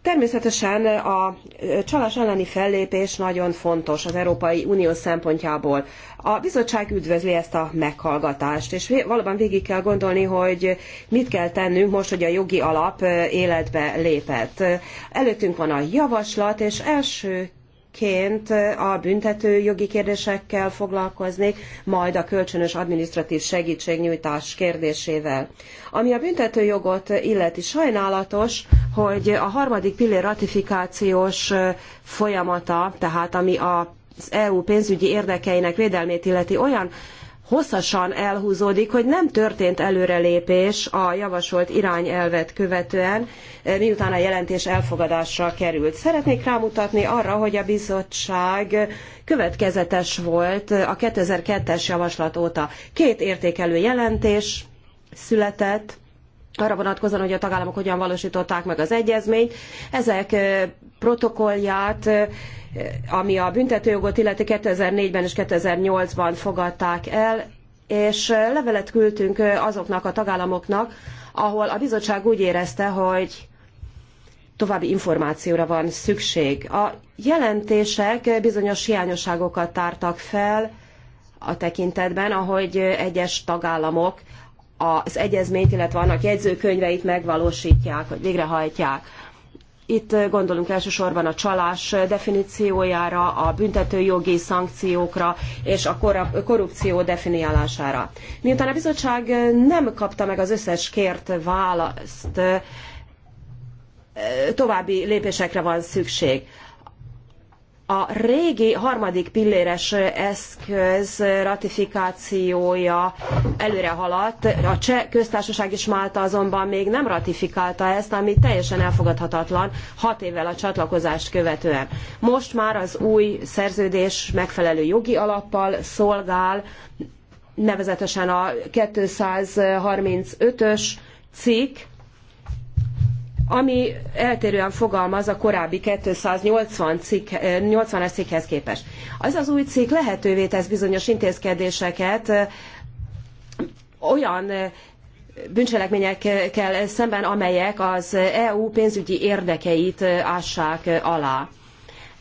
Természetesen a csalás elleni fellépés nagyon fontos az Európai Unió szempontjából. A bizottság üdvözli ezt a meghallgatást, és valóban végig kell gondolni, hogy mit kell tennünk most, hogy a jogi alap életbe lépett. Előttünk van a javaslat, és első ként a büntető jogi kérdésekkel foglalkoznék, majd a kölcsönös adminisztratív segítségnyújtás kérdésével. Ami a büntető jogot illeti sajnálatos, hogy a harmadik pillér ratifikációs folyamata, tehát ami az EU pénzügyi érdekeinek védelmét illeti olyan hosszasan elhúzódik, hogy nem történt előrelépés a javasolt irányelvet követően, eh, miután a jelentés elfogadásra került. Szeretnék rámutatni arra, hogy a bizottság következetes volt a 2002-es javaslat óta. Két értékelő jelentés született, arra vonatkozóan, hogy a tagállamok hogyan valósították meg az egyezményt. Ezek protokollját, ami a büntetőjogot illeti 2004-ben és 2008-ban fogadták el, és levelet küldtünk azoknak a tagállamoknak, ahol a bizottság úgy érezte, hogy további információra van szükség. A jelentések bizonyos hiányosságokat tártak fel a tekintetben, ahogy egyes tagállamok az egyezményt, illetve annak jegyzőkönyveit megvalósítják, vagy végrehajtják. Itt gondolunk elsősorban a csalás definíciójára, a büntetőjogi szankciókra és a korrupció definiálására. Miután a bizottság nem kapta meg az összes kért választ, további lépésekre van szükség a régi harmadik pilléres eszköz ratifikációja előre haladt, a cseh köztársaság is Málta azonban még nem ratifikálta ezt, ami teljesen elfogadhatatlan hat évvel a csatlakozást követően. Most már az új szerződés megfelelő jogi alappal szolgál, nevezetesen a 235-ös cikk, ami eltérően fogalmaz a korábbi 280 cikk, 80-as eh, cikkhez képest. Az az új cikk lehetővé tesz bizonyos intézkedéseket eh, olyan eh, bűncselekményekkel szemben, amelyek az EU pénzügyi érdekeit ássák alá.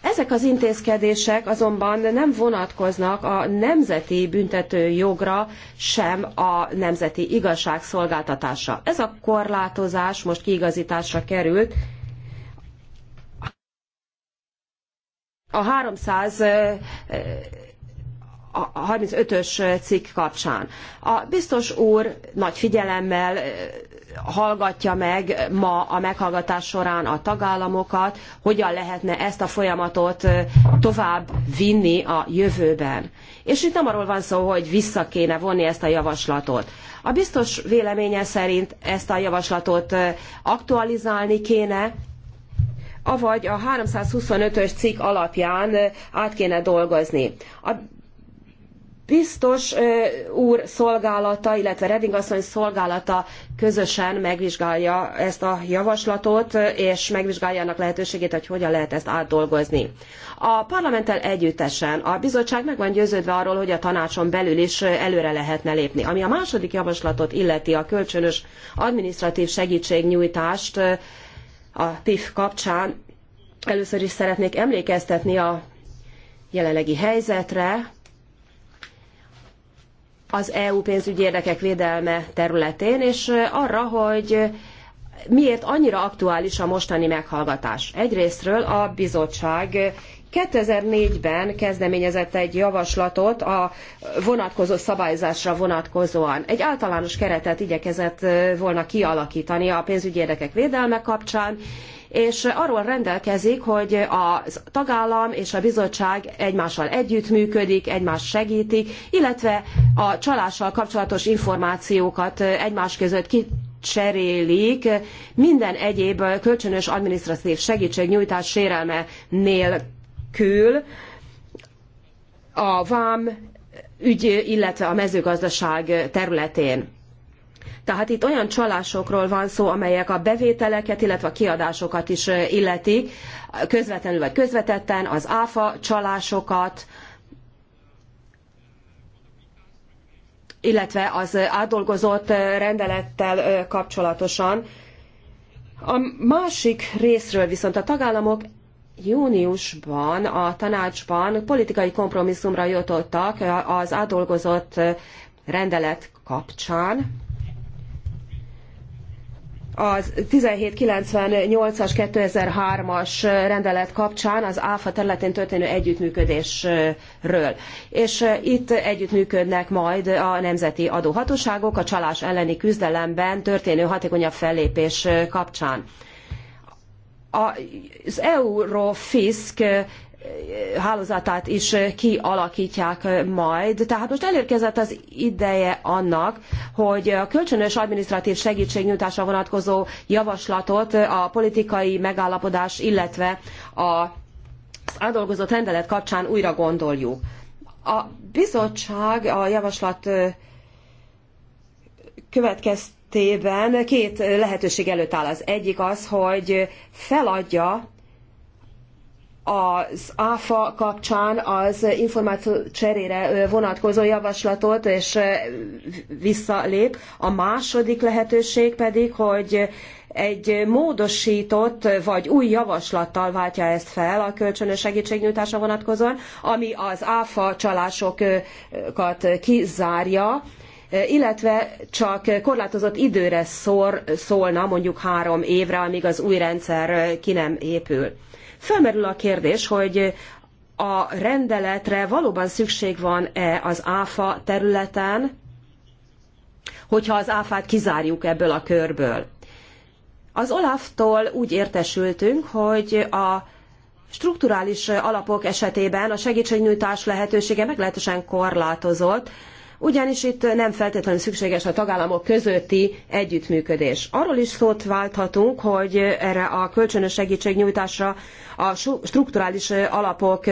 Ezek az intézkedések azonban nem vonatkoznak a nemzeti büntető jogra, sem a nemzeti igazságszolgáltatásra. Ez a korlátozás most kiigazításra került. A 300 a 35-ös cikk kapcsán. A biztos úr nagy figyelemmel hallgatja meg ma a meghallgatás során a tagállamokat, hogyan lehetne ezt a folyamatot tovább vinni a jövőben. És itt nem arról van szó, hogy vissza kéne vonni ezt a javaslatot. A biztos véleménye szerint ezt a javaslatot aktualizálni kéne, avagy a 325-ös cikk alapján át kéne dolgozni. A biztos úr szolgálata, illetve Reding asszony szolgálata közösen megvizsgálja ezt a javaslatot, és megvizsgálja annak lehetőségét, hogy hogyan lehet ezt átdolgozni. A parlamenttel együttesen a bizottság meg van győződve arról, hogy a tanácson belül is előre lehetne lépni. Ami a második javaslatot illeti a kölcsönös administratív segítségnyújtást a PIF kapcsán, először is szeretnék emlékeztetni a jelenlegi helyzetre, az EU pénzügyi érdekek védelme területén, és arra, hogy miért annyira aktuális a mostani meghallgatás. Egyrésztről a bizottság 2004-ben kezdeményezett egy javaslatot a vonatkozó szabályzásra vonatkozóan. Egy általános keretet igyekezett volna kialakítani a pénzügyi érdekek védelme kapcsán, és arról rendelkezik, hogy a tagállam és a bizottság egymással együttműködik, egymást segítik, illetve a csalással kapcsolatos információkat egymás között ki cserélik minden egyéb kölcsönös adminisztratív segítségnyújtás sérelme nélkül a vám ügy, illetve a mezőgazdaság területén. Tehát itt olyan csalásokról van szó, amelyek a bevételeket, illetve a kiadásokat is illetik, közvetlenül vagy közvetetten, az áfa csalásokat, illetve az átdolgozott rendelettel kapcsolatosan. A másik részről viszont a tagállamok júniusban a tanácsban politikai kompromisszumra jutottak az átdolgozott rendelet kapcsán az 1798-as 2003-as rendelet kapcsán az ÁFA területén történő együttműködésről. És itt együttműködnek majd a nemzeti adóhatóságok a csalás elleni küzdelemben történő hatékonyabb fellépés kapcsán. Az Eurofisk hálózatát is kialakítják majd. Tehát most elérkezett az ideje annak, hogy a kölcsönös administratív segítségnyújtásra vonatkozó javaslatot a politikai megállapodás, illetve az átdolgozott rendelet kapcsán újra gondoljuk. A bizottság a javaslat következtében két lehetőség előtt áll. Az egyik az, hogy feladja az ÁFA kapcsán az információ cserére vonatkozó javaslatot, és visszalép. A második lehetőség pedig, hogy egy módosított vagy új javaslattal váltja ezt fel a kölcsönös segítségnyújtásra vonatkozóan, ami az áfa csalásokat kizárja, illetve csak korlátozott időre szor, szólna, mondjuk három évre, amíg az új rendszer ki nem épül. Felmerül a kérdés, hogy a rendeletre valóban szükség van-e az áfa területen, hogyha az áfát kizárjuk ebből a körből. Az Olaftól úgy értesültünk, hogy a strukturális alapok esetében a segítségnyújtás lehetősége meglehetősen korlátozott, ugyanis itt nem feltétlenül szükséges a tagállamok közötti együttműködés. Arról is szót válthatunk, hogy erre a kölcsönös segítségnyújtásra a strukturális alapok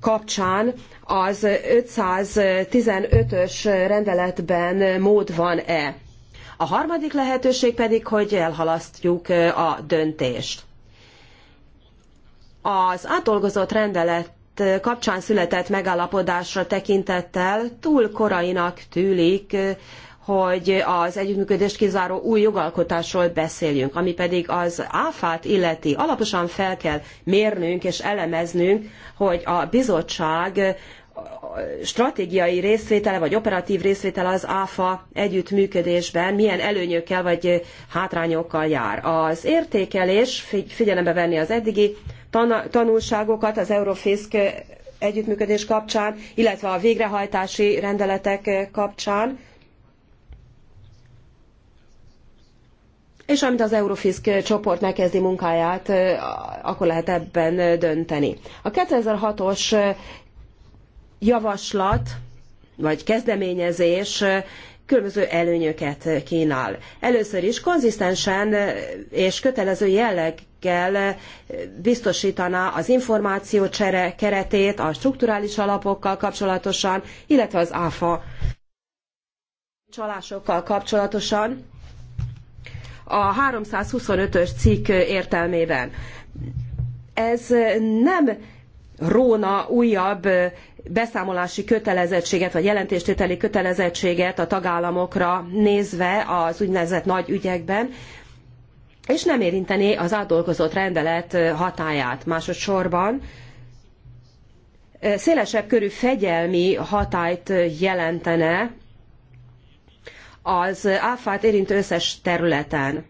kapcsán az 515-ös rendeletben mód van-e. A harmadik lehetőség pedig, hogy elhalasztjuk a döntést. Az átdolgozott rendelet kapcsán született megállapodásra tekintettel túl korainak tűlik, hogy az együttműködést kizáró új jogalkotásról beszéljünk, ami pedig az áfát illeti. Alaposan fel kell mérnünk és elemeznünk, hogy a bizottság stratégiai részvétele vagy operatív részvétele az ÁFA együttműködésben milyen előnyökkel vagy hátrányokkal jár. Az értékelés figyelembe venni az eddigi tanulságokat az Eurofisk együttműködés kapcsán, illetve a végrehajtási rendeletek kapcsán. És amint az Eurofisk csoport megkezdi munkáját, akkor lehet ebben dönteni. A 2006-os javaslat vagy kezdeményezés különböző előnyöket kínál. Először is konzisztensen és kötelező jelleggel biztosítaná az információcsere keretét a strukturális alapokkal kapcsolatosan, illetve az ÁFA csalásokkal kapcsolatosan a 325-ös cikk értelmében. Ez nem róna újabb beszámolási kötelezettséget, vagy jelentéstételi kötelezettséget a tagállamokra nézve az úgynevezett nagy ügyekben, és nem érintené az átdolgozott rendelet hatáját. Másodszorban szélesebb körű fegyelmi hatályt jelentene az áfát érintő összes területen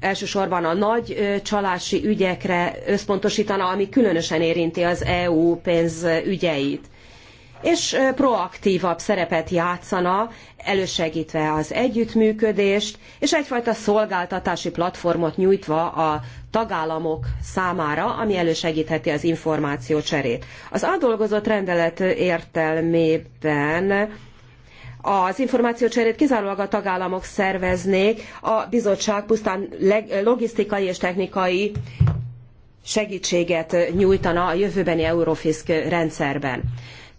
elsősorban a nagy csalási ügyekre összpontosítana, ami különösen érinti az EU pénzügyeit. És proaktívabb szerepet játszana, elősegítve az együttműködést, és egyfajta szolgáltatási platformot nyújtva a tagállamok számára, ami elősegítheti az információ cserét. Az átdolgozott rendelet értelmében az információcserét kizárólag a tagállamok szerveznék, a bizottság pusztán logisztikai és technikai segítséget nyújtana a jövőbeni Eurofisk rendszerben.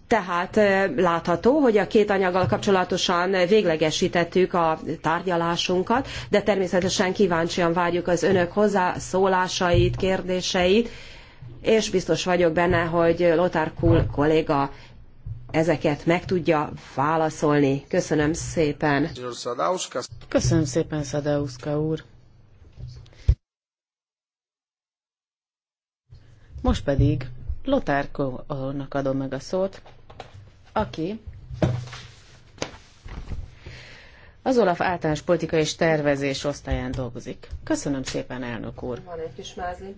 Tehát látható, hogy a két anyaggal kapcsolatosan véglegesítettük a tárgyalásunkat, de természetesen kíváncsian várjuk az önök hozzászólásait, kérdéseit, és biztos vagyok benne, hogy Lothar Kuhl kolléga ezeket meg tudja válaszolni. Köszönöm szépen. Köszönöm szépen, Szadeuszka úr. Most pedig Lotárkónak adom meg a szót, aki az Olaf általános politikai és tervezés osztályán dolgozik. Köszönöm szépen, elnök úr. Van egy kis mázli.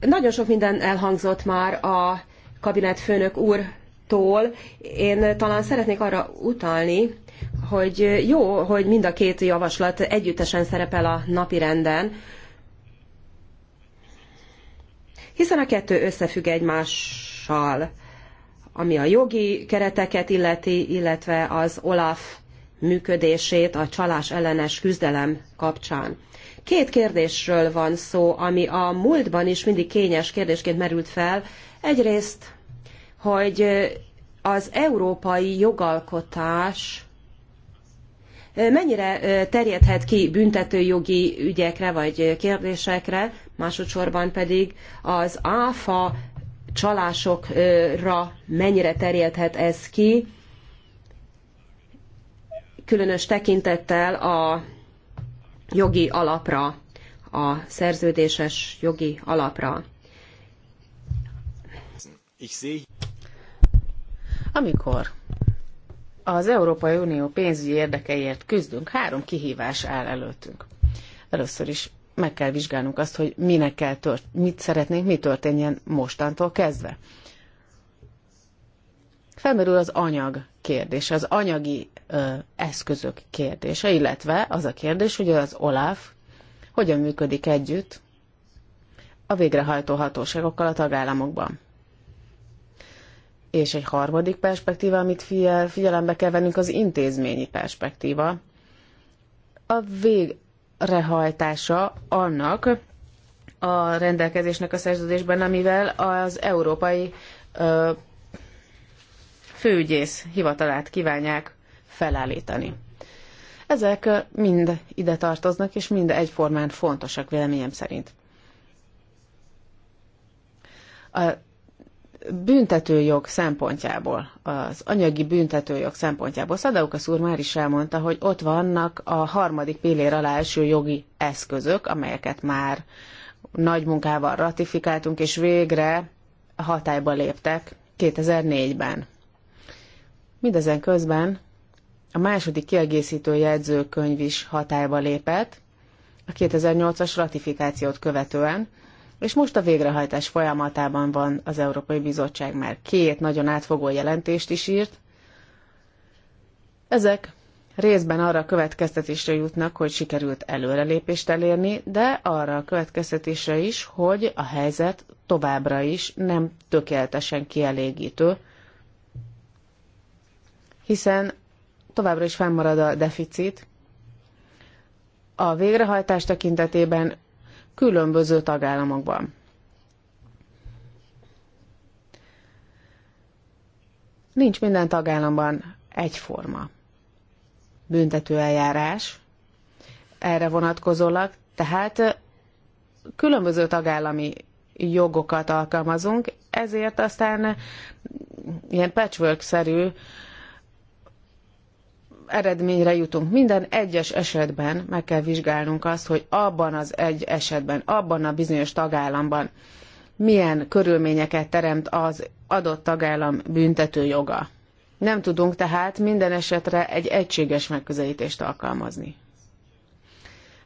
Nagyon sok minden elhangzott már a kabinet főnök úrtól. Én talán szeretnék arra utalni, hogy jó, hogy mind a két javaslat együttesen szerepel a napirenden, hiszen a kettő összefügg egymással, ami a jogi kereteket illeti, illetve az OLAF működését a csalás ellenes küzdelem kapcsán. Két kérdésről van szó, ami a múltban is mindig kényes kérdésként merült fel. Egyrészt, hogy az európai jogalkotás mennyire terjedhet ki büntetőjogi ügyekre vagy kérdésekre, másodszorban pedig az áfa csalásokra mennyire terjedhet ez ki, különös tekintettel a jogi alapra, a szerződéses jogi alapra. Amikor az Európai Unió pénzügyi érdekeiért küzdünk, három kihívás áll előttünk. Először is meg kell vizsgálnunk azt, hogy minek kell tört, mit szeretnénk, mi történjen mostantól kezdve. Felmerül az anyag kérdése, az anyagi ö, eszközök kérdése, illetve az a kérdés, hogy az OLAF hogyan működik együtt a végrehajtó hatóságokkal a tagállamokban. És egy harmadik perspektíva, amit figyel, figyelembe kell vennünk, az intézményi perspektíva. A végrehajtása annak a rendelkezésnek a szerződésben, amivel az európai ö, főügyész hivatalát kívánják felállítani. Ezek mind ide tartoznak, és mind egyformán fontosak véleményem szerint. A büntetőjog szempontjából, az anyagi büntetőjog szempontjából Szadaukasz úr már is elmondta, hogy ott vannak a harmadik pillér alá első jogi eszközök, amelyeket már nagy munkával ratifikáltunk, és végre hatályba léptek 2004-ben. Mindezen közben a második kiegészítő jegyzőkönyv is hatályba lépett a 2008-as ratifikációt követően, és most a végrehajtás folyamatában van az Európai Bizottság már két nagyon átfogó jelentést is írt. Ezek részben arra a következtetésre jutnak, hogy sikerült előrelépést elérni, de arra a következtetésre is, hogy a helyzet továbbra is nem tökéletesen kielégítő, hiszen továbbra is fennmarad a deficit. A végrehajtás tekintetében különböző tagállamokban. Nincs minden tagállamban egyforma büntetőeljárás erre vonatkozólag, tehát különböző tagállami jogokat alkalmazunk, ezért aztán ilyen patchwork-szerű uh, eredményre jutunk. Minden egyes esetben meg kell vizsgálnunk azt, hogy abban az egy esetben, abban a bizonyos tagállamban milyen körülményeket teremt az adott tagállam büntetőjoga. Nem tudunk tehát minden esetre egy egységes megközelítést alkalmazni.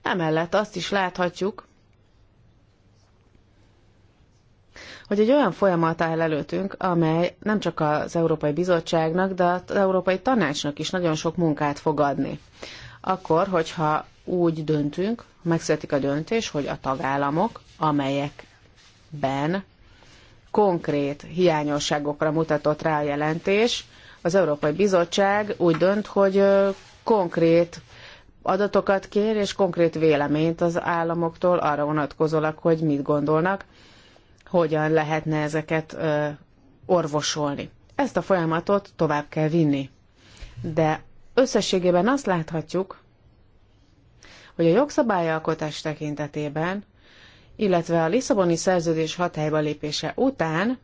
Emellett azt is láthatjuk, hogy egy olyan folyamat áll előttünk, amely nem csak az Európai Bizottságnak, de az Európai Tanácsnak is nagyon sok munkát fog adni. Akkor, hogyha úgy döntünk, megszületik a döntés, hogy a tagállamok, amelyekben konkrét hiányosságokra mutatott rá a jelentés, az Európai Bizottság úgy dönt, hogy konkrét adatokat kér és konkrét véleményt az államoktól arra vonatkozólag, hogy mit gondolnak, hogyan lehetne ezeket ö, orvosolni. Ezt a folyamatot tovább kell vinni. De összességében azt láthatjuk, hogy a jogszabályalkotás tekintetében, illetve a Lisszaboni szerződés hatályba lépése után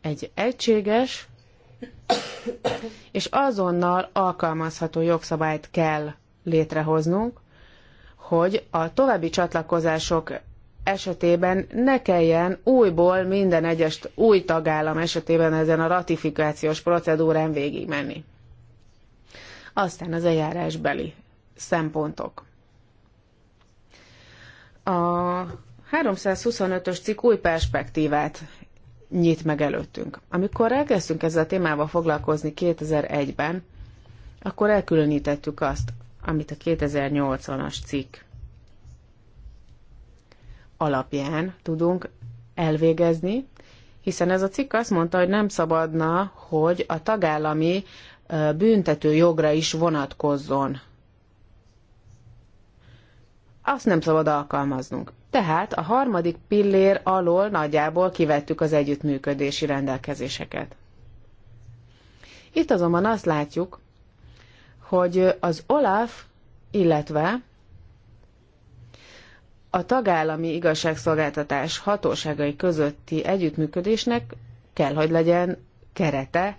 egy egységes és azonnal alkalmazható jogszabályt kell létrehoznunk, hogy a további csatlakozások esetében ne kelljen újból minden egyes új tagállam esetében ezen a ratifikációs procedúrán végigmenni. Aztán az eljárásbeli szempontok. A 325-ös cikk új perspektívát nyit meg előttünk. Amikor elkezdtünk ezzel a témával foglalkozni 2001-ben, akkor elkülönítettük azt, amit a 2080-as cikk alapján tudunk elvégezni, hiszen ez a cikk azt mondta, hogy nem szabadna, hogy a tagállami büntető jogra is vonatkozzon. Azt nem szabad alkalmaznunk. Tehát a harmadik pillér alól nagyjából kivettük az együttműködési rendelkezéseket. Itt azonban azt látjuk, hogy az Olaf, illetve a tagállami igazságszolgáltatás hatóságai közötti együttműködésnek kell, hogy legyen kerete,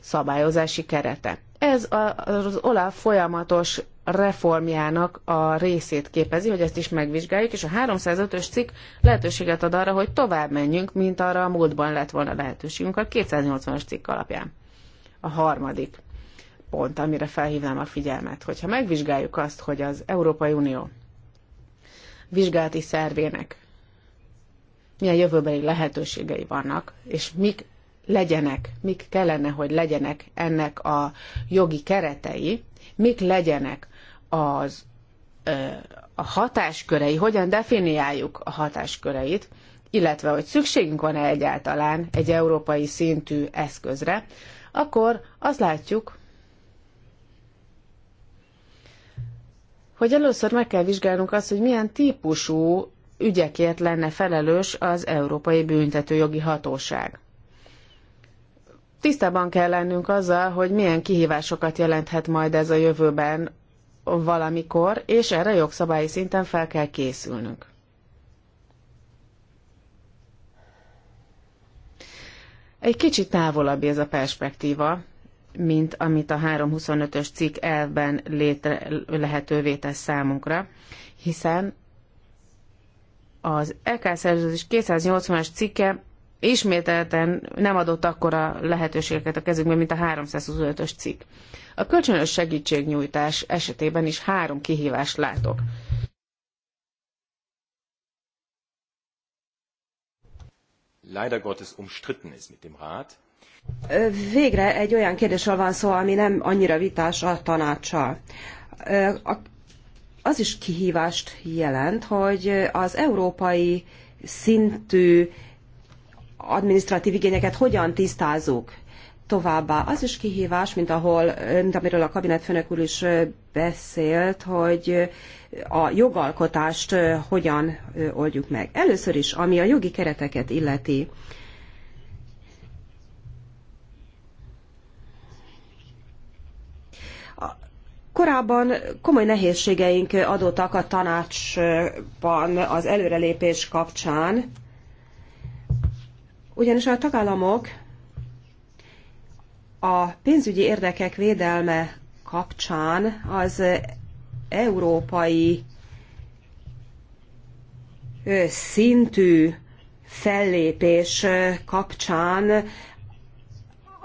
szabályozási kerete. Ez az OLAF folyamatos reformjának a részét képezi, hogy ezt is megvizsgáljuk, és a 305-ös cikk lehetőséget ad arra, hogy tovább menjünk, mint arra a múltban lett volna lehetőségünk a 280-as cikk alapján. A harmadik pont, amire felhívnám a figyelmet, hogyha megvizsgáljuk azt, hogy az Európai Unió vizsgálati szervének milyen jövőbeli lehetőségei vannak, és mik legyenek, mik kellene, hogy legyenek ennek a jogi keretei, mik legyenek az a hatáskörei, hogyan definiáljuk a hatásköreit, illetve hogy szükségünk van-e egyáltalán egy európai szintű eszközre, akkor azt látjuk, hogy először meg kell vizsgálnunk azt, hogy milyen típusú ügyekért lenne felelős az Európai Büntetőjogi Hatóság. Tisztában kell lennünk azzal, hogy milyen kihívásokat jelenthet majd ez a jövőben valamikor, és erre jogszabályi szinten fel kell készülnünk. Egy kicsit távolabb ez a perspektíva, mint amit a 325-ös cikk elben létre, lehetővé tesz számunkra, hiszen az EK szerződés 280-as cikke ismételten nem adott akkora lehetőségeket a kezükben mint a 325-ös cikk. A kölcsönös segítségnyújtás esetében is három kihívást látok. Leider Gottes umstritten ist mit dem Rat Végre egy olyan kérdésről van szó, ami nem annyira vitás a tanácssal. Az is kihívást jelent, hogy az európai szintű administratív igényeket hogyan tisztázzuk. Továbbá az is kihívás, mint ahol, mint amiről a kabinetfőnök úr is beszélt, hogy a jogalkotást hogyan oldjuk meg. Először is, ami a jogi kereteket illeti. Korábban komoly nehézségeink adottak a tanácsban az előrelépés kapcsán, ugyanis a tagállamok a pénzügyi érdekek védelme kapcsán az európai szintű fellépés kapcsán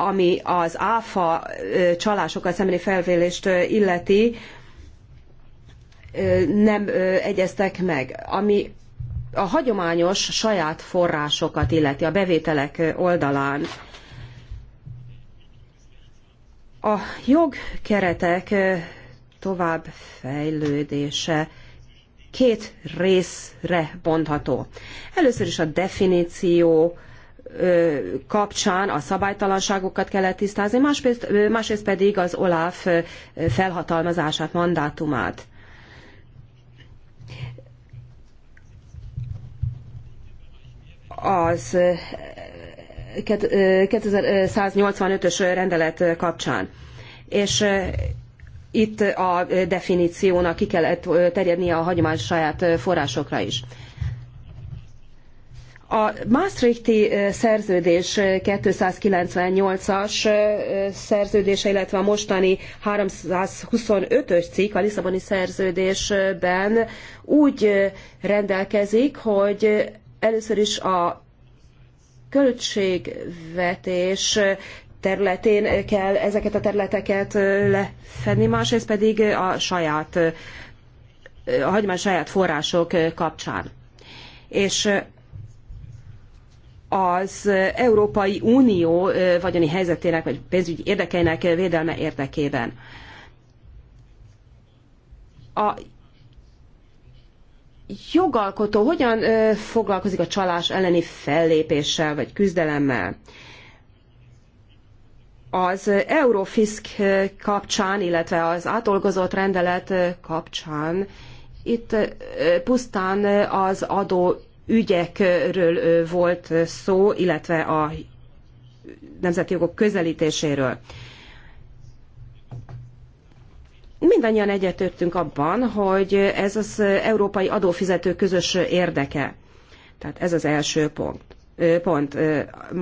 ami az áfa csalásokkal szembeni felvélést illeti, nem egyeztek meg. Ami a hagyományos saját forrásokat illeti a bevételek oldalán, a jogkeretek tovább fejlődése két részre bontható. Először is a definíció, kapcsán a szabálytalanságokat kellett tisztázni, másrészt, másrészt pedig az OLAF felhatalmazását, mandátumát. Az 2185-ös rendelet kapcsán. És itt a definíciónak ki kellett terjednie a hagyományos saját forrásokra is. A Maastrichti szerződés 298-as szerződése, illetve a mostani 325-ös cikk a Lisszaboni szerződésben úgy rendelkezik, hogy először is a költségvetés területén kell ezeket a területeket lefedni, másrészt pedig a saját, a hagyomány saját források kapcsán. És az Európai Unió vagyoni helyzetének vagy pénzügyi érdekeinek védelme érdekében. A jogalkotó hogyan foglalkozik a csalás elleni fellépéssel vagy küzdelemmel? Az Eurofisk kapcsán, illetve az átolgozott rendelet kapcsán itt pusztán az adó ügyekről volt szó, illetve a nemzeti jogok közelítéséről. Mindannyian egyetértünk abban, hogy ez az európai adófizető közös érdeke. Tehát ez az első pont pont.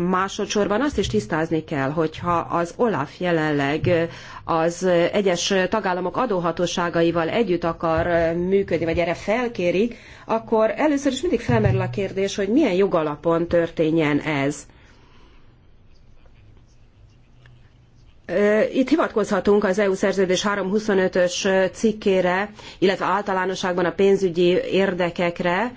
Másodszorban azt is tisztázni kell, hogyha az OLAF jelenleg az egyes tagállamok adóhatóságaival együtt akar működni, vagy erre felkéri, akkor először is mindig felmerül a kérdés, hogy milyen jogalapon történjen ez. Itt hivatkozhatunk az EU szerződés 325-ös cikkére, illetve általánosságban a pénzügyi érdekekre,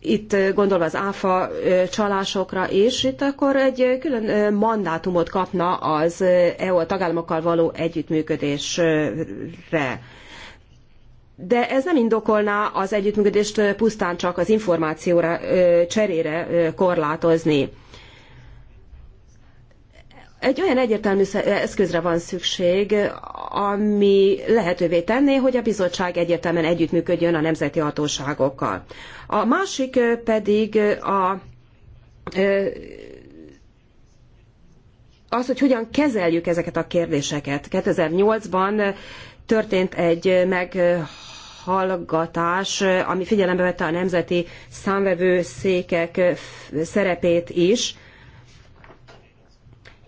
itt gondolva az áfa csalásokra is, itt akkor egy külön mandátumot kapna az EU a tagállamokkal való együttműködésre. De ez nem indokolná az együttműködést pusztán csak az információra cserére korlátozni. Egy olyan egyértelmű eszközre van szükség, ami lehetővé tenné, hogy a bizottság egyértelműen együttműködjön a nemzeti hatóságokkal. A másik pedig a az, hogy hogyan kezeljük ezeket a kérdéseket. 2008-ban történt egy meghallgatás, ami figyelembe vette a nemzeti számvevőszékek szerepét is,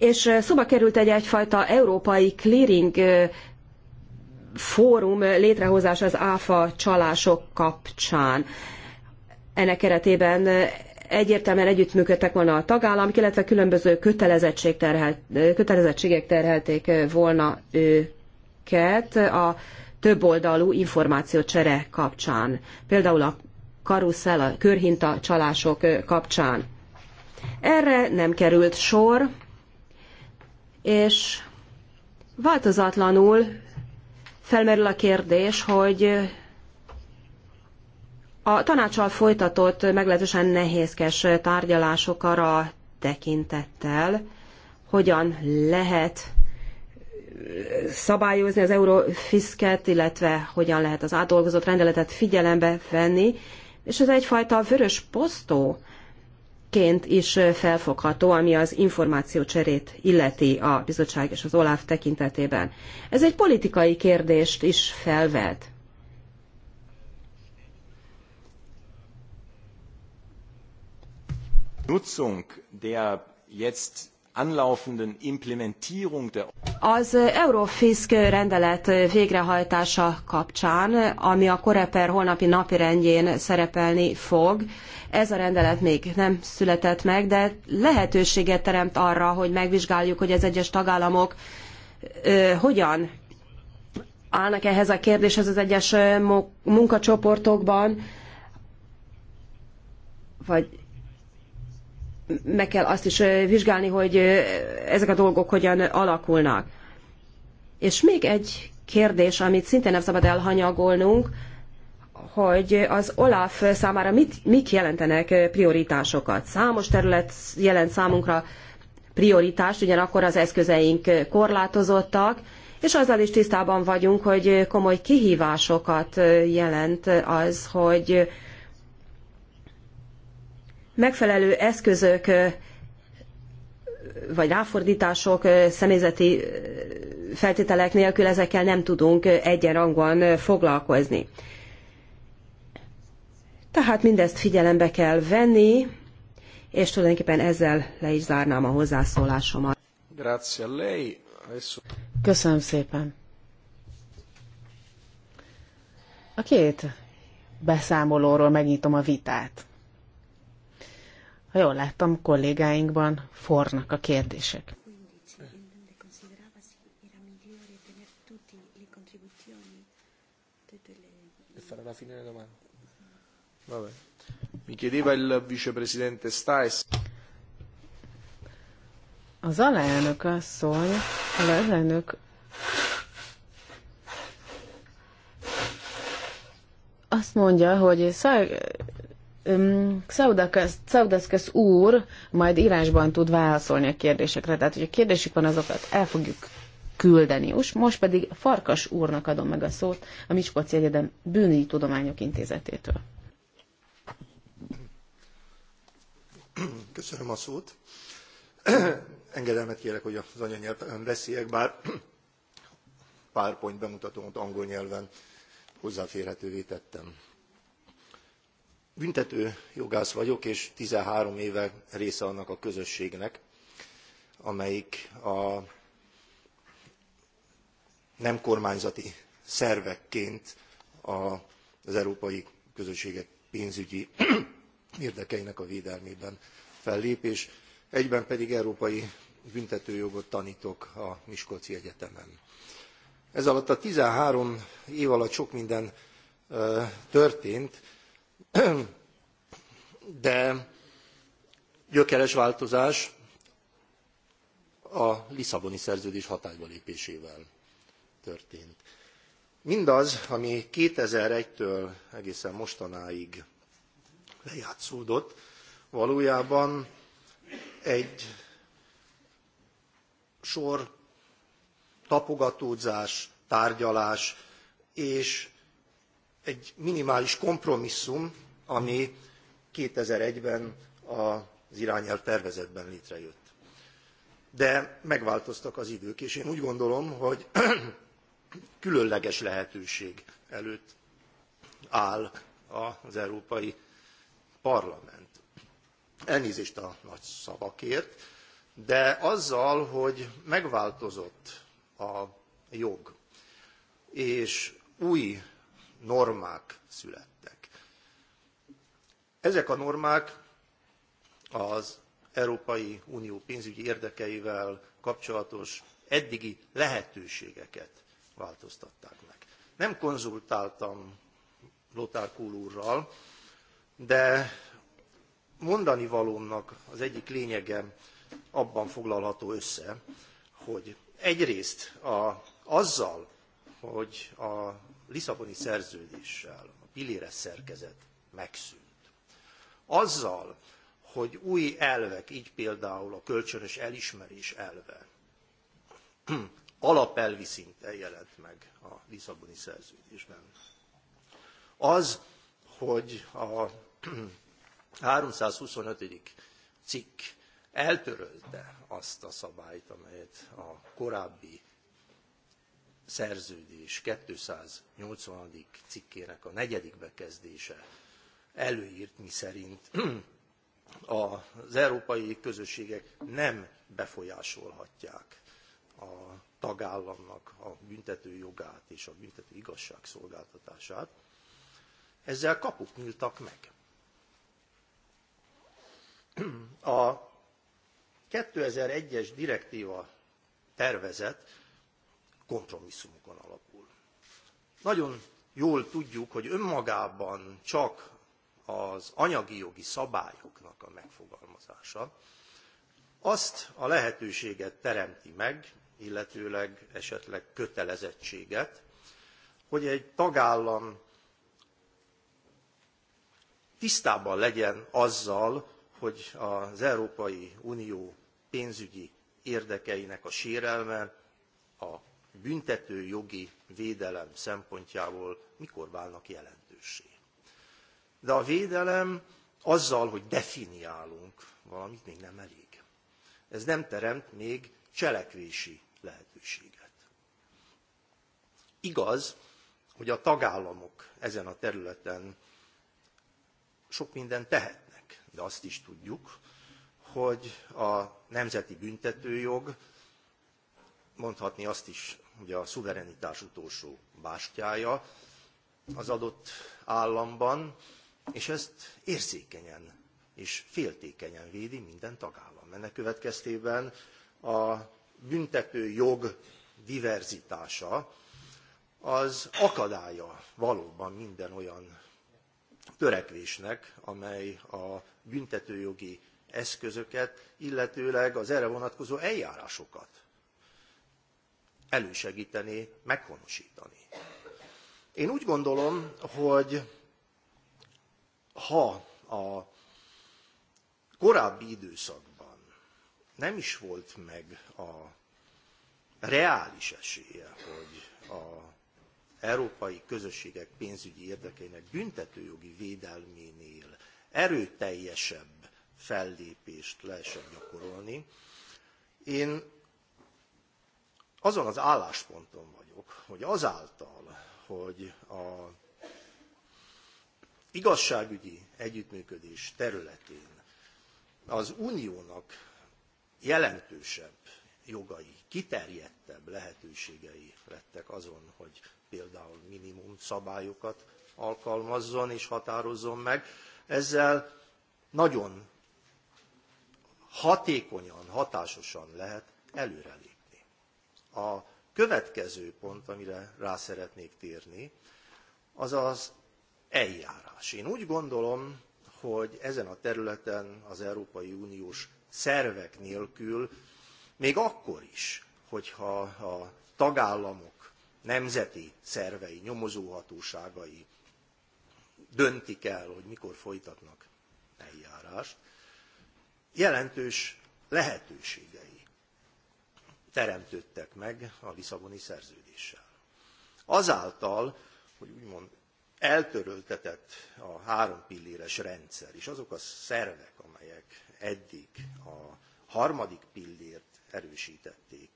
és szoba került egy egyfajta európai clearing fórum létrehozás az áfa csalások kapcsán. Ennek keretében egyértelműen együttműködtek volna a tagállamok, illetve különböző kötelezettség terhelt, kötelezettségek terhelték volna őket a többoldalú információcsere kapcsán. Például a karuszel, a körhinta csalások kapcsán. Erre nem került sor, és változatlanul felmerül a kérdés, hogy a tanácsal folytatott meglehetősen nehézkes tárgyalások arra tekintettel, hogyan lehet szabályozni az eurofisket, illetve hogyan lehet az átdolgozott rendeletet figyelembe venni, és ez egyfajta vörös posztó ként is felfogható, ami az információcserét illeti a bizottság és az OLAF tekintetében. Ez egy politikai kérdést is felvet. Nutzung der jetzt anlaufenden Implementierung der az Eurofisk rendelet végrehajtása kapcsán, ami a Koreper holnapi napirendjén szerepelni fog, ez a rendelet még nem született meg, de lehetőséget teremt arra, hogy megvizsgáljuk, hogy az egyes tagállamok ö, hogyan állnak ehhez a kérdéshez az egyes munkacsoportokban, vagy meg kell azt is vizsgálni, hogy ezek a dolgok hogyan alakulnak. És még egy kérdés, amit szintén nem szabad elhanyagolnunk, hogy az OLAF számára mit, mik jelentenek prioritásokat. Számos terület jelent számunkra prioritást, ugyanakkor az eszközeink korlátozottak, és azzal is tisztában vagyunk, hogy komoly kihívásokat jelent az, hogy megfelelő eszközök vagy ráfordítások, személyzeti feltételek nélkül ezekkel nem tudunk egyenrangúan foglalkozni. Tehát mindezt figyelembe kell venni, és tulajdonképpen ezzel le is zárnám a hozzászólásomat. Köszönöm szépen. A két beszámolóról megnyitom a vitát. Ha jól láttam, kollégáinkban fornak a kérdések. alla fine delle domande. Mi chiedeva il vicepresidente Stais. Az alelnök asszony, az alelnök azt mondja, hogy szag, Szaudaszkesz úr majd írásban tud válaszolni a kérdésekre, tehát hogy a kérdésük van, azokat el fogjuk küldeni. Most pedig Farkas úrnak adom meg a szót a Miskolci Egyetem Bűnügyi Tudományok Intézetétől. Köszönöm a szót. Engedelmet kérek, hogy az anyanyelven beszéljek, bár PowerPoint bemutatómat angol nyelven hozzáférhetővé tettem büntető jogász vagyok és thirteen éve része annak a közösségnek amelyik a nem kormányzati szervekként az európai közösségek pénzügyi érdekeinek a védelmében fellép és egyben pedig európai büntetőjogot tantok a miskolci egyetemen. ezalatt a thirteen év alatt sok minden történt de gyökeres változás a Lisszaboni szerződés hatályba lépésével történt. Mindaz, ami 2001-től egészen mostanáig lejátszódott, valójában egy sor tapogatózás, tárgyalás és egy minimális kompromisszum, ami 2001-ben az irányelv tervezetben létrejött. De megváltoztak az idők, és én úgy gondolom, hogy különleges lehetőség előtt áll az Európai Parlament. Elnézést a nagy szavakért, de azzal, hogy megváltozott a jog, és új normák születtek. Ezek a normák az Európai Unió pénzügyi érdekeivel kapcsolatos eddigi lehetőségeket változtatták meg. Nem konzultáltam Lothar Kuhl úrral, de mondani valómnak az egyik lényege abban foglalható össze, hogy egyrészt a, azzal, hogy a Lisszaboni szerződéssel a pilléres szerkezet megszűnt. Azzal, hogy új elvek, így például a kölcsönös elismerés elve, alapelvi szinten jelent meg a Lisszaboni szerződésben. Az, hogy a 325. cikk eltörölte azt a szabályt, amelyet a korábbi szerződés 280. cikkének a negyedik bekezdése előírt, miszerint az európai közösségek nem befolyásolhatják a tagállamnak a büntető jogát és a büntető igazságszolgáltatását, ezzel kapuk nyíltak meg. A 2001-es direktíva tervezet kompromisszumokon alapul. Nagyon jól tudjuk, hogy önmagában csak az anyagi jogi szabályoknak a megfogalmazása azt a lehetőséget teremti meg, illetőleg esetleg kötelezettséget, hogy egy tagállam tisztában legyen azzal, hogy az Európai Unió pénzügyi érdekeinek a sérelme, a büntető jogi védelem szempontjából mikor válnak jelentőssé. De a védelem azzal, hogy definiálunk valamit, még nem elég. Ez nem teremt még cselekvési lehetőséget. Igaz, hogy a tagállamok ezen a területen sok mindent tehetnek, de azt is tudjuk, hogy a nemzeti büntetőjog mondhatni azt is ugye a szuverenitás utolsó bástyája az adott államban, és ezt érzékenyen és féltékenyen védi minden tagállam. Ennek következtében a büntető jog diverzitása az akadálya valóban minden olyan törekvésnek, amely a büntetőjogi eszközöket, illetőleg az erre vonatkozó eljárásokat elősegíteni, meghonosítani. Én úgy gondolom, hogy ha a korábbi időszakban nem is volt meg a reális esélye, hogy a európai közösségek pénzügyi érdekeinek büntetőjogi védelménél erőteljesebb fellépést lehessen gyakorolni. Én azon az állásponton vagyok, hogy azáltal, hogy a igazságügyi együttműködés területén az uniónak jelentősebb jogai, kiterjedtebb lehetőségei lettek azon, hogy például minimum szabályokat alkalmazzon és határozzon meg. Ezzel nagyon hatékonyan, hatásosan lehet előrelépni. A következő pont, amire rá szeretnék térni, az az eljárás. Én úgy gondolom, hogy ezen a területen az Európai Uniós szervek nélkül, még akkor is, hogyha a tagállamok nemzeti szervei, nyomozóhatóságai döntik el, hogy mikor folytatnak eljárást, jelentős lehetőség teremtődtek meg a Lisszaboni szerződéssel. Azáltal, hogy úgymond eltöröltetett a három pilléres rendszer, és azok a szervek, amelyek eddig a harmadik pillért erősítették,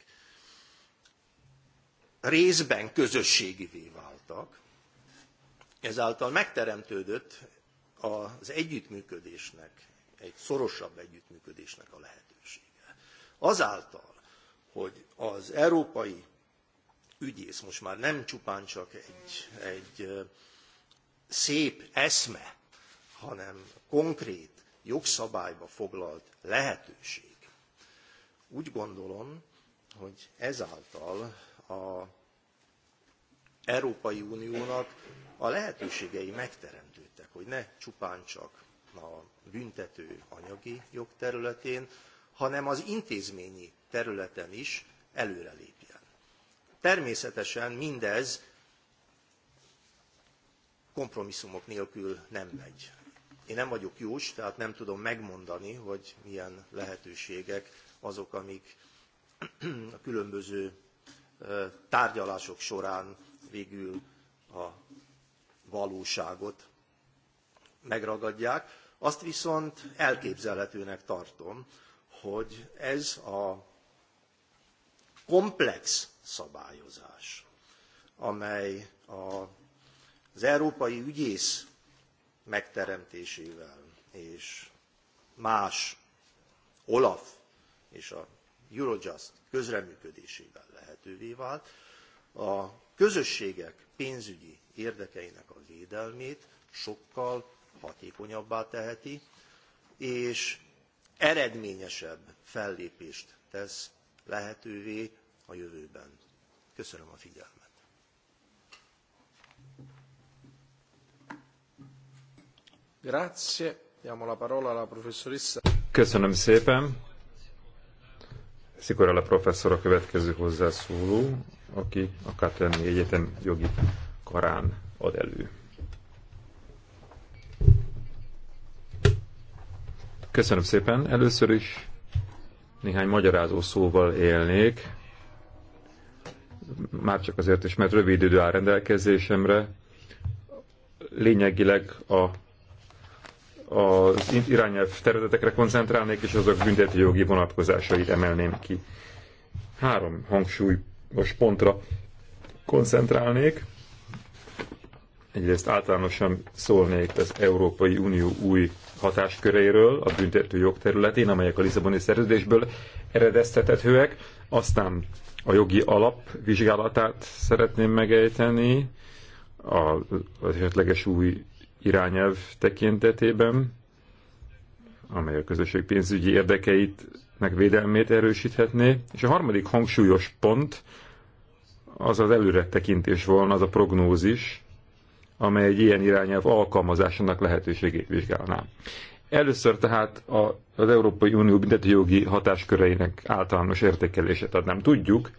részben közösségivé váltak, ezáltal megteremtődött az együttműködésnek, egy szorosabb együttműködésnek a lehetősége. Azáltal, hogy az európai ügyész most már nem csupán csak egy, egy szép eszme, hanem konkrét jogszabályba foglalt lehetőség. Úgy gondolom, hogy ezáltal az Európai Uniónak a lehetőségei megteremtődtek, hogy ne csupán csak a büntető anyagi jog területén, hanem az intézményi területen is előrelépjen. Természetesen mindez kompromisszumok nélkül nem megy. Én nem vagyok jós, tehát nem tudom megmondani, hogy milyen lehetőségek azok, amik a különböző tárgyalások során végül a valóságot megragadják. Azt viszont elképzelhetőnek tartom, hogy ez a komplex szabályozás, amely a, az európai ügyész megteremtésével és más Olaf és a Eurojust közreműködésével lehetővé vált, a közösségek pénzügyi érdekeinek a védelmét sokkal hatékonyabbá teheti, és eredményesebb fellépést tesz lehetővé a jövőben. Köszönöm a figyelmet. Grazie. Diamo la parola alla professoressa. Köszönöm szépen. a professzor a következő hozzászóló, aki a Katerni Egyetem jogi karán ad elő. Köszönöm szépen. Először is néhány magyarázó szóval élnék, már csak azért is, mert rövid idő áll rendelkezésemre. Lényegileg a az irányelv területekre koncentrálnék, és azok bünteti jogi vonatkozásait emelném ki. Három hangsúlyos pontra koncentrálnék. Egyrészt általánosan szólnék az Európai Unió új hatásköréről a büntető jog területén, amelyek a Lisszaboni szerződésből eredeztethetőek. Aztán a jogi alap vizsgálatát szeretném megejteni az esetleges új irányelv tekintetében, amely a közösség pénzügyi érdekeitnek védelmét erősíthetné. És a harmadik hangsúlyos pont az az előretekintés volna, az a prognózis, amely egy ilyen irányelv alkalmazásának lehetőségét vizsgálná. Először tehát a, az Európai Unió büntetőjogi hatásköreinek általános értékelését adnám. Tudjuk,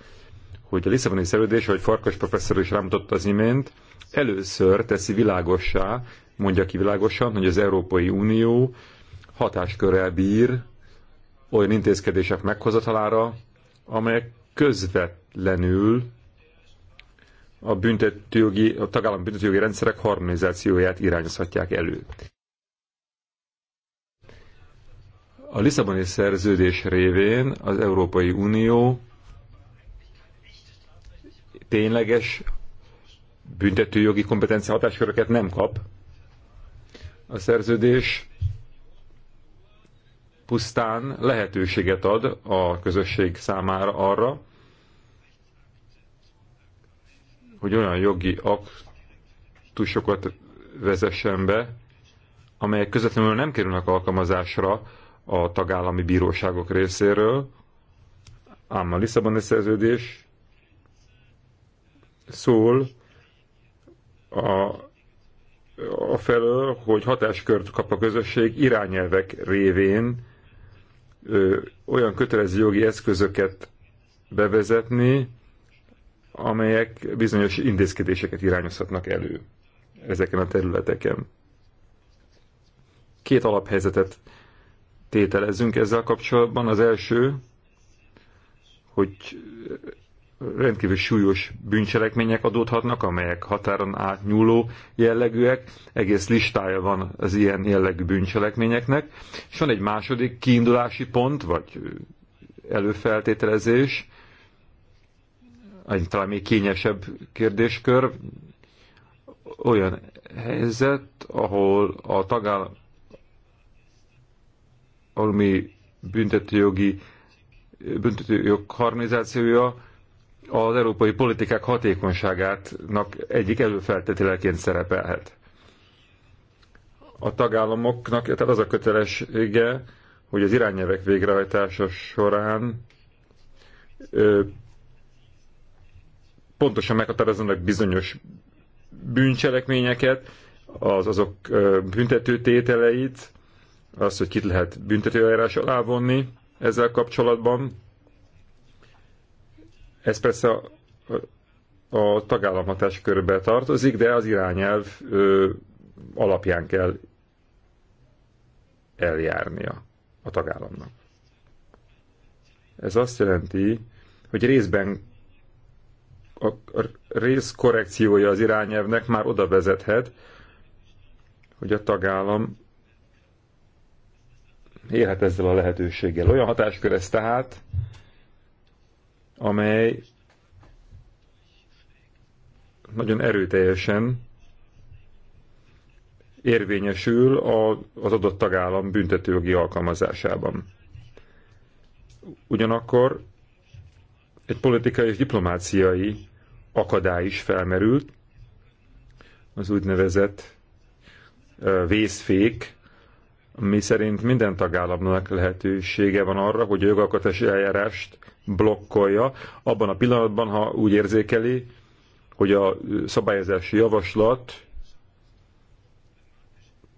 hogy a Lisszaboni szerződés, ahogy Farkas professzor is rámutatta az imént, először teszi világossá, mondja ki világosan, hogy az Európai Unió hatáskörrel bír olyan intézkedések meghozatalára, amelyek közvetlenül a, büntetőjogi, a tagállam büntetőjogi rendszerek harmonizációját irányozhatják elő. A Lisszaboni szerződés révén az Európai Unió tényleges büntetőjogi kompetencia hatásköröket nem kap. A szerződés pusztán lehetőséget ad a közösség számára arra, hogy olyan jogi aktusokat vezessen be, amelyek közvetlenül nem kerülnek alkalmazásra a tagállami bíróságok részéről, ám a Lisszaboni szerződés szól a, a felől, hogy hatáskört kap a közösség irányelvek révén ö, olyan kötelező jogi eszközöket bevezetni, amelyek bizonyos intézkedéseket irányozhatnak elő ezeken a területeken. Két alaphelyzetet tételezzünk ezzel kapcsolatban. Az első, hogy rendkívül súlyos bűncselekmények adódhatnak, amelyek határon átnyúló jellegűek. Egész listája van az ilyen jellegű bűncselekményeknek. És van egy második kiindulási pont, vagy előfeltételezés, talán még kényesebb kérdéskör, olyan helyzet, ahol a tagállami büntetőjogi büntetőjog harmonizációja az európai politikák hatékonyságátnak egyik előfeltételeként szerepelhet. A tagállamoknak tehát az a kötelessége, hogy az irányelvek végrehajtása során pontosan meghatároznak bizonyos bűncselekményeket, az, azok büntető tételeit, azt, hogy kit lehet büntetőjárás alá vonni ezzel kapcsolatban. Ez persze a, a tagállam hatáskörbe tartozik, de az irányelv ö, alapján kell eljárnia a tagállamnak. Ez azt jelenti, hogy részben a rész korrekciója az irányelvnek már oda vezethet, hogy a tagállam élhet ezzel a lehetőséggel. Olyan hatáskör ez tehát, amely nagyon erőteljesen érvényesül az adott tagállam büntetőjogi alkalmazásában. Ugyanakkor egy politikai és diplomáciai akadály is felmerült, az úgynevezett vészfék, mi szerint minden tagállamnak lehetősége van arra, hogy a jogalkotási eljárást blokkolja, abban a pillanatban, ha úgy érzékeli, hogy a szabályozási javaslat,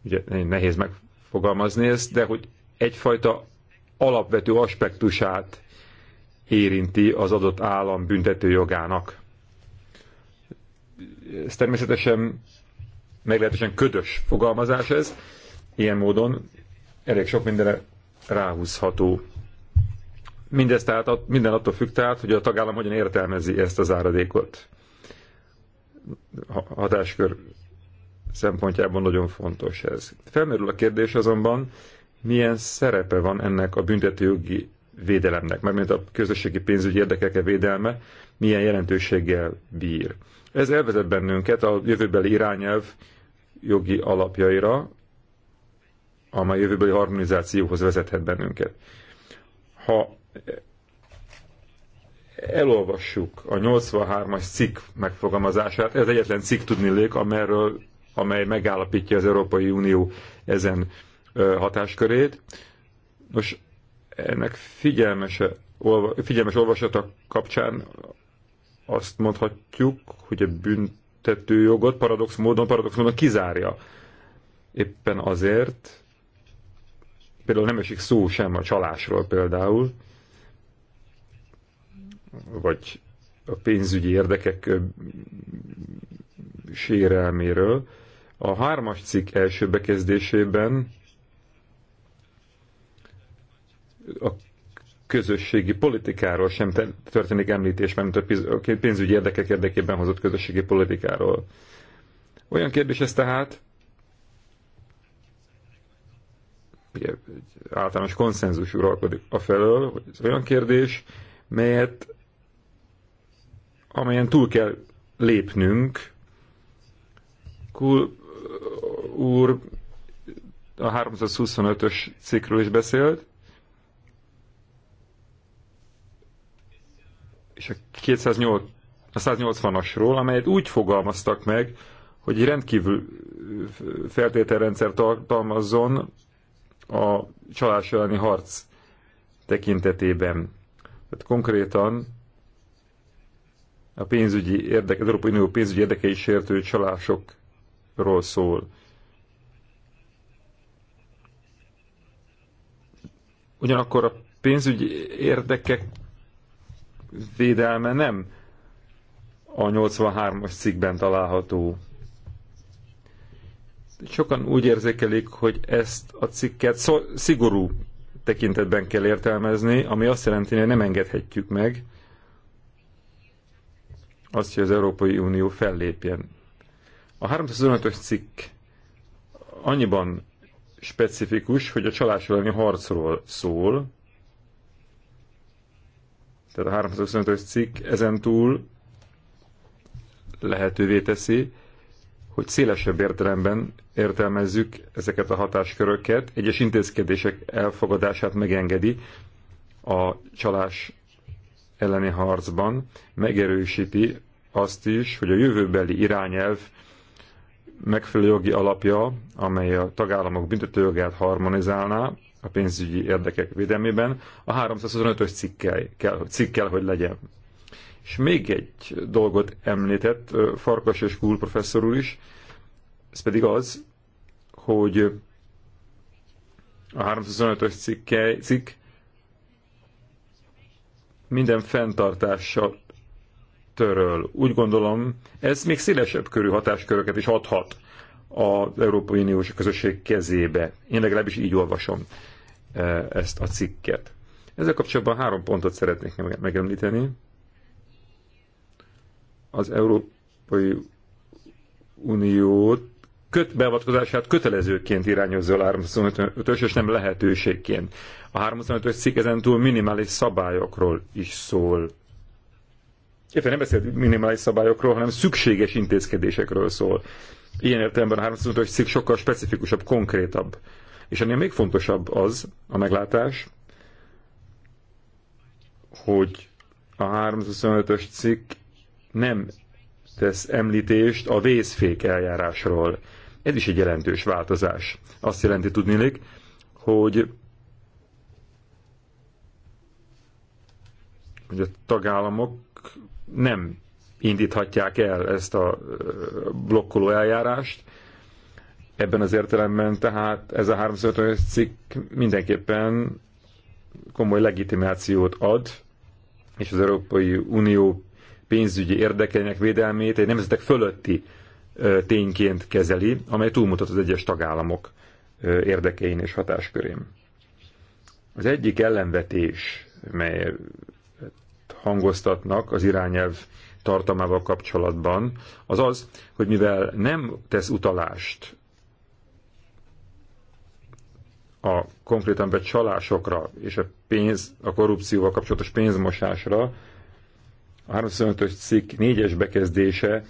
ugye nehéz megfogalmazni ezt, de hogy egyfajta alapvető aspektusát érinti az adott állam büntetőjogának ez természetesen meglehetősen ködös fogalmazás ez, ilyen módon elég sok mindenre ráhúzható. Mindez tehát minden attól függ tehát, hogy a tagállam hogyan értelmezi ezt az áradékot. Hatáskör szempontjából nagyon fontos ez. Felmerül a kérdés azonban, milyen szerepe van ennek a büntetőjogi védelemnek, mert mint a közösségi pénzügyi érdekeke védelme milyen jelentőséggel bír. Ez elvezet bennünket a jövőbeli irányelv jogi alapjaira, amely jövőbeli harmonizációhoz vezethet bennünket. Ha elolvassuk a 83-as cikk megfogalmazását, ez egyetlen cikk lék, amelyről, amely megállapítja az Európai Unió ezen hatáskörét. Nos, ennek figyelmes, olva, figyelmes olvasata kapcsán azt mondhatjuk, hogy a büntető jogot paradox módon, paradox módon kizárja. Éppen azért, például nem esik szó sem a csalásról például, vagy a pénzügyi érdekek sérelméről. A hármas cikk első bekezdésében a közösségi politikáról sem történik említés, mert a pénzügyi érdekek érdekében hozott közösségi politikáról. Olyan kérdés ez tehát, általános konszenzus uralkodik a felől, hogy ez olyan kérdés, melyet amelyen túl kell lépnünk. Kul úr a 325-ös cikkről is beszélt, és a, 208, a 180-asról, amelyet úgy fogalmaztak meg, hogy rendkívül feltételrendszer tartalmazzon a csalás elleni harc tekintetében. Tehát konkrétan a pénzügyi érdeke, az Európai Unió pénzügyi érdekei sértő csalásokról szól. Ugyanakkor a pénzügyi érdekek védelme nem a 83-as cikkben található. Sokan úgy érzékelik, hogy ezt a cikket szigorú tekintetben kell értelmezni, ami azt jelenti, hogy nem engedhetjük meg azt, hogy az Európai Unió fellépjen. A 325-ös cikk annyiban specifikus, hogy a csalás harcról szól, tehát a 325-ös cikk ezen túl lehetővé teszi, hogy szélesebb értelemben értelmezzük ezeket a hatásköröket, egyes intézkedések elfogadását megengedi a csalás elleni harcban, megerősíti azt is, hogy a jövőbeli irányelv megfelelő jogi alapja, amely a tagállamok büntetőjogát harmonizálná, a pénzügyi érdekek védelmében, a 325-ös cikkel kell, cikkel, hogy legyen. És még egy dolgot említett Farkas és kúl professzor úr is, ez pedig az, hogy a 325-ös cikk minden fenntartással töröl. Úgy gondolom, ez még szélesebb körű hatásköröket is adhat az Európai Uniós közösség kezébe. Én legalábbis így olvasom e, ezt a cikket. Ezzel kapcsolatban három pontot szeretnék megemlíteni. Az Európai Uniót köt, beavatkozását kötelezőként irányozza a 325-ös, és nem lehetőségként. A 325-ös cikk ezen túl minimális szabályokról is szól. Éppen nem beszélt minimális szabályokról, hanem szükséges intézkedésekről szól. Ilyen értelemben a 365 cikk sokkal specifikusabb, konkrétabb. És ennél még fontosabb az a meglátás, hogy a 325-ös cikk nem tesz említést a vészfék eljárásról. Ez is egy jelentős változás. Azt jelenti tudnilik, hogy hogy a tagállamok nem indíthatják el ezt a blokkoló eljárást. Ebben az értelemben tehát ez a 355 cikk mindenképpen komoly legitimációt ad, és az Európai Unió pénzügyi érdekeinek védelmét egy nemzetek fölötti tényként kezeli, amely túlmutat az egyes tagállamok érdekein és hatáskörén. Az egyik ellenvetés, mely hangoztatnak az irányelv tartalmával kapcsolatban, az az, hogy mivel nem tesz utalást a konkrétan ember csalásokra és a pénz, a korrupcióval kapcsolatos pénzmosásra, a 325-ös cikk 4-es bekezdése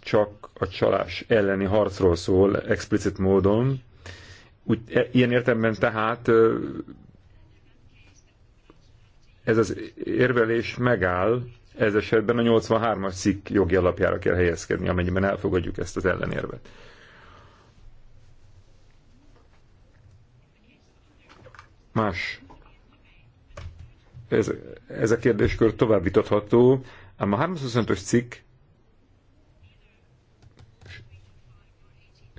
csak a csalás elleni harcról szól explicit módon. Úgy, e, ilyen értelemben tehát ez az érvelés megáll, ez esetben a 83-as cikk jogi alapjára kell helyezkedni, amennyiben elfogadjuk ezt az ellenérvet. Más. Ez, ez a kérdéskör tovább vitatható, ám a 325-ös cikk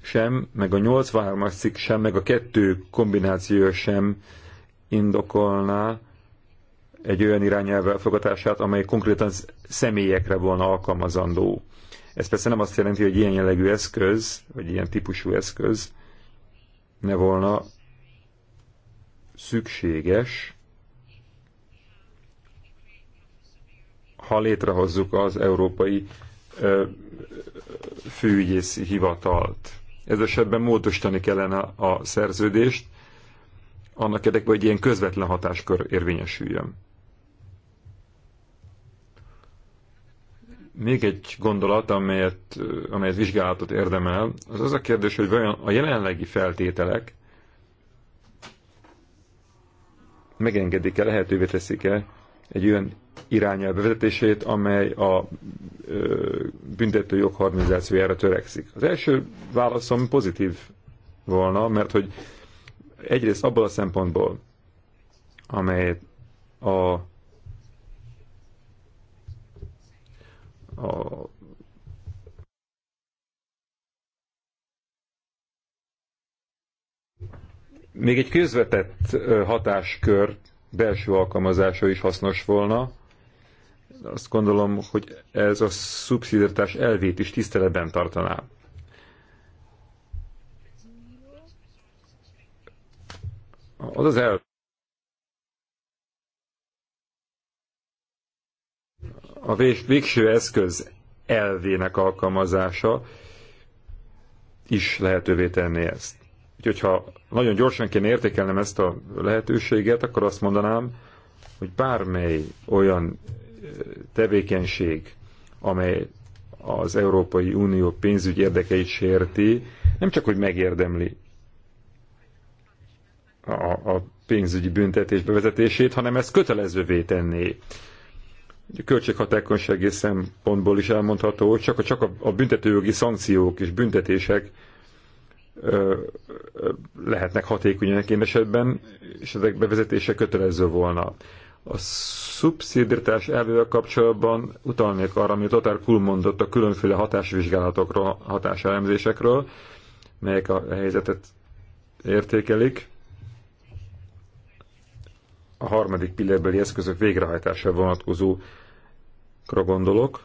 sem, meg a 83-as cikk sem, meg a kettő kombinációja sem indokolná, egy olyan irányelv elfogadását, amely konkrétan személyekre volna alkalmazandó. Ez persze nem azt jelenti, hogy ilyen jellegű eszköz, vagy ilyen típusú eszköz ne volna szükséges, ha létrehozzuk az Európai ö, Főügyészi Hivatalt. Ez esetben módosítani kellene a szerződést, annak érdekében, hogy ilyen közvetlen hatáskör érvényesüljön. Még egy gondolat, amelyet, amelyet vizsgálatot érdemel, az az a kérdés, hogy vajon a jelenlegi feltételek megengedik-e, lehetővé teszik-e egy olyan irányel bevezetését, amely a büntető jogharmonizációjára törekszik. Az első válaszom pozitív volna, mert hogy egyrészt abból a szempontból, amely a a Még egy közvetett hatáskör belső alkalmazása is hasznos volna. Azt gondolom, hogy ez a szubszidertás elvét is tiszteletben tartaná. Az az elv, a végső eszköz elvének alkalmazása is lehetővé tenni ezt. Úgyhogy ha nagyon gyorsan kéne értékelnem ezt a lehetőséget, akkor azt mondanám, hogy bármely olyan tevékenység, amely az Európai Unió pénzügy érdekeit sérti, nem csak, hogy megérdemli a, a pénzügyi büntetés bevezetését, hanem ezt kötelezővé tenné költséghatékonysági szempontból is elmondható, hogy csak a, csak a, büntetőjogi szankciók és büntetések ö, ö, lehetnek hatékonyak én esetben, és ezek bevezetése kötelező volna. A szubszidritás elvével kapcsolatban utalnék arra, amit Otár Kul mondott a különféle hatásvizsgálatokról, hatáselemzésekről, melyek a helyzetet értékelik a harmadik pillérbeli eszközök végrehajtása vonatkozókra gondolok.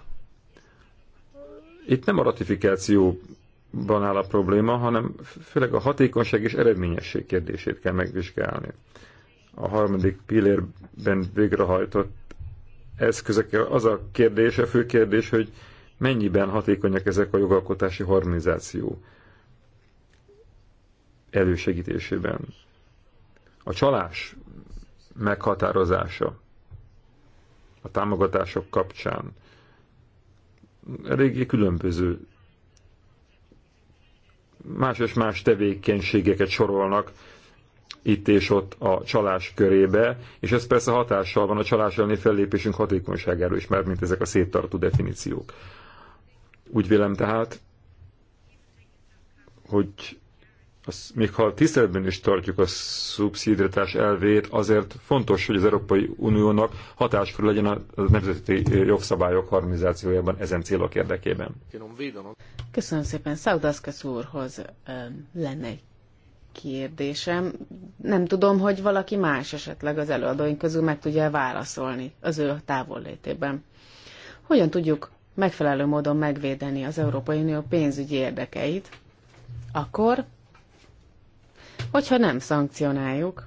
Itt nem a ratifikációban áll a probléma, hanem főleg a hatékonyság és eredményesség kérdését kell megvizsgálni. A harmadik pillérben végrehajtott eszközök, az a kérdés, a fő kérdés, hogy mennyiben hatékonyak ezek a jogalkotási harmonizáció elősegítésében. A csalás meghatározása a támogatások kapcsán eléggé különböző más és más tevékenységeket sorolnak itt és ott a csalás körébe, és ez persze hatással van a csalás elleni fellépésünk hatékonyságára is, mert mint ezek a széttartó definíciók. Úgy vélem tehát, hogy az, még ha tiszteletben is tartjuk a szubszidratás elvét, azért fontos, hogy az Európai Uniónak hatáskör legyen a nemzeti jogszabályok harmonizációjában ezen célok érdekében. Köszönöm szépen. Szaudaszkasz úrhoz lenne egy kérdésem. Nem tudom, hogy valaki más esetleg az előadóink közül meg tudja válaszolni az ő távollétében. Hogyan tudjuk megfelelő módon megvédeni az Európai Unió pénzügyi érdekeit, akkor, Hogyha nem szankcionáljuk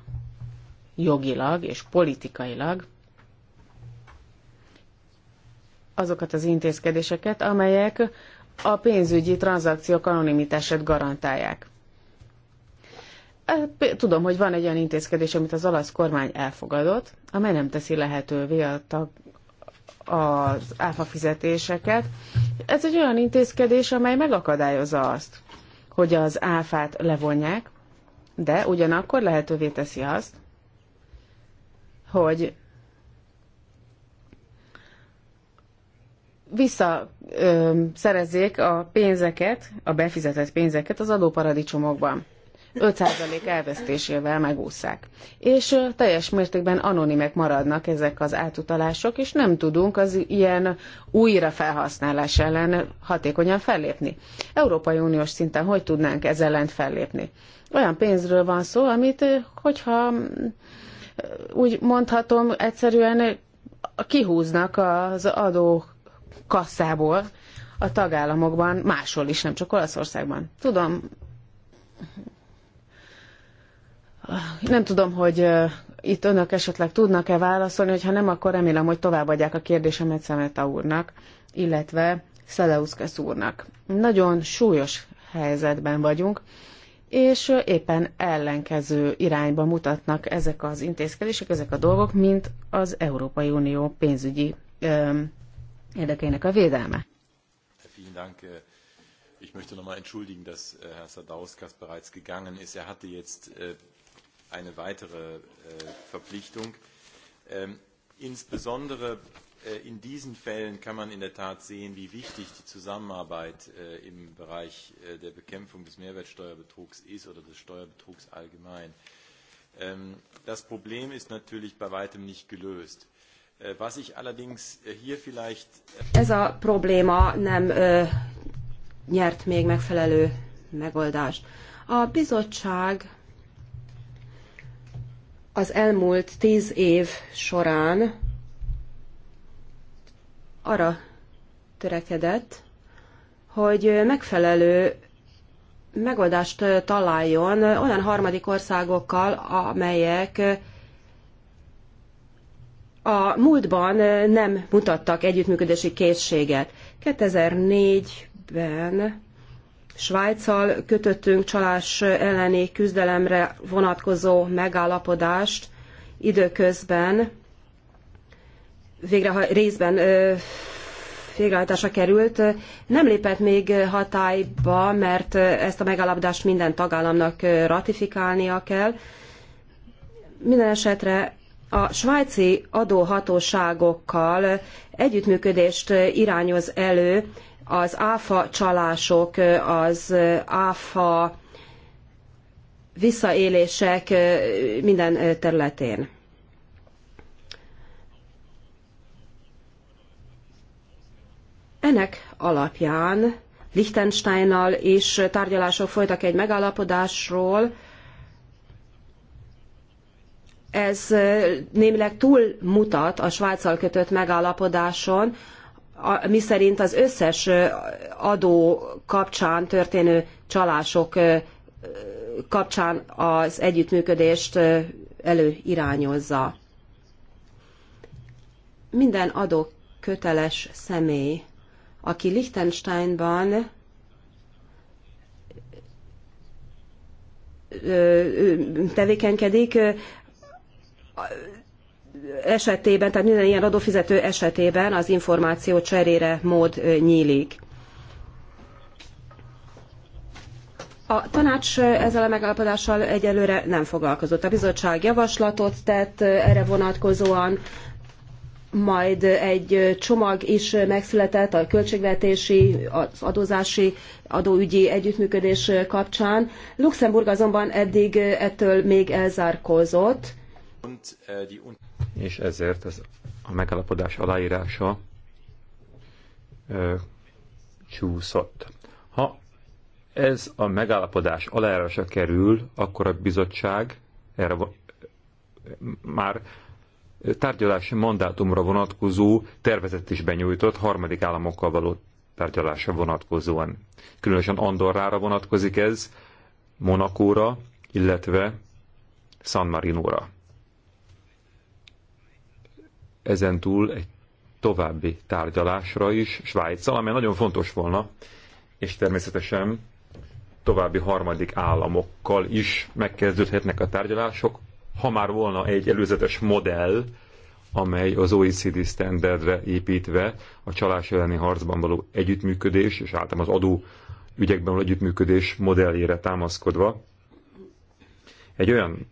jogilag és politikailag azokat az intézkedéseket, amelyek a pénzügyi tranzakciók anonimitását garantálják. Eh, tudom, hogy van egy olyan intézkedés, amit az olasz kormány elfogadott, amely nem teszi lehetővé a tag, az áfa fizetéseket. Ez egy olyan intézkedés, amely megakadályozza azt, hogy az áfát levonják, de ugyanakkor lehetővé teszi azt, hogy vissza ö, szerezzék a pénzeket, a befizetett pénzeket az adóparadicsomokban. 5% elvesztésével megúszszák. És teljes mértékben anonimek maradnak ezek az átutalások, és nem tudunk az ilyen újra felhasználás ellen hatékonyan fellépni. Európai Uniós szinten hogy tudnánk ez ellen fellépni? Olyan pénzről van szó, amit, hogyha úgy mondhatom, egyszerűen kihúznak az adó kasszából a tagállamokban, máshol is, nem csak Olaszországban. Tudom, nem tudom, hogy itt önök esetleg tudnak-e válaszolni, hogyha nem, akkor remélem, hogy továbbadják a kérdésemet Szemeta úrnak, illetve Szeleuszkesz úrnak. Nagyon súlyos helyzetben vagyunk, és éppen ellenkező irányba mutatnak ezek az intézkedések, ezek a dolgok, mint az Európai Unió pénzügyi öm, érdekeinek a védelme. Vielen Dank. Ich möchte nochmal entschuldigen, dass äh, Herr Sadauskas bereits gegangen ist. Er hatte jetzt äh, eine weitere äh, Verpflichtung. Ähm, insbesondere Äh, in diesen Fällen kann man in der Tat sehen, wie wichtig die Zusammenarbeit äh, im Bereich äh, der Bekämpfung des Mehrwertsteuerbetrugs ist oder des Steuerbetrugs allgemein. Ähm, das Problem ist natürlich bei weitem nicht gelöst. Was ich allerdings hier vielleicht... Ez a probléma nem ö, nyert még megfelelő megoldást. A bizottság az elmúlt tíz év során arra törekedett, hogy megfelelő megoldást találjon olyan harmadik országokkal, amelyek a múltban nem mutattak együttműködési készséget. 2004-ben Svájccal kötöttünk csalás elleni küzdelemre vonatkozó megállapodást, időközben végre, részben végrehajtásra került, nem lépett még hatályba, mert ezt a megállapodást minden tagállamnak ratifikálnia kell. Minden esetre a svájci adóhatóságokkal együttműködést irányoz elő az áfa csalások, az áfa visszaélések minden területén. Ennek alapján Liechtensteinnal is tárgyalások folytak egy megállapodásról, ez némileg túlmutat a Svájccal kötött megállapodáson, miszerint az összes adó kapcsán történő csalások kapcsán az együttműködést előirányozza. Minden adó köteles személy aki Liechtensteinban tevékenykedik, esetében, tehát minden ilyen adófizető esetében az információ cserére mód nyílik. A tanács ezzel a megállapodással egyelőre nem foglalkozott. A bizottság javaslatot tett erre vonatkozóan, majd egy csomag is megszületett a költségvetési, az adózási, adóügyi együttműködés kapcsán. Luxemburg azonban eddig ettől még elzárkózott. És ezért ez a megalapodás aláírása ö, csúszott. Ha ez a megállapodás aláírása kerül, akkor a bizottság erre már tárgyalási mandátumra vonatkozó tervezet is benyújtott harmadik államokkal való tárgyalásra vonatkozóan. Különösen Andorrára vonatkozik ez, Monakóra, illetve San Marinóra. Ezen túl egy további tárgyalásra is Svájccal, amely nagyon fontos volna, és természetesen további harmadik államokkal is megkezdődhetnek a tárgyalások, ha már volna egy előzetes modell, amely az OECD standardre építve a csalás elleni harcban való együttműködés, és általában az adó ügyekben való együttműködés modelljére támaszkodva egy olyan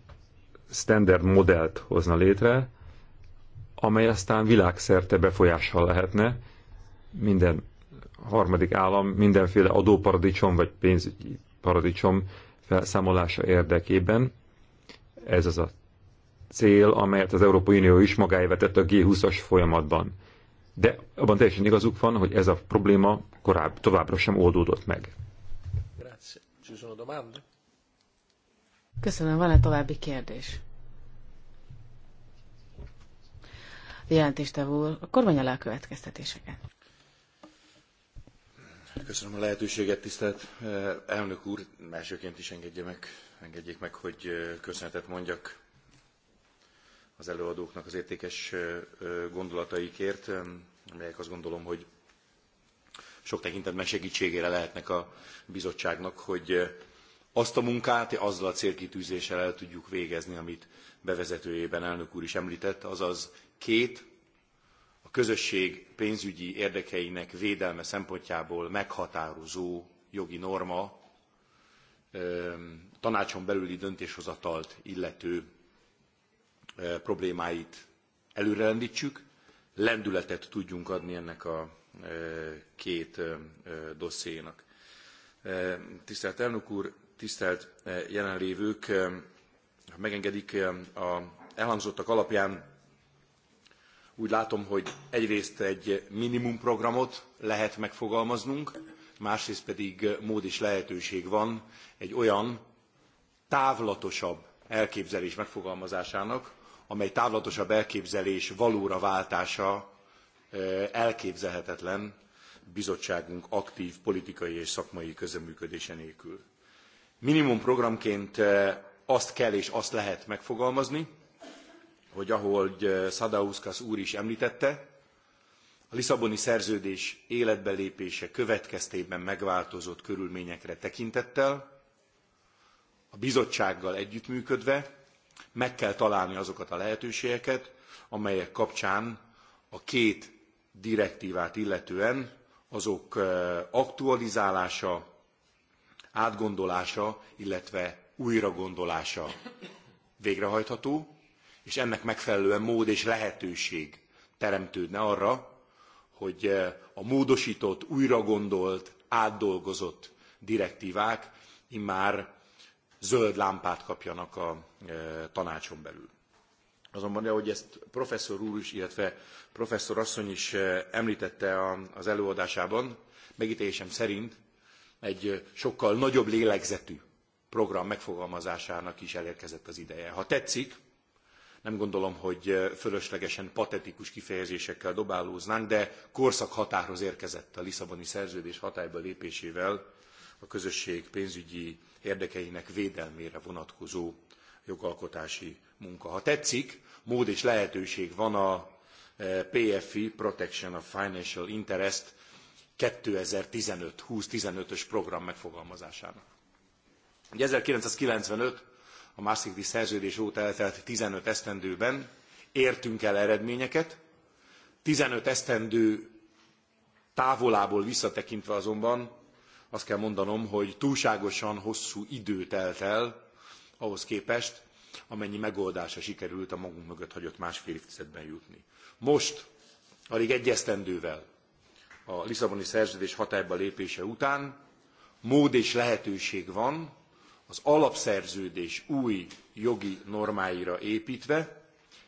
standard modellt hozna létre, amely aztán világszerte befolyással lehetne minden harmadik állam mindenféle adóparadicsom vagy pénzügyi paradicsom felszámolása érdekében, ez az a cél, amelyet az Európai Unió is magáévá tett a G20-as folyamatban. De abban teljesen igazuk van, hogy ez a probléma korább, továbbra sem oldódott meg. Köszönöm, van-e további kérdés? Jelentéstevő úr, a kormány alá a következtetéseket. Köszönöm a lehetőséget, tisztelt eh, elnök úr. másoként is engedje meg engedjék meg, hogy köszönetet mondjak az előadóknak az értékes gondolataikért, amelyek azt gondolom, hogy sok tekintetben segítségére lehetnek a bizottságnak, hogy azt a munkát azzal a célkitűzéssel el tudjuk végezni, amit bevezetőjében elnök úr is említett, azaz két a közösség pénzügyi érdekeinek védelme szempontjából meghatározó jogi norma tanácson belüli döntéshozatalt illető e, problémáit előrelendítsük, lendületet tudjunk adni ennek a e, két e, dossziénak. Tisztelt elnök úr, tisztelt jelenlévők, ha megengedik, a elhangzottak alapján úgy látom, hogy egyrészt egy minimumprogramot lehet megfogalmaznunk, másrészt pedig mód és lehetőség van egy olyan távlatosabb elképzelés megfogalmazásának, amely távlatosabb elképzelés valóra váltása elképzelhetetlen bizottságunk aktív politikai és szakmai közreműködése nélkül. Minimum programként azt kell és azt lehet megfogalmazni, hogy ahogy Szadauskas úr is említette, a Lisszaboni szerződés életbelépése következtében megváltozott körülményekre tekintettel a bizottsággal együttműködve meg kell találni azokat a lehetőségeket, amelyek kapcsán a két direktívát illetően azok aktualizálása, átgondolása, illetve újragondolása végrehajtható, és ennek megfelelően mód és lehetőség teremtődne arra, hogy a módosított, újragondolt, átdolgozott direktívák immár zöld lámpát kapjanak a e, tanácson belül. Azonban, ahogy ezt professzor úr is, illetve professzor asszony is e, említette az előadásában, megítélésem szerint egy sokkal nagyobb lélegzetű program megfogalmazásának is elérkezett az ideje. Ha tetszik, nem gondolom, hogy e, fölöslegesen patetikus kifejezésekkel dobálóznánk, de korszakhatárhoz érkezett a Lisszaboni szerződés hatályba lépésével a közösség pénzügyi érdekeinek védelmére vonatkozó jogalkotási munka. Ha tetszik, mód és lehetőség van a e, PFI, Protection of Financial Interest 2015-2015-ös program megfogalmazásának. Ugye 1995 a Maastrichti szerződés óta eltelt 15 esztendőben értünk el eredményeket, 15 esztendő távolából visszatekintve azonban azt kell mondanom, hogy túlságosan hosszú idő telt el ahhoz képest, amennyi megoldásra sikerült a magunk mögött hagyott másfél évtizedben jutni. Most, alig egy esztendővel a Lisszaboni szerződés hatályba lépése után mód és lehetőség van az alapszerződés új jogi normáira építve,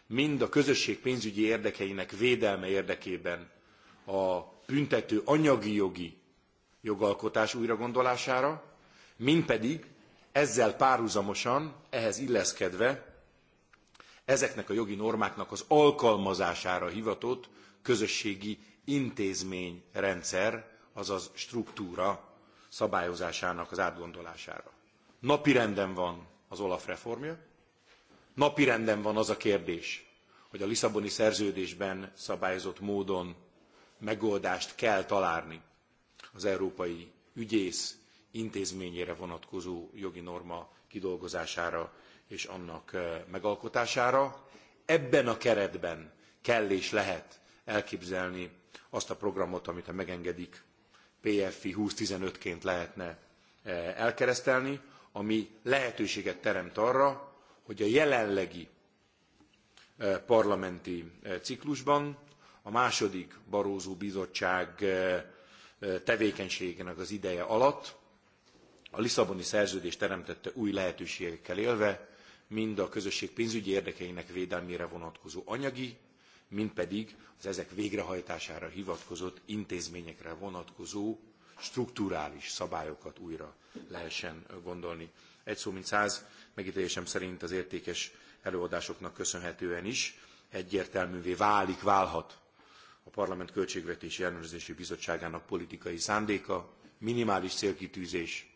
mind a közösség pénzügyi érdekeinek védelme érdekében a büntető anyagi jogi jogalkotás újragondolására, mint pedig ezzel párhuzamosan, ehhez illeszkedve ezeknek a jogi normáknak az alkalmazására hivatott közösségi intézményrendszer, azaz struktúra szabályozásának az átgondolására. Napirenden van az Olaf reformja, napirenden van az a kérdés, hogy a Lisszaboni szerződésben szabályozott módon megoldást kell találni az európai ügyész intézményére vonatkozó jogi norma kidolgozására és annak eh, megalkotására. Ebben a keretben kell és lehet elképzelni azt a programot, amit, ha megengedik, PFI 2015-ként lehetne eh, elkeresztelni, ami lehetőséget teremt arra, hogy a jelenlegi eh, parlamenti ciklusban a második Barózó bizottság tevékenységének az ideje alatt a Lisszaboni szerződés teremtette új lehetőségekkel élve, mind a közösség pénzügyi érdekeinek védelmére vonatkozó anyagi, mind pedig az ezek végrehajtására hivatkozott intézményekre vonatkozó strukturális szabályokat újra lehessen gondolni. Egy szó mint száz, megítélésem szerint az értékes előadásoknak köszönhetően is egyértelművé válik, válhat a Parlament Költségvetési Ellenőrzési Bizottságának politikai szándéka, minimális célkitűzés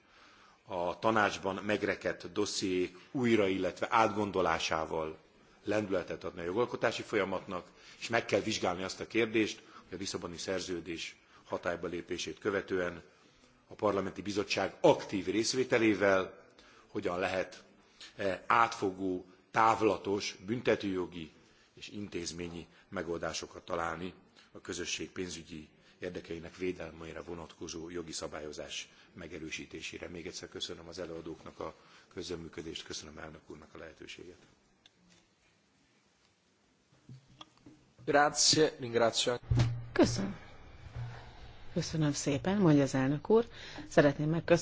a tanácsban megrekedt dossziék újra, illetve átgondolásával lendületet adni a jogalkotási folyamatnak, és meg kell vizsgálni azt a kérdést, hogy a Lisszaboni szerződés hatályba lépését követően a parlamenti bizottság aktív részvételével hogyan lehet e, átfogó, távlatos büntetőjogi és intézményi megoldásokat találni a közösség pénzügyi érdekeinek védelmére vonatkozó jogi szabályozás megerősítésére. Még egyszer köszönöm az előadóknak a közreműködést, köszönöm elnök úrnak a lehetőséget. Grazie, ringrazio. Köszönöm. Köszönöm szépen, mondja az elnök úr. Szeretném megköszönni.